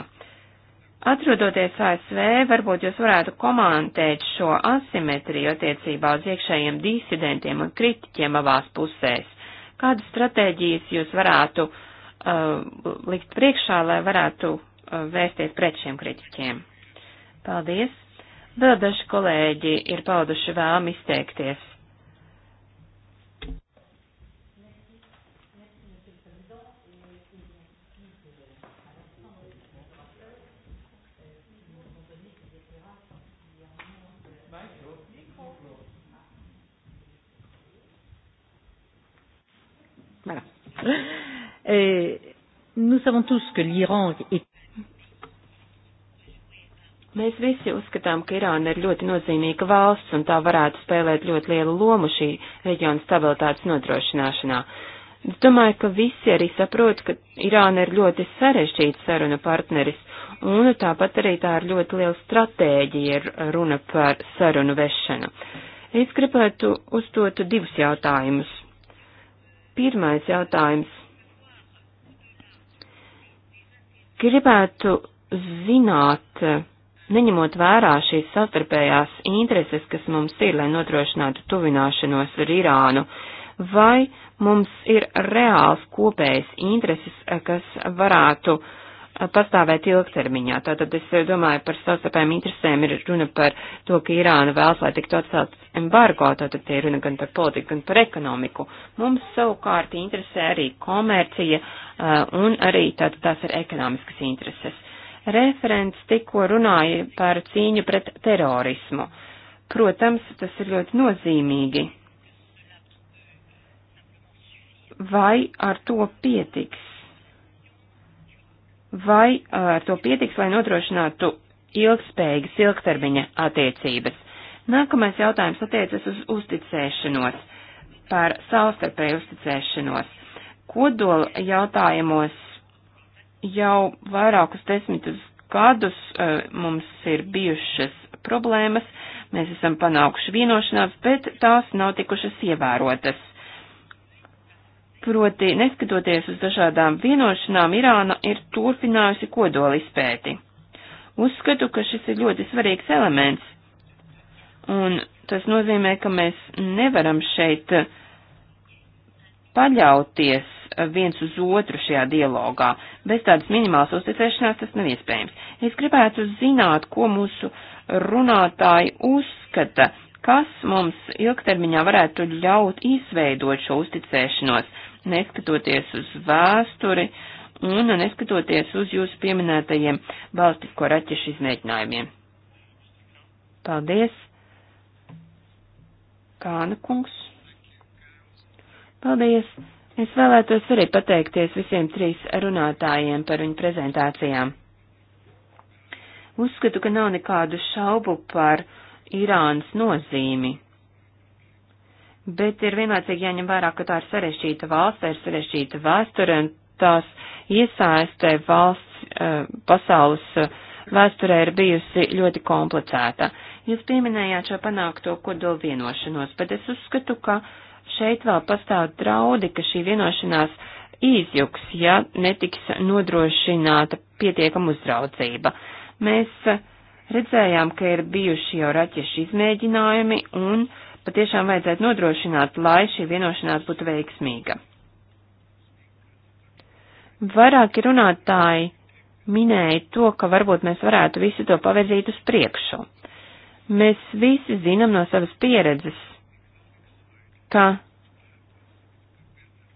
Atrodoties ASV, varbūt jūs varētu komentēt šo asimetriju attiecībā uz iekšējiem disidentiem un kritiķiem abās pusēs. Kādas stratēģijas jūs varētu uh, Uh, likt priekšā, lai varētu uh, vērsties pret šiem kritiķiem. Paldies! Vēl daži kolēģi ir pauduši vēlam izteikties. Voilà. [laughs] Euh, nous savons tous que l'Iran est. Mēs visi uzskatām, ka Irāna ir ļoti nozīmīga valsts un tā varētu spēlēt ļoti lielu lomu šī reģiona stabilitātes nodrošināšanā. Es domāju, ka visi arī saprot, ka Irāna ir ļoti sarežģīta saruna partneris un tāpat arī tā ir ļoti liela stratēģija runa par sarunu vešanu. Es gribētu uzdot divus jautājumus. Pirmais jautājums Gribētu zināt, neņemot vērā šīs sastarpējās intereses, kas mums ir, lai nodrošinātu tuvināšanos ar Irānu, vai mums ir reāls kopējs intereses, kas varētu uh, pastāvēt ilgtermiņā. Tātad es domāju par savstarpējām interesēm ir runa par to, ka Irāna vēlas, lai tiktu atsāts embargo, tātad tie runa gan par politiku, gan par ekonomiku. Mums savukārt interesē arī komercija uh, un arī tātad tās ir ekonomiskas intereses. Referents tikko runāja par cīņu pret terorismu. Protams, tas ir ļoti nozīmīgi. Vai ar to pietiks? vai uh, ar to pietiks, lai nodrošinātu ilgspējīgas ilgtermiņa attiecības. Nākamais jautājums attiecas uz uzticēšanos, par savstarpēju uzticēšanos. Kodola jautājumos jau vairākus desmitus gadus uh, mums ir bijušas problēmas, mēs esam panākuši vienošanās, bet tās nav tikušas ievērotas. Proti, neskatoties uz dažādām vienošanām, Irāna ir turpinājusi kodoli izpēti. Uzskatu, ka šis ir ļoti svarīgs elements, un tas nozīmē, ka mēs nevaram šeit paļauties viens uz otru šajā dialogā. Bez tādas minimālas uzticēšanās tas nav iespējams. Es gribētu zināt, ko mūsu runātāji uzskata, kas mums ilgtermiņā varētu ļaut izveidot šo uzticēšanos, neskatoties uz vēsturi un neskatoties uz jūsu pieminētajiem Baltisko raķešu izmēģinājumiem. Paldies, Kāna kungs. Paldies! Es vēlētos arī pateikties visiem trīs runātājiem par viņu prezentācijām. Uzskatu, ka nav nekādu šaubu par Irānas nozīmi bet ir vienlaicīgi jāņem vērā, ka tā ir sarežģīta valsts, tā ir sarežģīta vēsture, un tās iesaistē valsts uh, pasaules eh, vēsturē ir bijusi ļoti komplicēta. Jūs pieminējāt šo panākto kodolu vienošanos, bet es uzskatu, ka šeit vēl pastāv draudi, ka šī vienošanās izjuks, ja netiks nodrošināta pietiekama uzraudzība. Mēs eh, redzējām, ka ir bijuši jau raķešu izmēģinājumi un uh, patiešām vajadzētu nodrošināt, lai šī vienošanās būtu veiksmīga. Vairāki runātāji minēja to, ka varbūt mēs varētu visu to pavirzīt uz priekšu. Mēs visi zinām no savas pieredzes, ka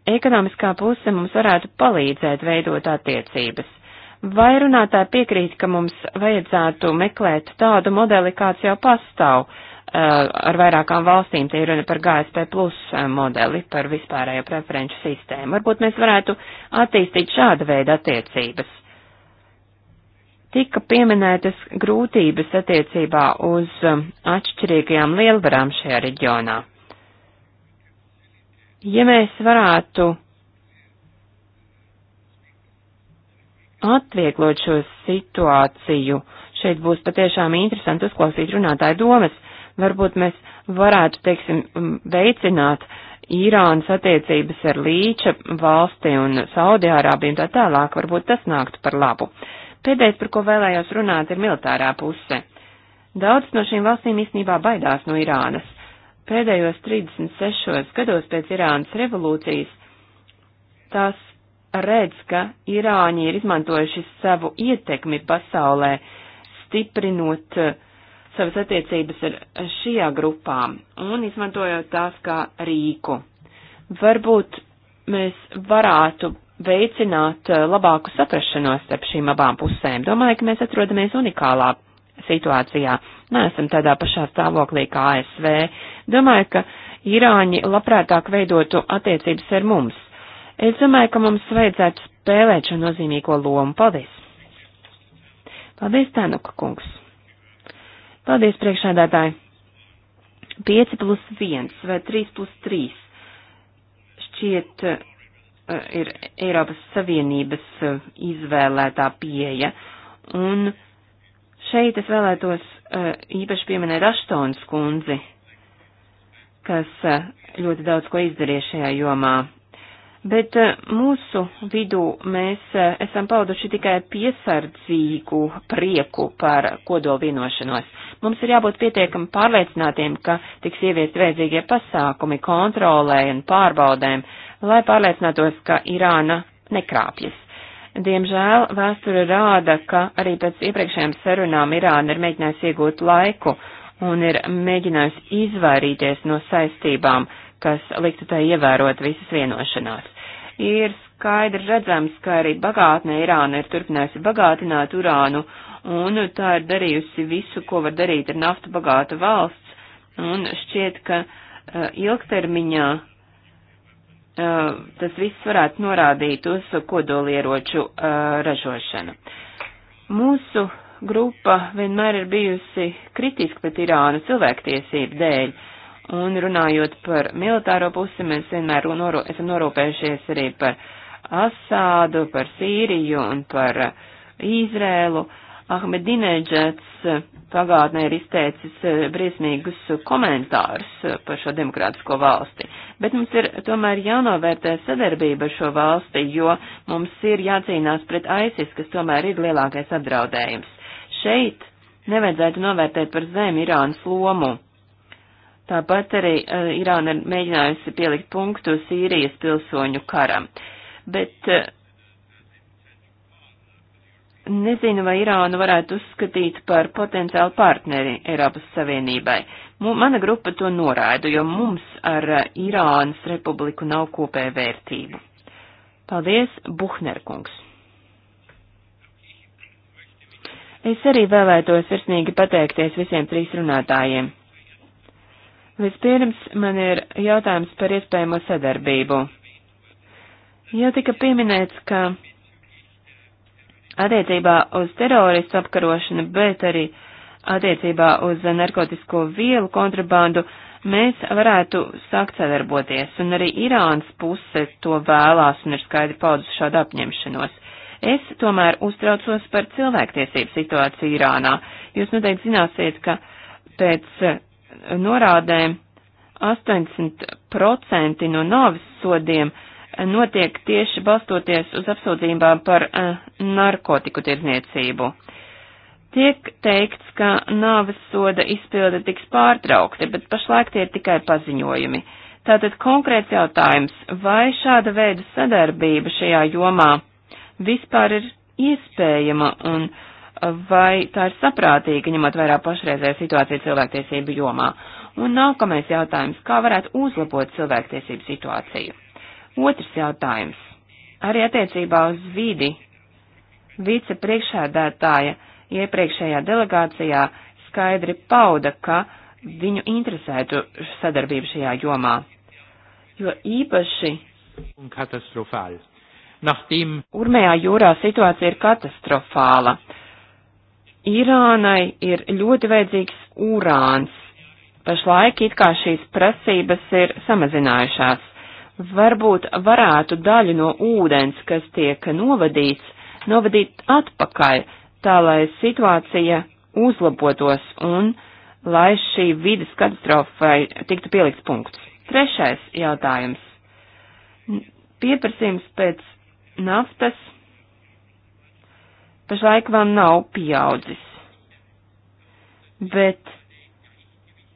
ekonomiskā puse mums varētu palīdzēt veidot attiecības. Vai runātāji piekrīt, ka mums vajadzētu meklēt tādu modeli, kāds jau pastāv, Eh, ar vairākām valstīm, tie ir runa par GSP plus eh, modeli, par vispārējo preferenču sistēmu. Varbūt mēs varētu attīstīt šāda veida attiecības. Tika pieminētas grūtības attiecībā uz eh, atšķirīgajām lielvarām šajā reģionā. Ja mēs varētu atvieglot šo situāciju, šeit būs patiešām interesanti uzklausīt runātāju domas, Varbūt mēs varētu, teiksim, veicināt Īrānas attiecības ar Līča valsti un Saudi-Arābiju un tā tālāk, varbūt tas nāktu par labu. Pēdējais, par ko vēlējos runāt, ir militārā puse. Daudz no šīm valstīm īstenībā baidās no Irānas. Pēdējos 36 gados pēc Irānas revolūcijas tās redz, ka Irāņi ir izmantojuši savu ietekmi pasaulē, stiprinot uh, savas attiecības ar šajā grupā un izmantojot tās kā rīku. Varbūt mēs varētu veicināt eh, labāku saprašanos starp šīm abām pusēm. Domāju, ka mēs atrodamies unikālā situācijā. Neesam tādā pašā stāvoklī kā ASV. Domāju, ka Irāņi labprātāk veidotu attiecības ar mums. Es domāju, ka mums vajadzētu spēlēt šo nozīmīgo lomu. Paldies! Paldies, Tēnuka kungs! Paldies, priekšādātāji. 5 plus 1 vai 3 plus 3 šķiet eh, ir Eiropas Savienības eh, izvēlētā pieeja. Un šeit es vēlētos eh, īpaši pieminēt Aštons kundzi, kas ļoti daudz ko izdarīja šajā jomā Bet eh, mūsu vidū mēs eh, esam pauduši tikai piesardzīgu prieku par kodolu vienošanos. Mums ir jābūt pietiekami pārliecinātiem, ka tiks ieviest vajadzīgie pasākumi kontrolē un pārbaudēm, lai pārliecinātos, ka Irāna nekrāpjas. Diemžēl vēsture rāda, ka arī pēc iepriekšējām sarunām Irāna ir mēģinājusi iegūt laiku un ir mēģinājusi izvairīties no saistībām, kas liktu tai ievērot visas vienošanās ir skaidri redzams, ka arī bagātnē Irāna ir turpinājusi bagātināt urānu, un tā ir darījusi visu, ko var darīt ar naftu bagāta valsts, un šķiet, ka uh, ilgtermiņā uh, tas viss varētu norādīt uz kodolieroču uh, ražošanu. Mūsu grupa vienmēr ir bijusi kritiska pret Irānu cilvēktiesību dēļ. Uh, Un runājot par militāro pusi, mēs vienmēr noro, esam norūpējušies arī par Asādu, par Sīriju un par Izrēlu. Ahmedineģets pagātnē ir izteicis briesmīgus komentārus par šo demokrātisko valsti, bet mums ir tomēr jānovērtē sadarbība ar šo valsti, jo mums ir jācīnās pret ISIS, kas tomēr ir lielākais apdraudējums. Šeit nevajadzētu novērtēt par zemi Irānas lomu Tāpat arī eh, Irāna ir mēģinājusi pielikt punktu Sīrijas pilsoņu karam. Bet eh, nezinu, vai Irānu varētu uzskatīt par potenciālu partneri Eiropas Savienībai. M mana grupa to norāda, jo mums ar eh, Irānas republiku nav kopēja vērtību. Paldies, Buhnerkungs! Es arī vēlētos sirsnīgi pateikties visiem trīs runātājiem. Vispirms man ir jautājums par iespējamo sadarbību. Jau tika pieminēts, ka attiecībā uz teroristu apkarošanu, bet arī attiecībā uz narkotisko vielu kontrabandu mēs varētu sākt sadarboties, un arī Irānas puse to vēlās un ir skaidri paudus šādu apņemšanos. Es tomēr uztraucos par cilvēktiesību situāciju Irānā. Jūs noteikti zināsiet, ka pēc norādēm 80% no nāvis sodiem eh, notiek tieši balstoties uz apsūdzībām par uh, narkotiku tirdzniecību. Tiek teikts, ka nāvis soda izpilde tiks pārtraukti, bet pašlaik tie ir tikai paziņojumi. Tātad konkrēts jautājums, vai šāda veida sadarbība šajā jomā vispār ir iespējama un uh, vai tā ir saprātīga, ņemot vērā pašreizēju situāciju cilvēktiesību jomā. Un nākamais jautājums, kā varētu uzlabot cilvēktiesību situāciju? Otrs jautājums. Arī attiecībā uz vidi vicepriekšēdētāja iepriekšējā delegācijā skaidri pauda, ka viņu interesētu sadarbību šajā jomā. Jo īpaši. Un katastrofāli. Nachtīm. Urmējā jūrā situācija ir katastrofāla. Uh, Irānai ir ļoti vajadzīgs urāns. Pašlaik it kā šīs prasības ir samazinājušās. Varbūt varētu daļu no ūdens, kas tiek novadīts, novadīt atpakaļ, tā lai situācija uzlabotos un lai šī vidas katastrofai tiktu pielikts punkts. Trešais jautājums. Pieprasījums pēc naftas pašlaik vēl nav pieaudzis. Bet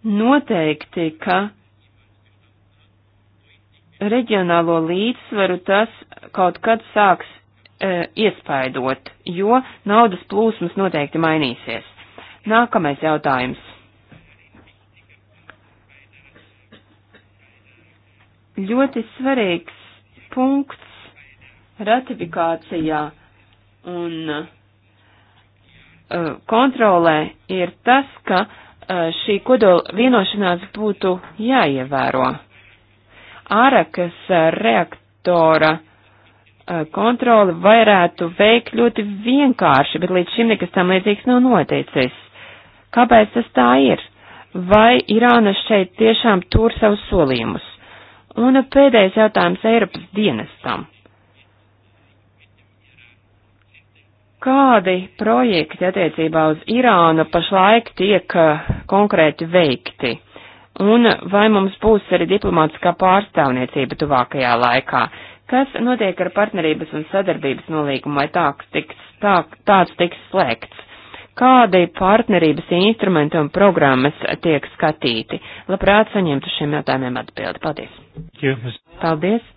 noteikti, ka reģionālo līdzsvaru tas kaut kad sāks e, iespaidot, jo naudas plūsmas noteikti mainīsies. Nākamais jautājums. Ļoti svarīgs punkts ratifikācijā un Uh, kontrolē, ir tas, ka uh, šī kodola vienošanās būtu jāievēro. Ārakas uh, reaktora kontroli varētu veikt ļoti vienkārši, bet līdz šim nekas tam līdzīgs nav noticis. Kāpēc tas tā ir? Vai Irāna šeit tiešām tur savus solījumus? Un pēdējais jautājums Eiropas dienestam. Kādi projekti attiecībā uz Irānu pašlaik tiek eh, konkrēti veikti? Un vai mums būs arī diplomātiskā pārstāvniecība tuvākajā laikā? Kas notiek ar partnerības un sadarbības nolīgumu, vai tāds tiks, tā, tāds tiks slēgts? Kādi partnerības instrumenti un programmas tiek skatīti? Labprāt saņemtu šiem jautājumiem atbildi. Paldies. Paldies.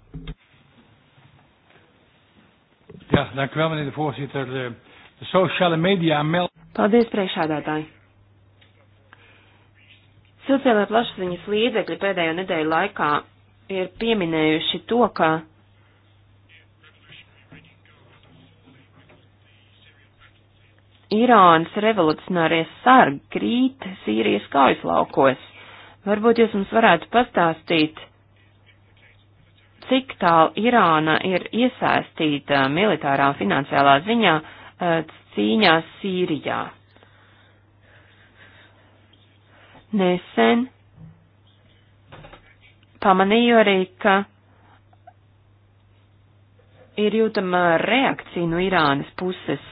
Jā, dank vēl, meneer de voorzitter. De sociāla medijā meld. Paldies, priekšādātāji. Sociālā plašsaziņas līdzekļi pēdējo nedēļu laikā ir pieminējuši to, ka Irānas revolucionārie sargi krīt Sīrijas kaujas laukos. Varbūt jūs mums varētu pastāstīt, cik tālu Irāna ir iesaistīta militārā un finansiālā ziņā eh, cīņā Sīrijā. Nesen pamanīju arī, ka ir jūtama reakcija no Irānas puses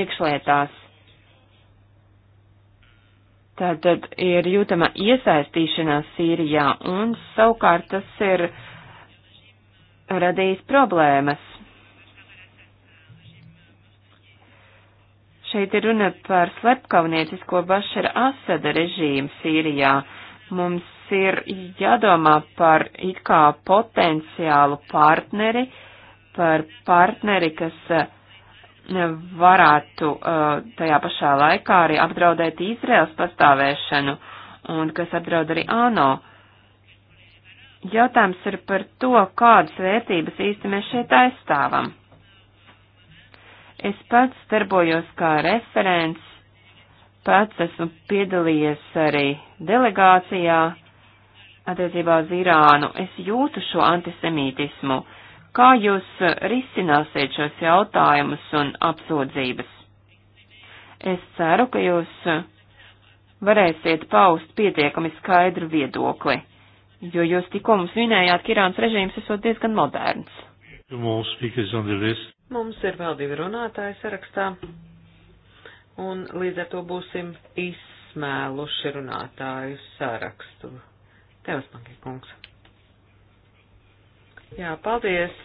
iekšlietās. Tātad ir jūtama iesaistīšanās Sīrijā, un savukārt tas ir uh, radīs problēmas. Šeit ir runa par slepkavniecisko Bašara Asada režīmu Sīrijā. Mums ir jādomā par it kā potenciālu partneri, par partneri, kas e, varētu e, tajā pašā laikā arī apdraudēt Izraels pastāvēšanu un kas apdraud arī ANO. Uh, Jautājums ir par to, kādas vērtības īsti mēs šeit aizstāvam. Es pats darbojos kā referents, pats esmu piedalījies arī delegācijā attiecībā uz Irānu. Es jūtu šo antisemītismu. Kā jūs risināsiet šos jautājumus un apsūdzības? Es ceru, ka jūs varēsiet paust pietiekami skaidru viedokli. Jo jūs tikko mums minējāt, ka Irānas režīms esot diezgan moderns. Mums ir vēl divi runātāji sarakstā, un līdz ar to būsim izsmēluši runātāju sarakstu. Tev, Smagie kungs. Jā, paldies.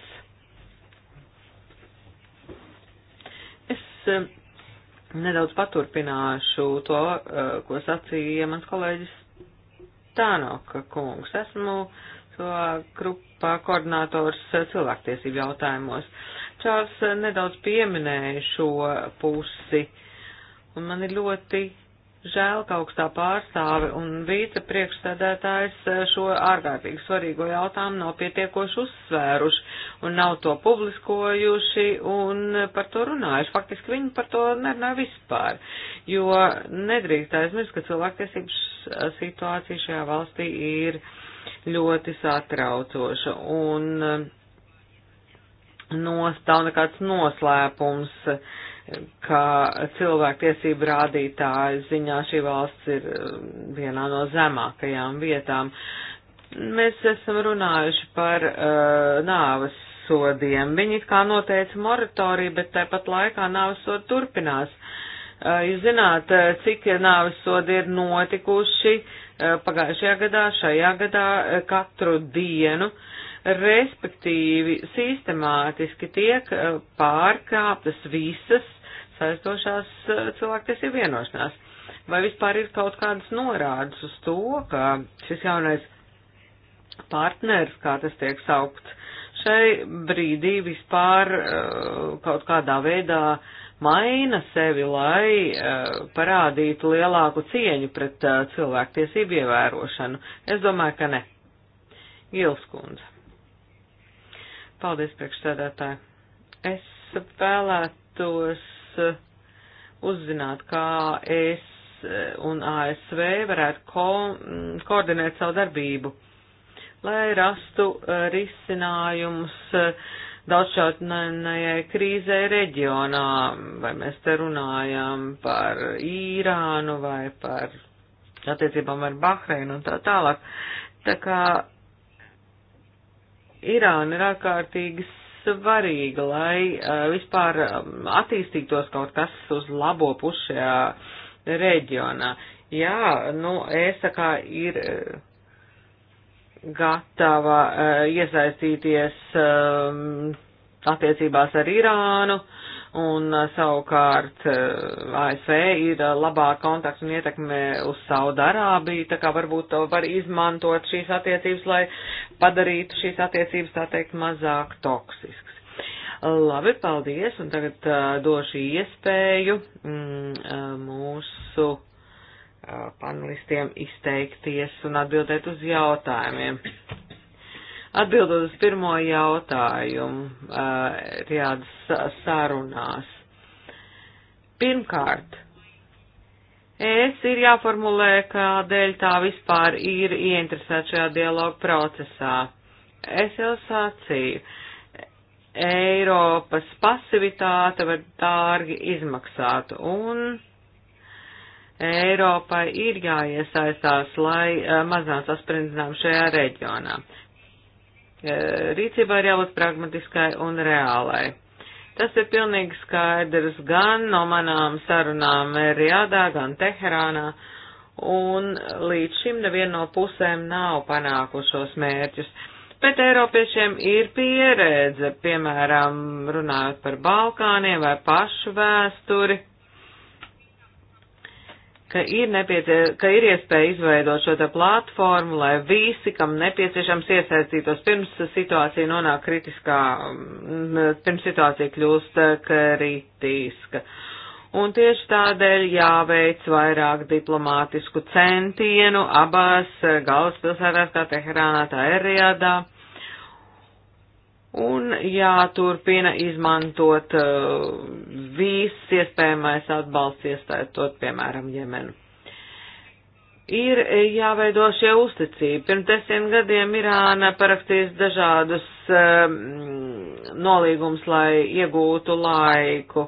Es eh, nedaudz paturpināšu to, eh, ko sacīja mans kolēģis Tānoka kungs. Esmu to grupā koordinators cilvēktiesību jautājumos. Čārs nedaudz pieminēja šo pusi, un man ir ļoti Žēl, ka augstā pārstāve un vicepriekšsēdētājs eh, šo ārkārtīgi svarīgo jautājumu nav pietiekoši uzsvēruši un nav to publiskojuši un par to runājuši. Faktiski viņi par to nerunāja vispār, jo nedrīkst aizmirst, ka cilvēktiesības eh, situācija šajā valstī ir ļoti satraucoša un eh, nostāv nekāds noslēpums. Uh, ka cilvēktiesību rādītāju ziņā šī valsts ir um, vienā no zemākajām vietām. Mēs esam runājuši par uh, nāvas sodiem. Viņi kā noteica moratoriju, bet tāpat laikā nāvas sodi turpinās. Uh, jūs zināt, uh, cik nāvas sodi ir notikuši uh, pagājušajā gadā, šajā gadā uh, katru dienu. Uh, respektīvi sistemātiski tiek eh, pārkāptas visas saistošās eh, cilvēktiesību vienošanās. Vai vispār ir kaut kādas norādes uz to, ka šis jaunais partners, kā tas tiek saukts, šai brīdī vispār eh, kaut kādā veidā maina sevi, lai parādītu lielāku cieņu pret cilvēktiesību ievērošanu? Es domāju, ka ne. Gilskundze. Paldies, priekšsēdētāji. Es vēlētos eh, uzzināt, kā es eh, un ASV varētu ko mm, koordinēt savu darbību, lai rastu eh, risinājumus daudzšķautnējai krīzē reģionā, vai mēs te runājam par Īrānu vai par attiecībām ar Bahreinu un tā tālāk. Tā kā Irāna ir ārkārtīgi svarīga, lai uh, vispār um, attīstītos kaut kas uz labo pusi šajā reģionā. Jā, nu, ESAKā ir eh, gatava uh, iesaistīties um, attiecībās ar Irānu. Uh, un eh, savukārt eh, ASV ir eh, labāk kontakts un ietekme uz Saudarābiju, tā kā varbūt var izmantot šīs attiecības, lai padarītu šīs attiecības, tā teikt, mazāk toksisks. Labi, paldies, un tagad uh, došu iespēju mm, mūsu uh, panelistiem izteikties un atbildēt uz jautājumiem. Atbildot uz pirmo jautājumu, uh, Riādas sarunās. Pirmkārt, es ir jāformulē, kādēļ tā vispār ir ieinteresēta šajā dialogu procesā. Es jau sacīju, Eiropas pasivitāte var dārgi izmaksāt un Eiropai ir jāiesaistās, lai eh, mazinātu sasprindzinājumu šajā reģionā. E, rīcībā ir jābūt pragmatiskai un reālai. Tas ir pilnīgi skaidrs gan no manām sarunām Riadā, gan Teherānā, un līdz šim neviena no pusēm nav panākušos mērķus. Bet Eiropiešiem ir pieredze, piemēram, runājot par Balkāniem vai pašu vēsturi ka ir, nepiecie, ka ir iespēja izveidot šo te platformu, lai visi, kam nepieciešams, iesaistītos pirms situācija nonāk kritiskā, mm, pirms situācija kļūst eh, kritiska. Un tieši tādēļ jāveic vairāk diplomātisku centienu abās eh, galvaspilsētās, kā Teherānā, tā Eriadā un jāturpina izmantot uh, viss iespējamais atbalsts iestājot, piemēram, Jemenu. Ir jāveido šie uzticība. Pirms desmit gadiem Irāna parakstīs dažādus um, uh, nolīgums, lai iegūtu laiku.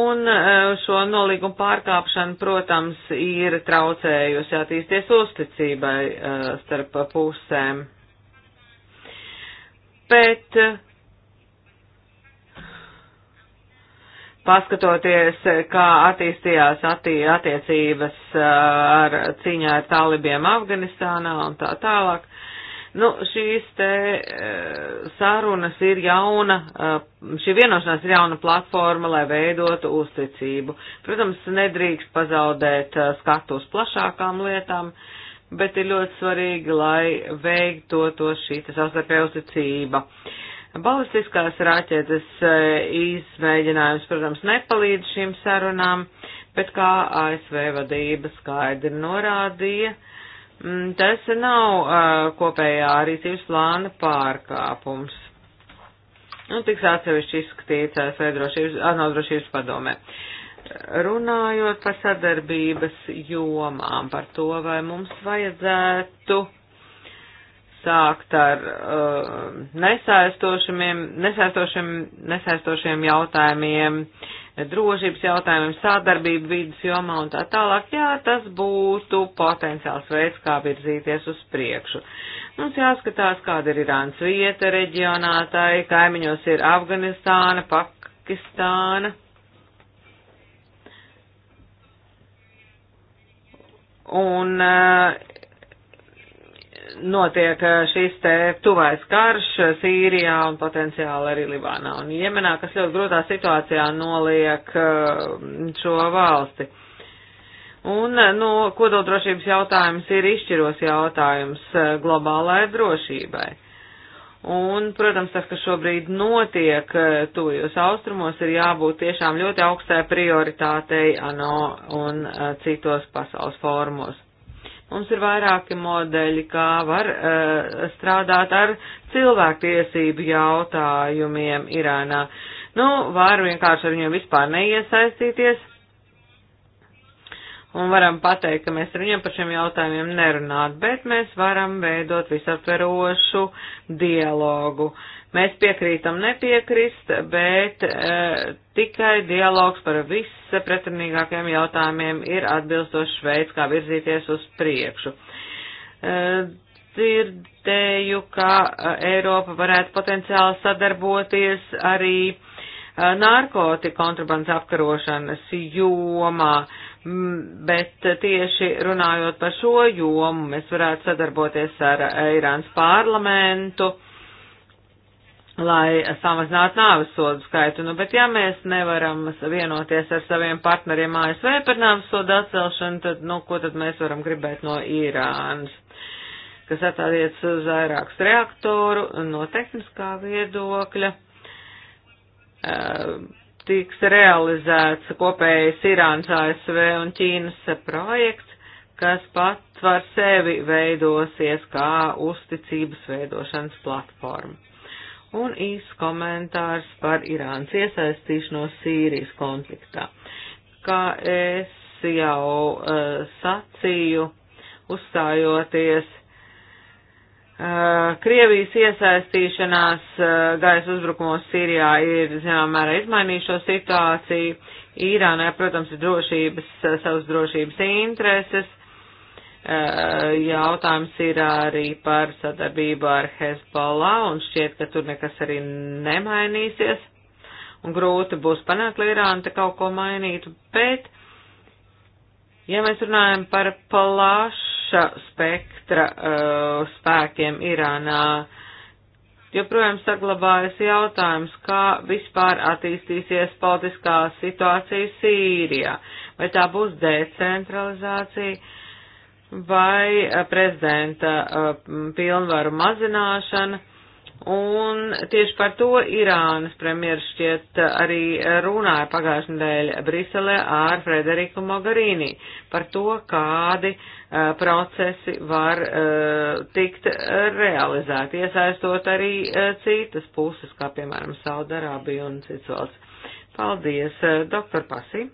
Un uh, šo nolīgumu pārkāpšana, protams, ir traucējusi attīsties uzticībai uh, starp pusēm. Uh, bet paskatoties, kā attīstījās attī, attiecības ar cīņā ar talibiem Afganistānā un tā tālāk, nu, šīs te sarunas ir jauna, šī vienošanās ir jauna platforma, lai veidotu uzticību. Protams, nedrīkst pazaudēt skatu uz plašākām lietām. Uh, bet ir ļoti svarīgi, lai veiktotos šī savstarpējā uzticība. Balistiskās raķetes e, izmēģinājums, protams, nepalīdz šīm sarunām, bet kā ASV vadība skaidri norādīja, mm, tas nav uh, kopējā rīcības plāna pārkāpums. Nu, tiks atsevišķi izskatīts ASV drošības, ANO drošības padomē. Uh, Runājot par sadarbības jomām, par to, vai mums vajadzētu sākt ar uh, nesaistošiem, nesaistošiem jautājumiem, drošības jautājumiem, sādarbību vidas jomā un tā tālāk. Jā, tas būtu potenciāls veids, kā virzīties uz priekšu. Mums jāskatās, kāda ir Irānas vieta reģionā, tai kaimiņos ir Afganistāna, Pakistāna. un eh, notiek eh, šis te tuvais karš Sīrijā un potenciāli arī Libānā un Jemenā, kas ļoti grūtā situācijā noliek eh, šo valsti. Un, nu, kodoldrošības jautājums ir izšķiros jautājums globālai drošībai. Un, protams, tas, kas šobrīd notiek eh, tuvajos austrumos, ir jābūt tiešām ļoti augstai prioritātei ANO un eh, citos pasaules formos. Mums ir vairāki modeļi, kā var uh, strādāt ar cilvēktiesību jautājumiem Irānā. Nu, var vienkārši ar viņiem vispār neiesaistīties, un varam pateikt, ka mēs ar viņiem par šiem jautājumiem nerunāt, bet mēs varam veidot visaptverošu dialogu. Mēs piekrītam nepiekrist, bet e, tikai dialogs par vispretrunīgākajiem jautājumiem ir atbilstošs veids, kā virzīties uz priekšu. E, dzirdēju, ka e, Eiropa varētu potenciāli sadarboties arī narkotika kontrabandas apkarošanas jomā. Uh, Mm, bet tieši runājot par šo jomu, mēs varētu sadarboties ar Irānas parlamentu, lai samazinātu nāves sodu skaitu. Nu, bet ja mēs nevaram vienoties ar saviem partneriem ASV par nāves sodu atcelšanu, tad, nu, ko tad mēs varam gribēt no Irānas? Kas attiec uz vairākus reaktoru no tehniskā viedokļa. Uh, tiks realizēts kopējais Irānas, ASV un Ķīnas projekts, kas pats var sevi veidosies kā uzticības veidošanas platforma. Un īsts komentārs par Irānas iesaistīšanos Sīrijas konfliktā. Kā es jau uh, sacīju, uzstājoties Uh, Krievijas iesaistīšanās uh, gaisa uzbrukumos Sīrijā ir, zinām, mērā izmainījuši šo situāciju. Īrānai, protams, ir drošības, uh, savas drošības intereses. Jautājums ir arī par sadarbību ar Hezbollah un šķiet, ka tur nekas arī nemainīsies. Un grūti būs panākt, lai Irāna te kaut ko mainītu, bet, ja mēs runājam par plašu plaša spektra uh, spēkiem Irānā. Joprojām saglabājas jautājums, kā vispār attīstīsies politiskā situācija Sīrijā. Vai tā būs decentralizācija vai uh, prezidenta uh, pilnvaru mazināšana? Un tieši par to Irānas premjeras šķiet arī runāja pagājušajā nedēļā Briselē ar Frederiku Mogherini par to, kādi uh, procesi var uh, tikt realizēti, iesaistot arī uh, citas puses, kā piemēram Saudarābija un cits valsts. Paldies, doktor Pasi.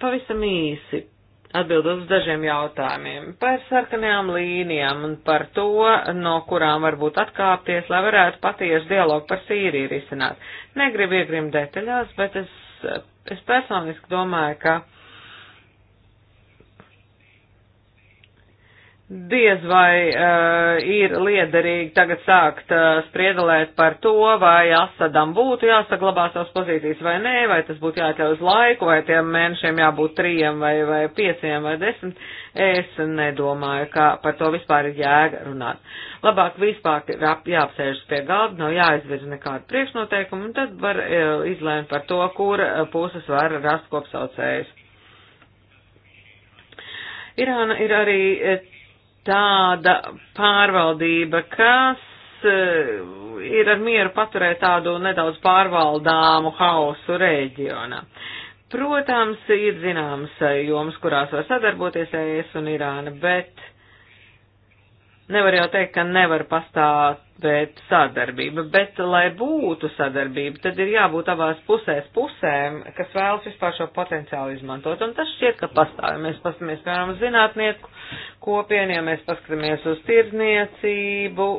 Pavisam īsi atbildot uz dažiem jautājumiem par sarkanajām līnijām un par to, no kurām varbūt atkāpties, lai varētu patiesu dialogu par Sīriju risināt. Negribu iegrim detaļās, bet es, es personiski domāju, ka diez vai uh, ir liederīgi tagad sākt uh, spriedelēt par to, vai Asadam būtu jāsaglabā savas pozīcijas vai nē, vai tas būtu jāatļauj uz laiku, vai tiem mēnešiem jābūt trijiem vai, vai pieciem vai desmit. Es nedomāju, ka par to vispār ir jēga runāt. Labāk vispār ir jāapsēžas pie galda, nav jāizvirz nekādu priekšnoteikumu, un tad var uh, izlēmt par to, kur uh, puses var rast kopsaucējus. Irāna ir arī tāda pārvaldība, kas eh, ir ar mieru paturēt tādu nedaudz pārvaldāmu hausu reģionā. Protams, ir zināmas jomas, kurās var sadarboties ES un Irāna, bet nevar jau teikt, ka nevar pastāvēt sadarbība, bet, lai būtu sadarbība, tad ir jābūt abās pusēs pusēm, kas vēlas vispār šo potenciālu izmantot, un tas šķiet, ka pastāv. Ja mēs paskatāmies, piemēram, zinātnieku kopienu, ja mēs paskatāmies uz tirdzniecību,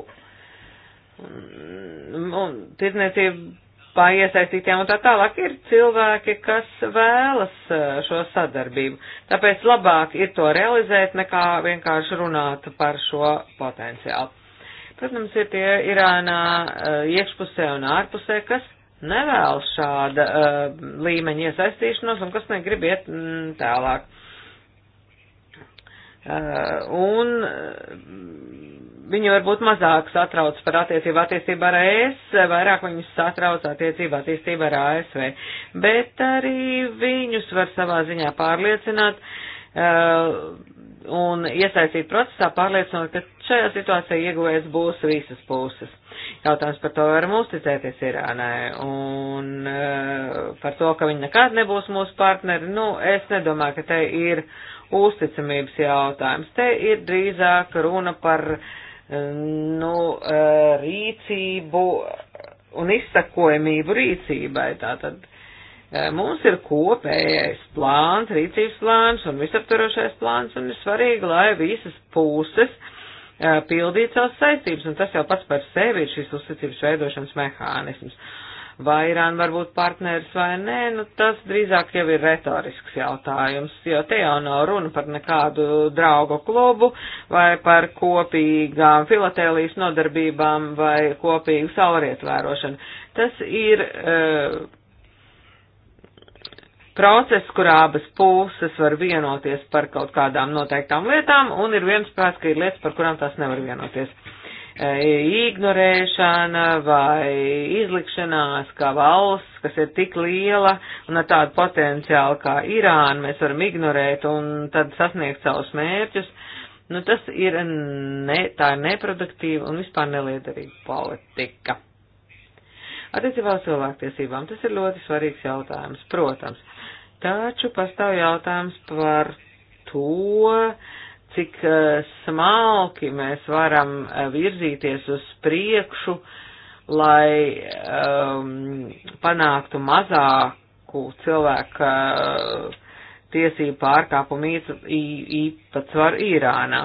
un, un tirdzniecību iesaistītiem un tā tālāk ir cilvēki, kas vēlas eh, šo sadarbību. Tāpēc labāk ir to realizēt, nekā vienkārši runāt par šo potenciālu. Protams, ir tie Irānā eh, iekšpusē un ārpusē, kas nevēlas šāda uh, līmeņa iesaistīšanos un kas negrib iet mm, tālāk. Uh, un viņu varbūt mazāk satrauc par attiecību attiecībā ar ES, vairāk viņus satrauc attiecību attiecībā ar ASV. Bet arī viņus var savā ziņā pārliecināt uh, un iesaistīt procesā, pārliecinot, ka šajā situācijā ieguvējis būs visas puses. Jautājums par to, varam uzticēties Irānai un uh, par to, ka viņi nekad nebūs mūsu partneri. Nu, es nedomāju, ka te ir uzticamības jautājums. Te ir drīzāk runa par uh, nu, e, rīcību un izsakojamību rīcībai. Tātad e, mums ir kopējais plāns, rīcības plāns un visaptvarošais plāns, un ir svarīgi, lai visas puses e, pildītu savas saistības, un tas jau pats par sevi ir šis uzticības veidošanas mehānisms vai Irāna var būt partneris vai nē, nu tas drīzāk jau ir retorisks jautājums, jo te jau nav runa par nekādu draugu klubu vai par kopīgām filatēlijas nodarbībām vai kopīgu saulrietvērošanu. Tas ir. Uh, process, kur abas puses var vienoties par kaut kādām noteiktām lietām, un ir viens prāts, ka ir lietas, par kurām tās nevar vienoties ignorēšana vai izlikšanās, kā valsts, kas ir tik liela un ar tādu potenciālu kā Irāna, mēs varam ignorēt un tad sasniegt savus mērķus. Nu, tas ir, ne, tā ir neproduktīva un vispār neliederīga politika. Attiecībā uz cilvēktiesībām tas ir ļoti svarīgs jautājums, protams. Taču pastāv jautājums par to, uh, cik eh, smalki mēs varam eh, virzīties uz priekšu, lai um, panāktu mazāku cilvēku uh, eh, tiesību pārkāpumu īpatsvaru Īrānā.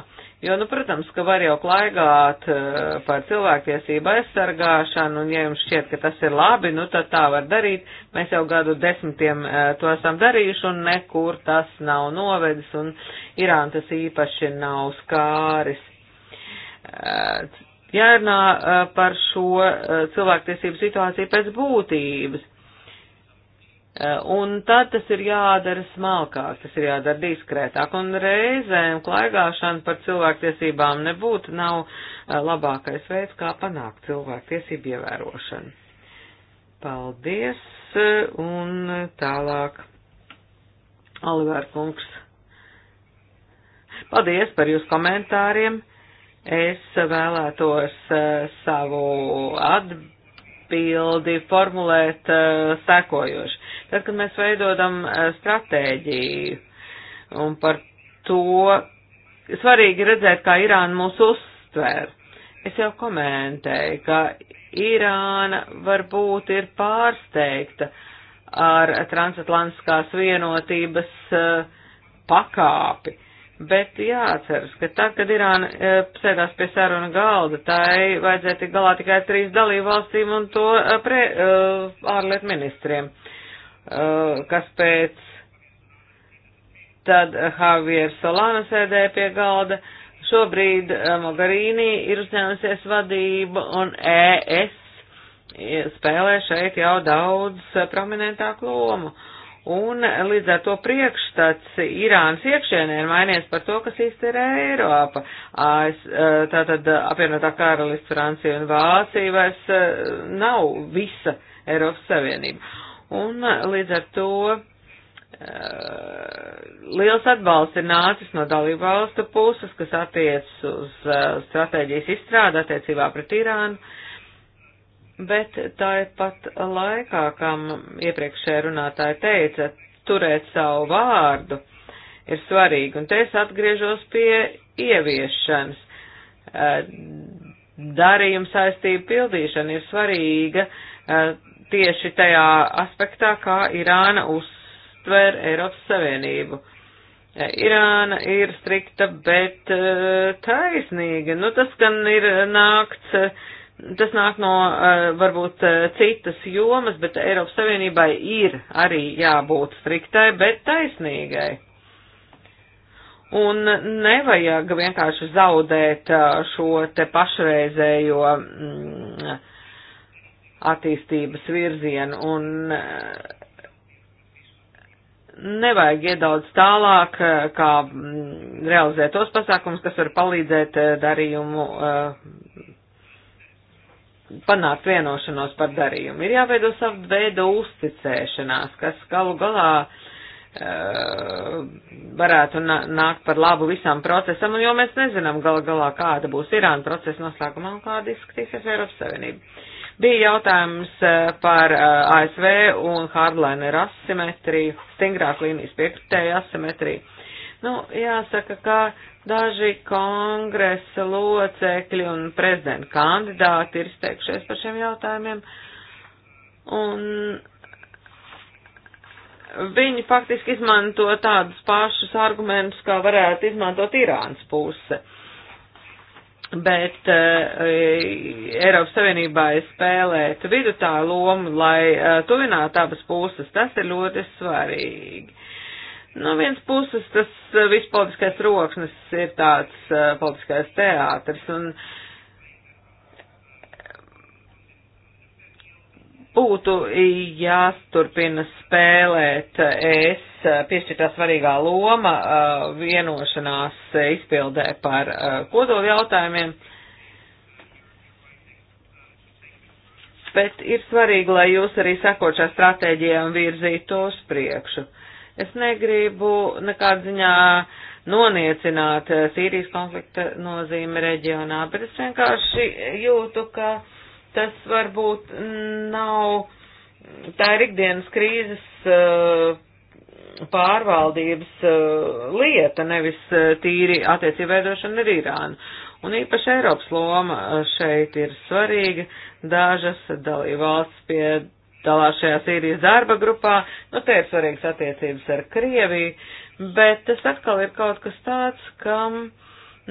Jo, nu, protams, ka var jau klaigāt eh, par cilvēktiesību aizsargāšanu, un ja jums šķiet, ka tas ir labi, nu, tad tā var darīt. Mēs jau gadu desmitiem eh, to esam darījuši, un nekur tas nav novedis, un Irāna tas īpaši nav skāris. Eh, jārunā par šo cilvēktiesību situāciju pēc būtības Eh, un tad tas ir jādara smalkāk, tas ir jādara diskrētāk, un reizēm klaigāšana par cilvēktiesībām nebūtu nav eh, labākais veids, kā panākt cilvēktiesību ievērošanu. Paldies, eh, un tālāk. Olivēr kungs. Paldies par jūsu komentāriem. Es vēlētos savu atbildību atbildi formulēt uh, sekojoši. Tad, kad mēs veidodam uh, stratēģiju un par to svarīgi redzēt, kā Irāna mūs uztver. Es jau komentēju, ka Irāna varbūt ir pārsteigta ar transatlantiskās vienotības uh, pakāpi. Bet jāatceras, ka tad, kad Irāna e, sēdās pie saruna galda, tai vajadzēja tik galā tikai trīs dalību valstīm un to e, pre, e, ārlietu ministriem, e, kas pēc tad Javier Solana sēdēja pie galda. Šobrīd e, Mogherini ir uzņēmusies vadību un ES spēlē šeit jau daudz e, prominentāku lomu. E, Un līdz ar to priekšstats Irānas iekšēnē ir mainījies par to, kas īsti ir Eiropa. Tātad apvienotā karalists Francija un Vācija vairs nav visa Eiropas Savienība. Un līdz ar to liels atbalsts ir nācis no dalību valstu puses, kas attiec uz stratēģijas izstrādi attiecībā pret Irānu bet tāpat laikā, kam iepriekšējā runātāja teica, turēt savu vārdu ir svarīgi, un te es atgriežos pie ieviešanas. Eh, darījuma saistība pildīšana ir svarīga eh, tieši tajā aspektā, kā Irāna uztver Eiropas Savienību. Eh, Irāna ir strikta, bet taisnīga. Nu, tas gan ir nākts Tas nāk no eh, varbūt eh, citas jomas, bet Eiropas Savienībai ir arī jābūt striktai, bet taisnīgai. Un nevajag vienkārši zaudēt eh, šo te pašreizējo mm, attīstības virzienu un nevajag iet daudz tālāk, kā mm, realizēt tos pasākumus, kas var palīdzēt darījumu panākt vienošanos par darījumu. Ir jāveido savu veidu uzticēšanās, kas galu galā uh, varētu nākt par labu visam procesam, jo mēs nezinām gal galā, kāda būs Irāna procesa noslēgumā un kāda izskatīsies Eiropas Savienība. Bija jautājums eh, par eh, ASV un hardliner asimetriju, stingrāk līnijas piekritēja asimetriju. Nu, jāsaka, ka Daži kongresa locekļi un prezidenta kandidāti ir steikšies par šiem jautājumiem, un viņi faktiski izmanto tādus pašus argumentus, kā varētu izmantot Irānas puse. Bet uh, Eiropas Savienībā ir spēlēt vidutāju lomu, lai uh, tuvinātu abas puses. Tas ir ļoti svarīgi. No viens puses tas eh, viss politiskais roksnes ir tāds uh, politiskais teātris un būtu jāsturpina spēlēt eh, es piešķirtā svarīgā loma uh, vienošanās izpildē par uh, kodolu jautājumiem. Bet ir svarīgi, lai jūs arī sakot šā stratēģijā un virzītu uz priekšu. Uh, Es negribu nekādā ziņā noniecināt eh, Sīrijas konflikta nozīme reģionā, bet es vienkārši jūtu, ka tas varbūt nav, tā ir ikdienas krīzes eh, pārvaldības eh, lieta, nevis tīri attiecību veidošana ar Irānu. Un īpaši Eiropas loma šeit ir svarīga. Dažas dalībvalsts pie piedalās šajā Sīrijas darba grupā, nu te ir svarīgas attiecības ar Krieviju, bet tas atkal ir kaut kas tāds, kam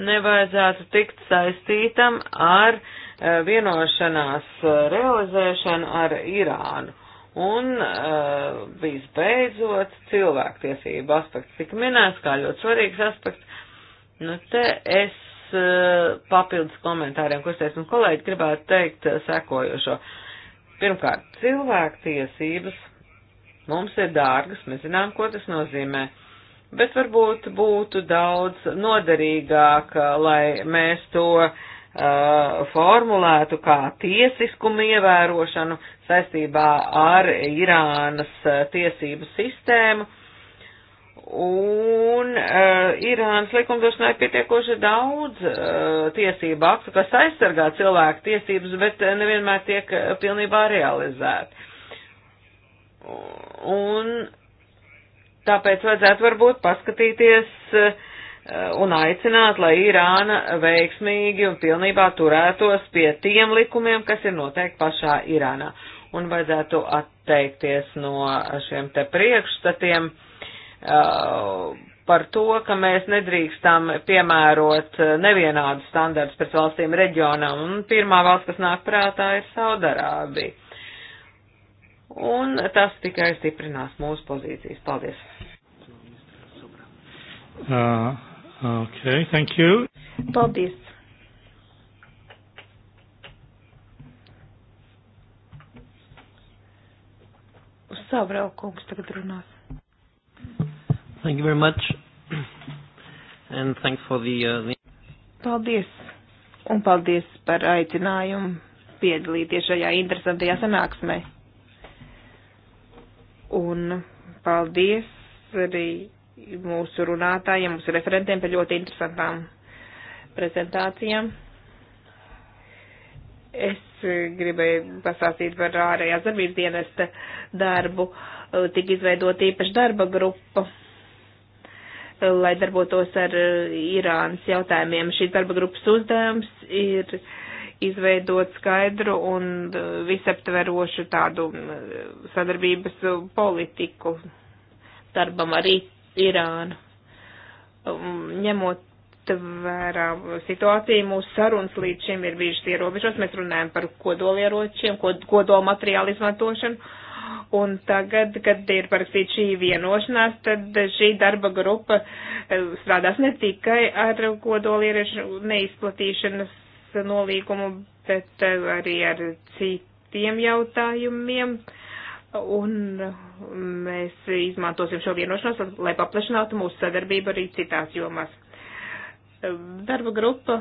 nevajadzētu tikt saistītam ar eh, vienošanās eh, realizēšanu ar Irānu. Un uh, visbeidzot, cilvēktiesība aspekts tika minēts kā ļoti svarīgs aspekts. Nu, te es papildus komentāriem, ko es teicu, un kolēģi gribētu teikt sekojošo. Uh, Pirmkārt, cilvēktiesības mums ir dārgas, mēs zinām, ko tas nozīmē, bet varbūt būtu daudz noderīgāk, uh, lai mēs to uh, formulētu kā tiesiskumu ievērošanu saistībā ar Irānas uh, tiesību sistēmu, uh, Un uh, Irānas likumdošanā ir pietiekoši daudz uh, tiesību aktu, kas aizsargā cilvēku tiesības, bet nevienmēr tiek eh, pilnībā realizēti. Un tāpēc vajadzētu varbūt paskatīties uh, un aicināt, lai Irāna veiksmīgi un pilnībā turētos pie tiem likumiem, kas ir noteikti pašā Irānā. Un vajadzētu atteikties no šiem te priekšstatiem. Uh, Uh, par to, ka mēs nedrīkstam piemērot uh, nevienādu standartus pēc valstīm reģionam, un pirmā valsts, kas nāk prātā, ir Saudarābija. Un tas tikai stiprinās mūsu pozīcijas. Paldies! Uh, okay, thank you. Paldies! Savraukungs tagad runās. Thank you very much. And thanks for the, uh, the... Paldies. Un paldies par aicinājumu piedalīties šajā interesantajā sanāksmē. Un paldies arī mūsu runātājiem, mūsu referentiem par ļoti interesantām prezentācijām. Es gribēju pasāstīt par ārējās darbības dienesta darbu. Tik izveidot īpaši darba grupa lai darbotos ar eh, Irānas jautājumiem. Šīs darba grupas uzdevums ir izveidot skaidru un eh, visaptverošu tādu eh, sadarbības politiku darbam ar Irānu. Um, ņemot vērā situāciju, mūsu sarunas līdz šim ir bijušas ierobežotas. Mēs runājam par kodolieročiem, kod, kodolmateriālu izmantošanu Un tagad, kad ir parakstīta šī vienošanās, tad šī darba grupa eh, strādās ne tikai ar kodolierešu neizplatīšanas nolīgumu, bet eh, arī ar citiem jautājumiem. Un mēs izmantosim šo vienošanos, lai paplašinātu mūsu sadarbību arī citās jomās. Darba grupa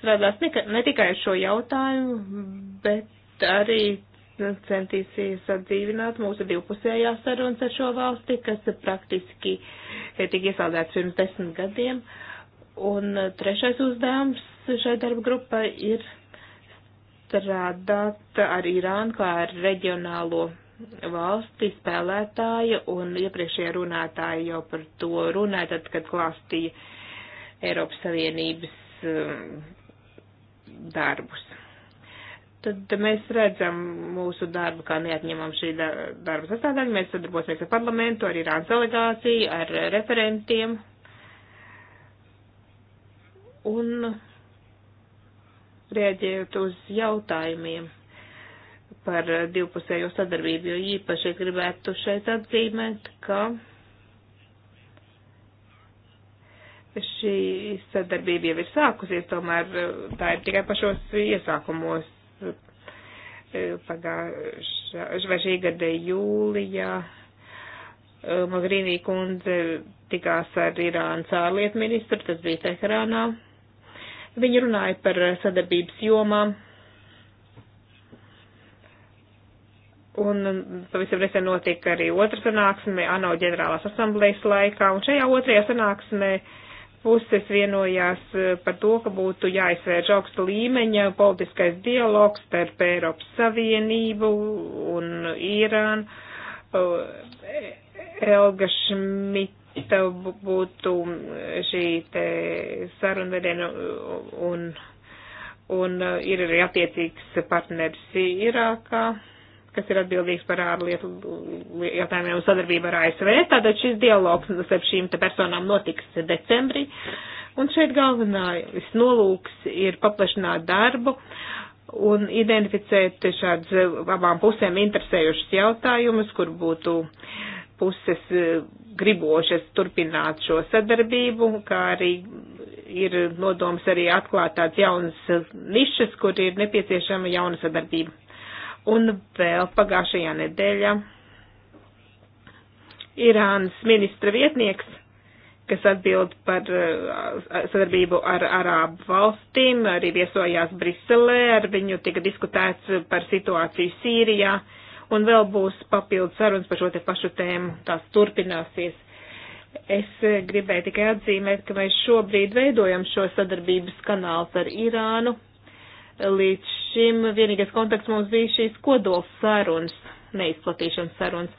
strādās ne, ne tikai ar šo jautājumu, bet arī centīsies atdzīvināt mūsu divpusējās sarunas ar šo valsti, kas praktiski tika iesaldēts pirms desmit gadiem. Un trešais uzdevums šai darba grupai ir strādāt ar Irānu kā ar reģionālo valsti spēlētāju, un iepriekšējā runātāja jau par to runāja, tad, kad klāstīja Eiropas Savienības um, darbus tad mēs redzam mūsu darbu kā neatņemam šī darba sastāvdaļa. Mēs sadarbosimies ar parlamentu, ar Irānas delegāciju, ar referentiem. Un rēģējot uz jautājumiem par divpusējo sadarbību, jo īpaši gribētu šeit atzīmēt, ka šī sadarbība jau ir sākusies, tomēr tā ir tikai pašos iesākumos pagājušā gada jūlijā Magrīnī kundze tikās ar Irānas ārlietu ministru, tas bija Teherānā. Viņi runāja par sadarbības jomām. Un pavisam nesen notika arī otra sanāksme ANO ģenerālās asamblejas laikā, un šajā otrajā sanāksmē uh, puses vienojās eh, par to, ka būtu jāizvērš augsta līmeņa politiskais dialogs starp Eiropas Savienību un Irānu. Eh, Elga Šmita būtu šī te sarunvedena un, un eh, ir arī attiecīgs partneris Irākā. Ir kas ir atbildīgs par ārlietu jautājumiem un sadarbību ar ASV. Tātad šis dialogs starp šīm te personām notiks decembrī. Un šeit galvenais nolūks ir paplašināt darbu un identificēt šādas abām pusēm interesējušas jautājumus, kur būtu puses e, gribošas turpināt šo sadarbību, kā arī ir nodoms arī atklāt tāds jauns nišas, kur ir nepieciešama jauna sadarbība. Un vēl pagājušajā nedēļā Irānas ministra vietnieks, kas atbild par uh, sadarbību ar Arābu valstīm, arī viesojās Briselē, ar viņu tika diskutēts par situāciju Sīrijā, un vēl būs papildu sarunas par šo te pašu tēmu, tās turpināsies. Es gribēju tikai atzīmēt, ka mēs šobrīd veidojam šo sadarbības kanālu ar Irānu, Līdz šim vienīgais kontakts mums bija šīs kodols sarunas, neizplatīšanas sarunas.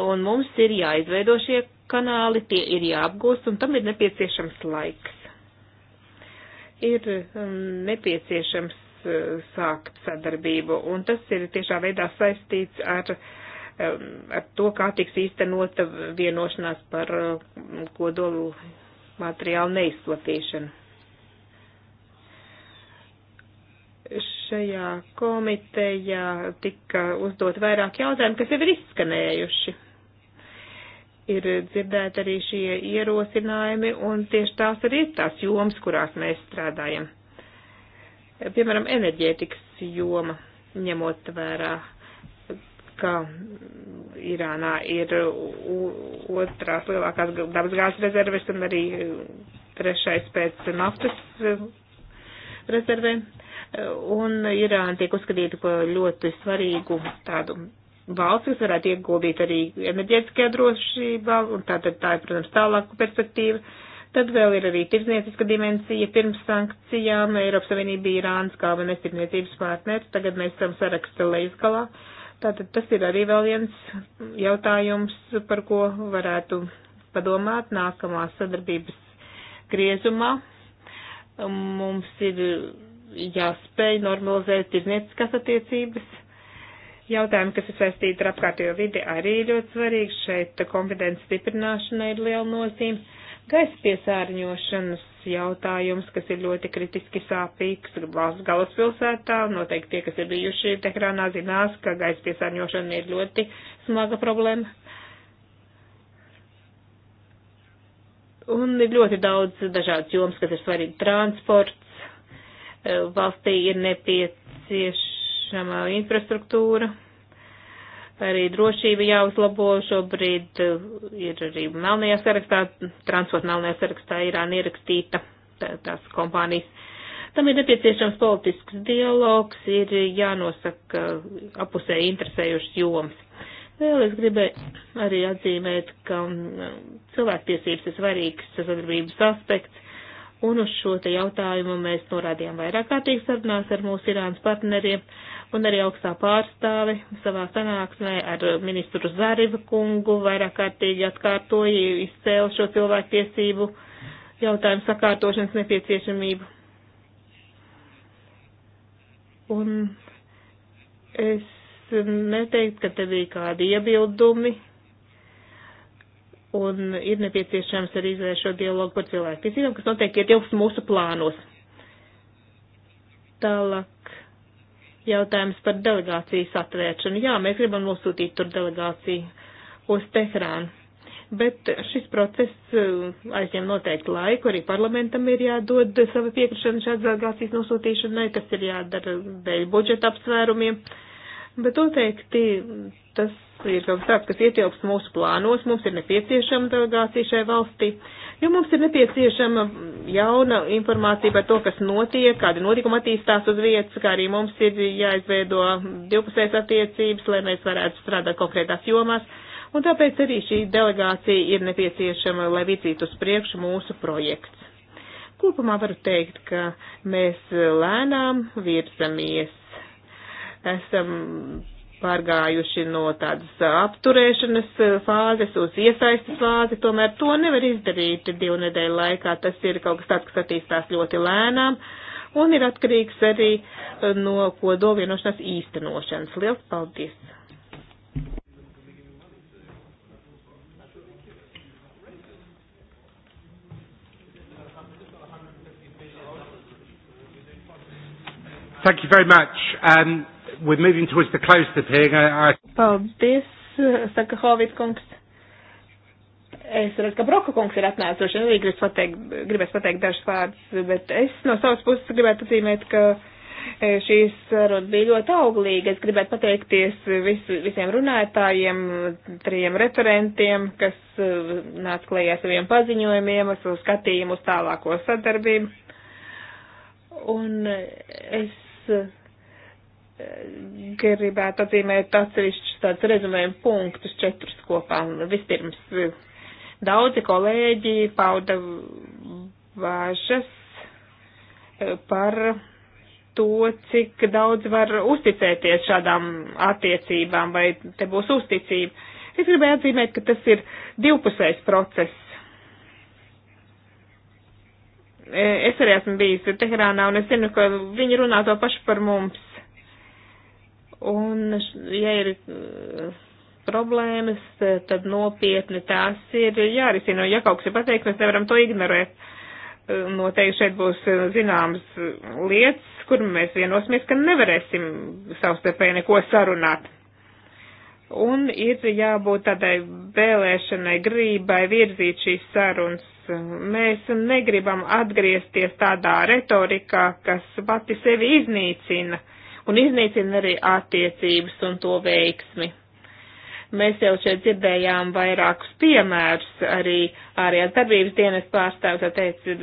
Un mums ir jāizveido šie kanāli, tie ir jāapgūst, un tam ir nepieciešams laiks. Ir um, nepieciešams uh, sākt sadarbību, un tas ir tiešā veidā saistīts ar um, ar to, kā tiks īstenota vienošanās par uh, kodolu materiālu neizplatīšanu. Šajā komitejā tika uzdot vairāk jautājumu, kas jau ir izskanējuši. Ir dzirdēti arī šie ierosinājumi, un tieši tās arī ir tās jomas, kurās mēs strādājam. Piemēram, enerģētikas joma, ņemot vērā ka Irānā ir otrās lielākās dabasgāzes rezerves un arī trešais pēc naftas rezervēm un Irāna tiek uzskatīta par ļoti svarīgu tādu valsts, kas varētu ieguldīt arī enerģētiskajā drošībā, un tātad tā ir, protams, tālāku perspektīvu. Tad vēl ir arī tirdzniecīska dimensija. Pirms sankcijām Eiropas Savienība bija Irānas galvenais tirdzniecības partners, tagad mēs esam saraksta leizgalā. Tātad tas ir arī vēl viens jautājums, par ko varētu padomāt nākamā sadarbības griezumā. Mums ir jāspēj normalizēt tirzniecības attiecības. Jautājumi, kas ir saistīti ar apkārtējo vidi, arī ir ļoti svarīgi. Šeit kompetences stiprināšana ir liela nozīme. Gaisa piesārņošanas jautājums, kas ir ļoti kritiski sāpīgs valsts galvaspilsētā, noteikti tie, kas ir bijuši Tehrānā, zinās, ka gaisa piesārņošana ir ļoti smaga problēma. Un ir ļoti daudz dažādas jomas, kas ir svarīgi - transports, valstī ir nepieciešama infrastruktūra, arī drošība jāuzlabo. Šobrīd uh, ir arī melnajā sarakstā, transporta melnajā sarakstā Irāna ierakstīta tā, tās kompānijas. Tam ir nepieciešams politisks dialogs, ir jānosaka apusē interesējušas jomas. Vēl es gribēju arī atzīmēt, ka mm, cilvēktiesības ir svarīgs sadarbības aspekts un uz šo te jautājumu mēs norādījām vairāk kārtīgi sarunās ar mūsu Irānas partneriem un arī augstā pārstāve savā sanāksmē ar ministru Zarivu kungu vairāk kārtīgi atkārtoja izcēla šo cilvēktiesību jautājumu sakārtošanas nepieciešamību. Un es neteiktu, ka te bija kādi iebildumi un ir nepieciešams arī izvērst šo dialogu par cilvēku tiesībām, kas noteikti ietilps mūsu plānos. Tālāk jautājums par delegācijas atvēršanu. Jā, mēs gribam nosūtīt tur delegāciju uz Teherānu, bet šis process eh, aizņem noteikti laiku, arī parlamentam ir jādod sava piekrišana šādas delegācijas nosūtīšanai, tas ir jādara dēļ budžeta apsvērumiem, bet noteikti tas ir kaut kas tāds, kas ietilpst mūsu plānos, mums ir nepieciešama delegācija šai valstī, jo mums ir nepieciešama jauna informācija par to, kas notiek, kādi notikumi attīstās uz vietas, kā arī mums ir jāizveido divpusējas attiecības, lai mēs varētu strādāt konkrētās jomās, un tāpēc arī šī delegācija ir nepieciešama, lai vicītu uz priekšu mūsu projekts. Kopumā varu teikt, ka mēs lēnām virzamies. Esam pārgājuši no tādas apturēšanas eh, fāzes uz iesaistas fāzi, tomēr to nevar izdarīt divu nedēļu laikā. Tas ir kaut kas tāds, kas attīstās ļoti lēnām un ir atkarīgs arī eh, no kodolvienošanās īstenošanas. Liels paldies! Thank you very much. Um, we're moving towards the close of the hearing. I, I... Paldies, saka Hovita kungs. Es redzu, ka Broka kungs ir atnācis, un arī gribēs pateikt, gribēs pateikt dažus vārdus, bet es no savas puses gribētu atzīmēt, ka e, šīs sarunas bija ļoti auglīga. Es gribētu pateikties vis, visiem runātājiem, trījiem referentiem, kas e, nāca klējā saviem paziņojumiem, uz skatījumu uz tālāko sadarbību. Un es gribētu atzīmēt atsevišķus tādus rezumējumu punktus četrus kopā. Vispirms daudzi kolēģi pauda vāžas eh, par to, cik daudz var uzticēties šādām attiecībām, vai te būs uzticība. Es gribēju atzīmēt, ka tas ir divpusējs process. Eh, es arī esmu bijis Teherānā, un es zinu, ka viņi runā to pašu par mums Un, ja ir uh, problēmas, tad nopietni tās ir jārisina. Ja kaut kas ir pateikts, mēs nevaram to ignorēt. Uh, noteikti šeit būs uh, zināmas lietas, kur mēs vienosimies, ka nevarēsim savstarpēji neko sarunāt. Un ir jābūt tādai vēlēšanai, grībai virzīt šīs sarunas. Mēs negribam atgriezties tādā retorikā, kas pati sevi iznīcina. Uh, un iznīcina arī attiecības un to veiksmi. Mēs jau šeit dzirdējām vairākus piemērus arī ārējās darbības dienas pārstāvis, teica,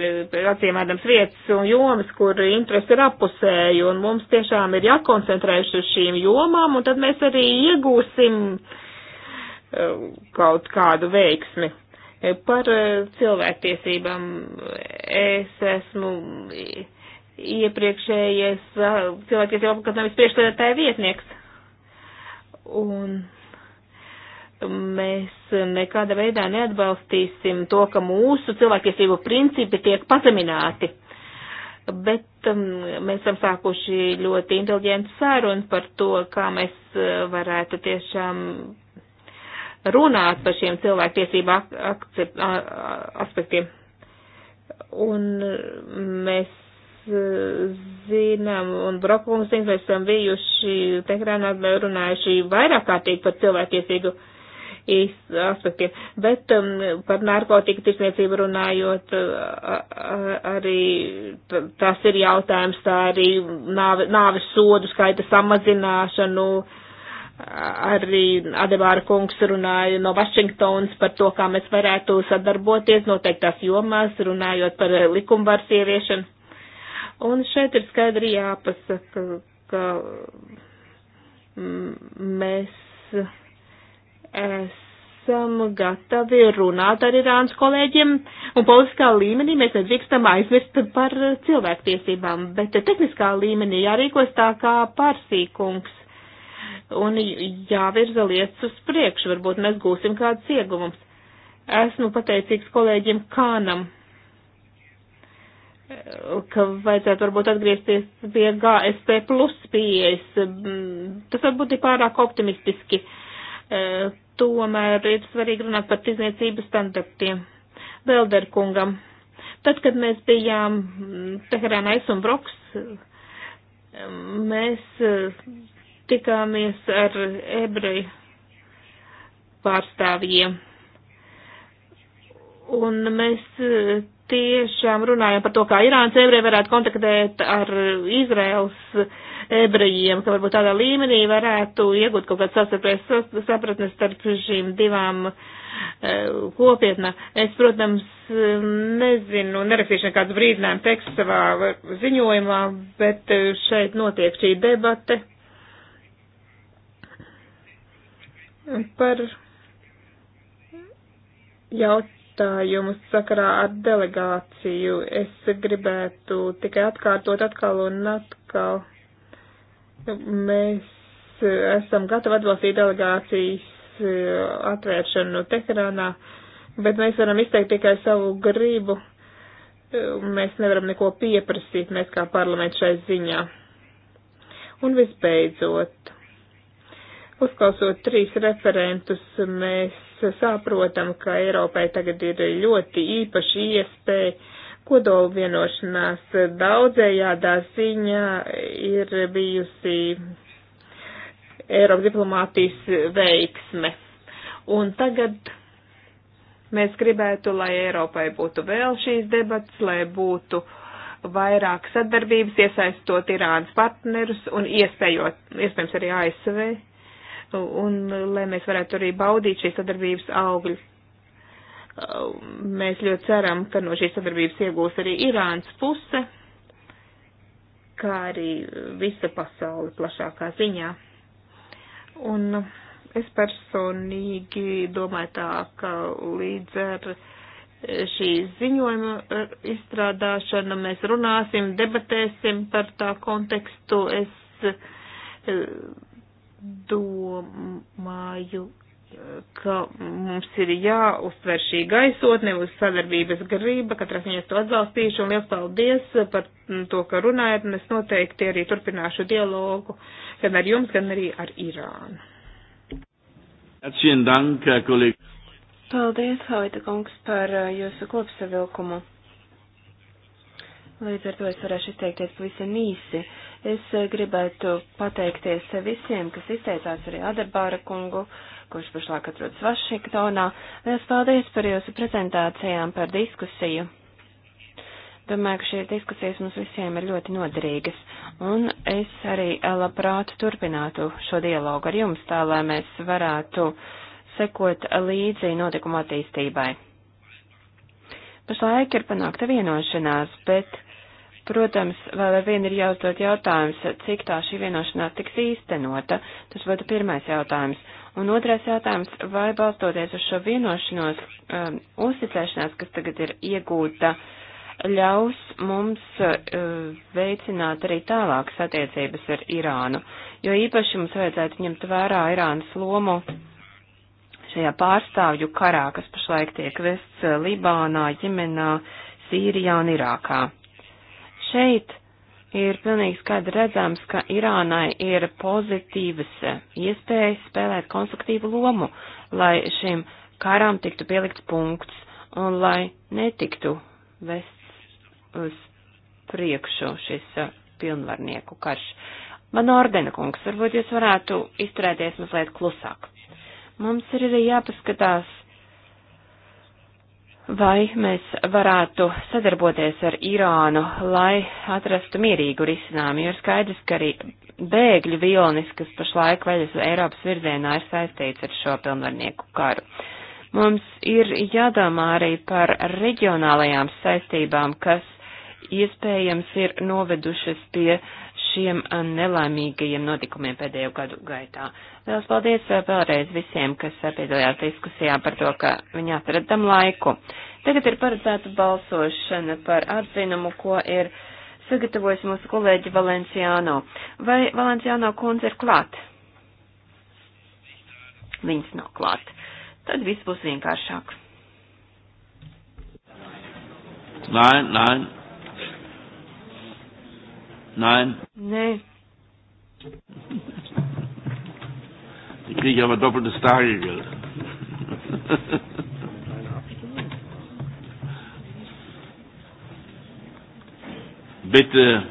acīmēdams vietas un jomas, kur interesi ir apusēji, un mums tiešām ir jākoncentrējuši uz šīm jomām, un tad mēs arī iegūsim eh, kaut kādu veiksmi. Eh, par eh, cilvēktiesībām es esmu iepriekšējais cilvēktiesību apakatnāvis priekšstādātāja vietnieks. Un mēs nekāda veidā neatbalstīsim to, ka mūsu cilvēktiesību principi tiek pazemināti. Bet um, mēs esam sākuši ļoti inteliģentu sārunu par to, kā mēs varētu tiešām runāt par šiem cilvēktiesību aspektiem. Un mēs zinām, un Brokums zina, mēs esam bijuši Tehrānā runājuši vairāk kārtīgi par cilvēktiesību aspektiem, bet um, par narkotiku tirsniecību runājot, arī tas ir jautājums, tā arī nāve, nāves sodu skaita samazināšanu, arī Adebāra kungs runāja no Vašingtonas par to, kā mēs varētu sadarboties noteiktās jomās, runājot par likumvaras ieviešanu. Un šeit ir skaidri jāpasaka, ka mm, mēs esam gatavi runāt ar Irānas kolēģiem, un politiskā līmenī mēs nedrīkstam aizmirst par cilvēktiesībām, bet tehniskā līmenī jārīkos tā kā pārsīkums. Un jāvirza lietas uz priekšu, varbūt mēs gūsim kādas ieguvums. Esmu pateicīgs kolēģim Kānam ka vajadzētu varbūt atgriezties pie GSP plus pieejas. Tas varbūt ir pārāk optimistiski. E, tomēr ir svarīgi runāt par tirzniecības standartiem. Belderkungam. Tad, kad mēs bijām Teherānais un Broks, mēs e, tikāmies ar ebreju pārstāvjiem. Un mēs e, tiešām runājam par to, kā Irānas ebreji varētu kontaktēt ar Izraels ebrejiem, ka varbūt tādā līmenī varētu iegūt kaut kādu sapratni starp šīm divām e, kopietnā. Es, protams, nezinu, nerakstīšu nekādu brīdinājumu tekstu savā ziņojumā, bet šeit notiek šī debate par jautājumu jautājumus sakarā ar delegāciju. Es gribētu tikai atkārtot atkal un atkal. Mēs esam gatavi atbalstīt delegācijas eh, atvēršanu Teherānā, bet mēs varam izteikt tikai savu gribu. Eh, mēs nevaram neko pieprasīt, mēs kā parlaments šai ziņā. Un visbeidzot, uzklausot trīs referentus, mēs saprotam, ka Eiropai tagad ir ļoti īpaši iespēja kodolu vienošanās daudzējādā ziņā ir bijusi Eiropas diplomātijas veiksme. Un tagad mēs gribētu, lai Eiropai būtu vēl šīs debats, lai būtu vairāk sadarbības, iesaistot Irānas partnerus un iespējot, iespējams arī ASV un lai mēs varētu arī baudīt šīs sadarbības augļus. Mēs ļoti ceram, ka no šīs sadarbības iegūs arī Irānas puse, kā arī visa pasaule plašākā ziņā. Un es personīgi domāju tā, ka līdz ar šī ziņojuma izstrādāšanu mēs runāsim, debatēsim par tā kontekstu. Es domāju, ka mums ir jāuztver šī gaisotne uz sadarbības grība, katrā ziņā es to atbalstīšu un liels paldies par to, ka runājat, un es noteikti arī turpināšu dialogu gan ar jums, gan arī ar Irānu. Paldies, Havita kungs, par uh, jūsu kopsavilkumu. Līdz ar to es varēšu izteikties pavisam īsi. Uh, Es eh, gribētu pateikties visiem, kas izteicās arī Adebāra kungu, kurš pašlaik atrodas Vašingtonā. Lielas paldies par jūsu prezentācijām, par diskusiju. Domāju, ka šīs diskusijas mums visiem ir ļoti noderīgas, un es arī eh, labprāt turpinātu šo dialogu ar jums, tā lai mēs varētu sekot līdzi notikuma attīstībai. Pašlaik ir panākta vienošanās, bet Protams, vēl ar vienu ir jāuzdod jautājums, cik tā šī vienošanās tiks īstenota. Tas būtu pirmais jautājums. Un otrais jautājums, vai balstoties uz šo vienošanos, um, uzticēšanās, kas tagad ir iegūta, ļaus mums uh, veicināt arī tālākas attiecības ar Irānu. Jo īpaši mums vajadzētu ņemt vērā Irānas lomu šajā pārstāvju karā, kas pašlaik tiek vests uh, Libānā, Ģemenā, Sīrijā un Irākā. Šeit ir pilnīgi skaidri redzams, ka Irānai ir pozitīvas iespējas spēlēt konstruktīvu lomu, lai šim karam tiktu pielikts punkts un lai netiktu vests uz priekšu šis uh, pilnvarnieku karš. Man ordena kungs, varbūt jūs varētu izturēties mazliet klusāk. Mums ir arī jāpaskatās vai mēs varētu sadarboties ar Irānu, lai atrastu mierīgu risinājumu, jo ir skaidrs, ka arī bēgļu vilnis, kas pašlaik veļas Eiropas virzienā, ir saistīts ar šo pilnvarnieku karu. Mums ir jādomā arī par reģionālajām saistībām, kas iespējams ir novedušas pie uh, šiem eh, nelaimīgajiem notikumiem pēdējo gadu gaitā. Lielas paldies eh, vēlreiz visiem, kas eh, piedalījās diskusijā par to, ka viņi atrada tam laiku. Tagad ir paredzēta balsošana par atzinumu, ko ir sagatavojis mūsu kolēģi Valenciāno. Vai Valenciāno kundze ir klāt? Viņas nav klāt. Tad viss būs vienkāršāk. Nē, nē, Nein. Nee. Die kriege ich aber doppeltes Tagegeld. [laughs] Bitte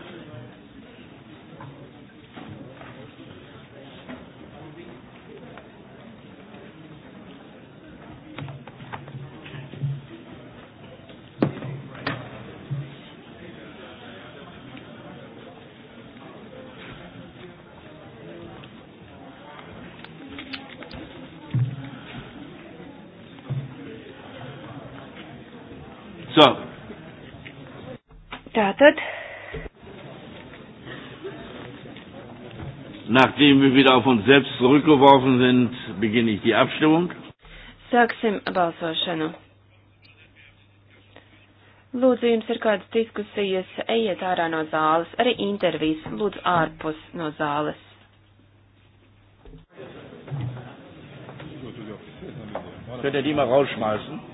Nachdem wir wieder auf uns selbst zurückgeworfen sind, beginne ich die Abstimmung. Sāksim balsošanu. Lūdzu, jums ir kādas diskusijas, ejiet ārā no zāles, arī intervijas, lūdzu, ārpus no zāles. Könnt ihr die mal rausschmeißen?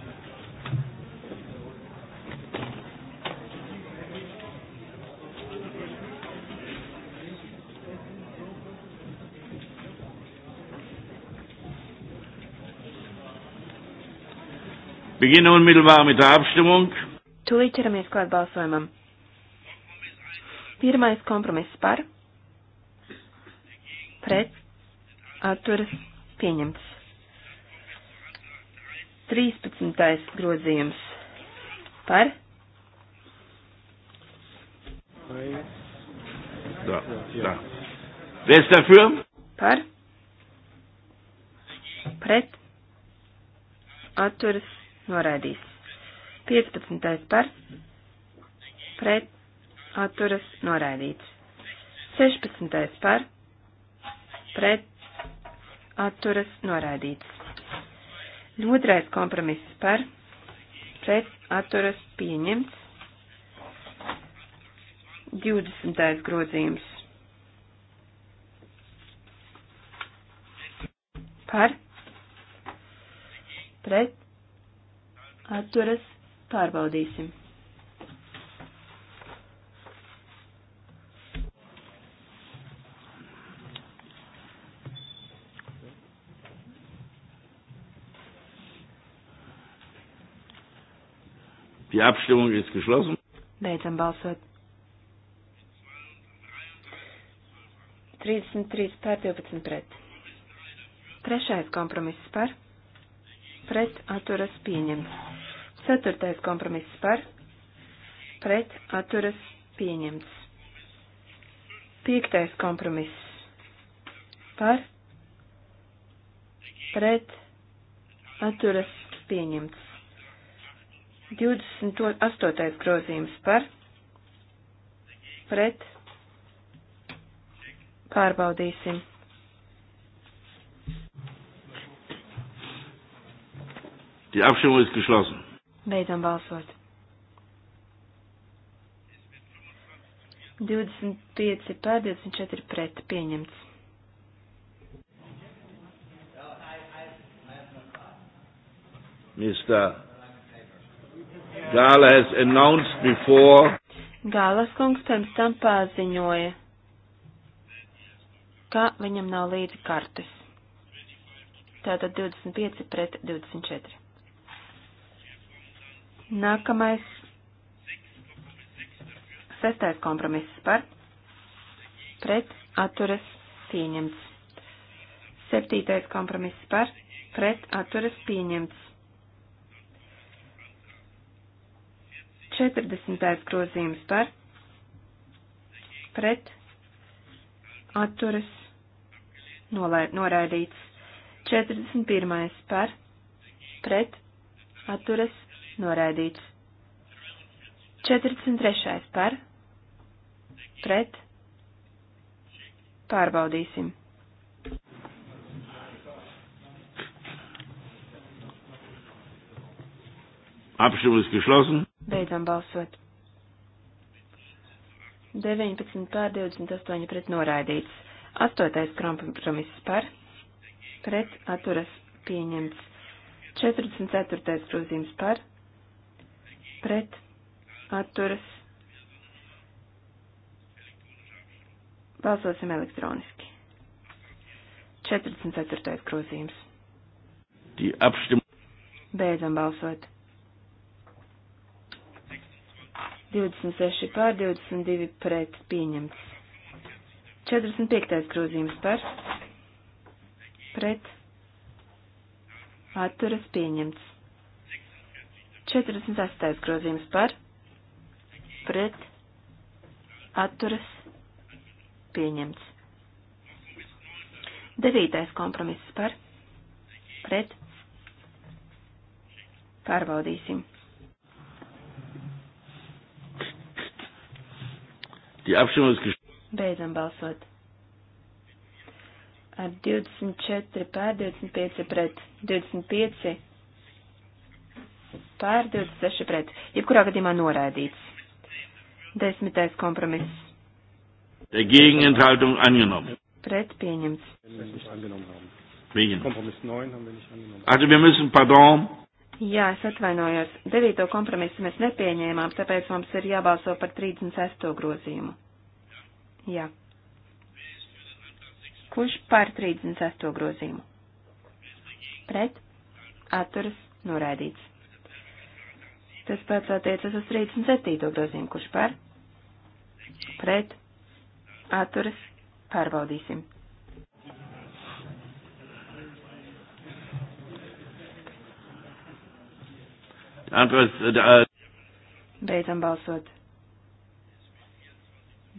beginnen unmittelbar mit der Abstimmung. Tūlīt ķeramies klāt balsojumam. Pirmais kompromiss par, pret, atturas, pieņemts. 13. grozījums par. Da, da. Wer ist dafür? Par. Pret. Atturas noraidīts. 15. par pret atturas noraidīts. 16. par pret atturas noraidīts. Otrais kompromiss par pret atturas pieņemts. 20. grozījums par pret atturas pārbaudīsim. Die Abstimmung ist geschlossen. Beidzam balsot. 33 pār 12 pret. Trešais kompromiss par. Pret atturas pieņemts. Ceturtais kompromiss par, pret, atturas, pieņemts. Piektais kompromiss par, pret, atturas, pieņemts. 28. grozījums par, pret, pārbaudīsim. Die Abstimmung ist geschlossen. Beidzam balsot. 25 pār 24 pret pieņemts. Mr. Gala has announced before. Gālas kungs pirms tam paziņoja, ka viņam nav līdzi kartes. Tātad 25 pret 24. Nākamais sestais kompromiss par pret atturas pieņemts. Septītais kompromiss par pret atturas pieņemts. 40. grozījums par pret atturas noraidīts. 41. par pret atturas noraidīts. 43. par, pret, pārbaudīsim. Apšķirības geschlossen. Beidzam balsot. 19 pār 28 pret noraidīts. 8. kompromiss par, pret, atturas pieņemts. 44. grozījums par, pret atturas. Balsosim elektroniski. 44. grozījums. Beidzam balsot. 26 pār 22 pret pieņemts. 45. grozījums par pret atturas pieņemts. 48. grozījums par pret atturas pieņemts. 9. kompromiss par pret pārbaudīsim. Beidzam balsot. Ar 24 pār 25 pret 25 pār, 26 pret. Jebkurā gadījumā noraidīts. Desmitais kompromiss. Dagegen Enthaltung angenommen. Pret pieņemts. Also wir müssen, pardon. Jā, es atvainojos. Devīto kompromisu mēs nepieņēmām, tāpēc mums ir jābalso par 36. grozījumu. Jā. Kurš par 36. grozījumu? Pret? Atturas? Noraidīts. Tas pats attiecas uz 37. grozījumu, kurš par, pret, atturas, pārbaudīsim. Uh, uh, Beidzam balsot.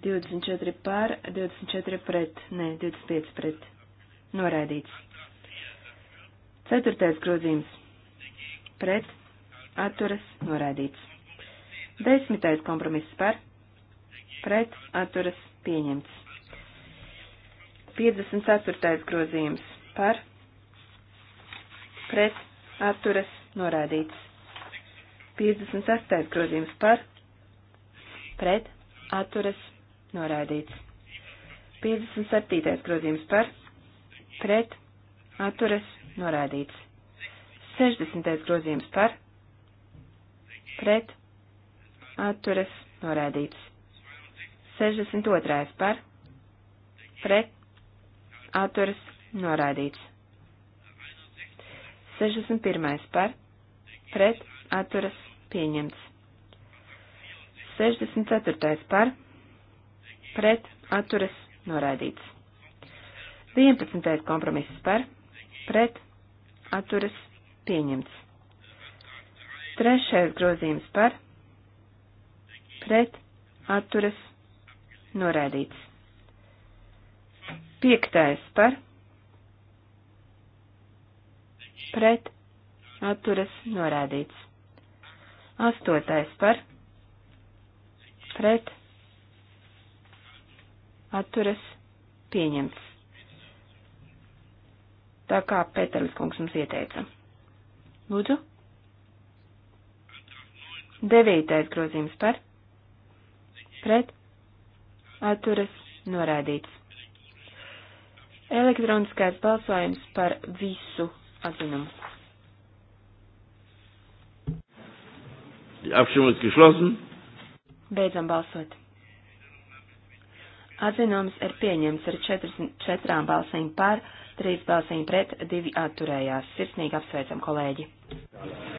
24 pār, 24 pret, nē, 25 pret. Noraidīts. Ceturtais grozījums. Pret atturas noraidīts. Desmitais kompromiss par, pret, atturas pieņemts. 54. grozījums par, pret, atturas noraidīts. 56. grozījums par, pret, atturas noraidīts. 57. grozījums par, pret, atturas noraidīts. 60. grozījums par, pret atturas norādīts. 62. par pret atturas norādīts. 61. par pret atturas pieņemts. 64. par pret atturas norādīts. 11. kompromiss par pret atturas pieņemts. Trešais grozījums par pret atturas norādīts. Piektais par pret atturas norādīts. Astotais par pret atturas pieņemts. Tā kā Pēterlis kungs mums ieteica. Lūdzu. Devītais grozījums par, pret, atturas, norādīts. Elektroniskais balsojums par visu atzinumu. Die Abstimmung ist geschlossen. Beidzam balsot. Atzinums ir pieņemts ar 44 balsīm par, 3 balsīm pret, 2 atturējās. Sirsnīgi apsveicam kolēģi.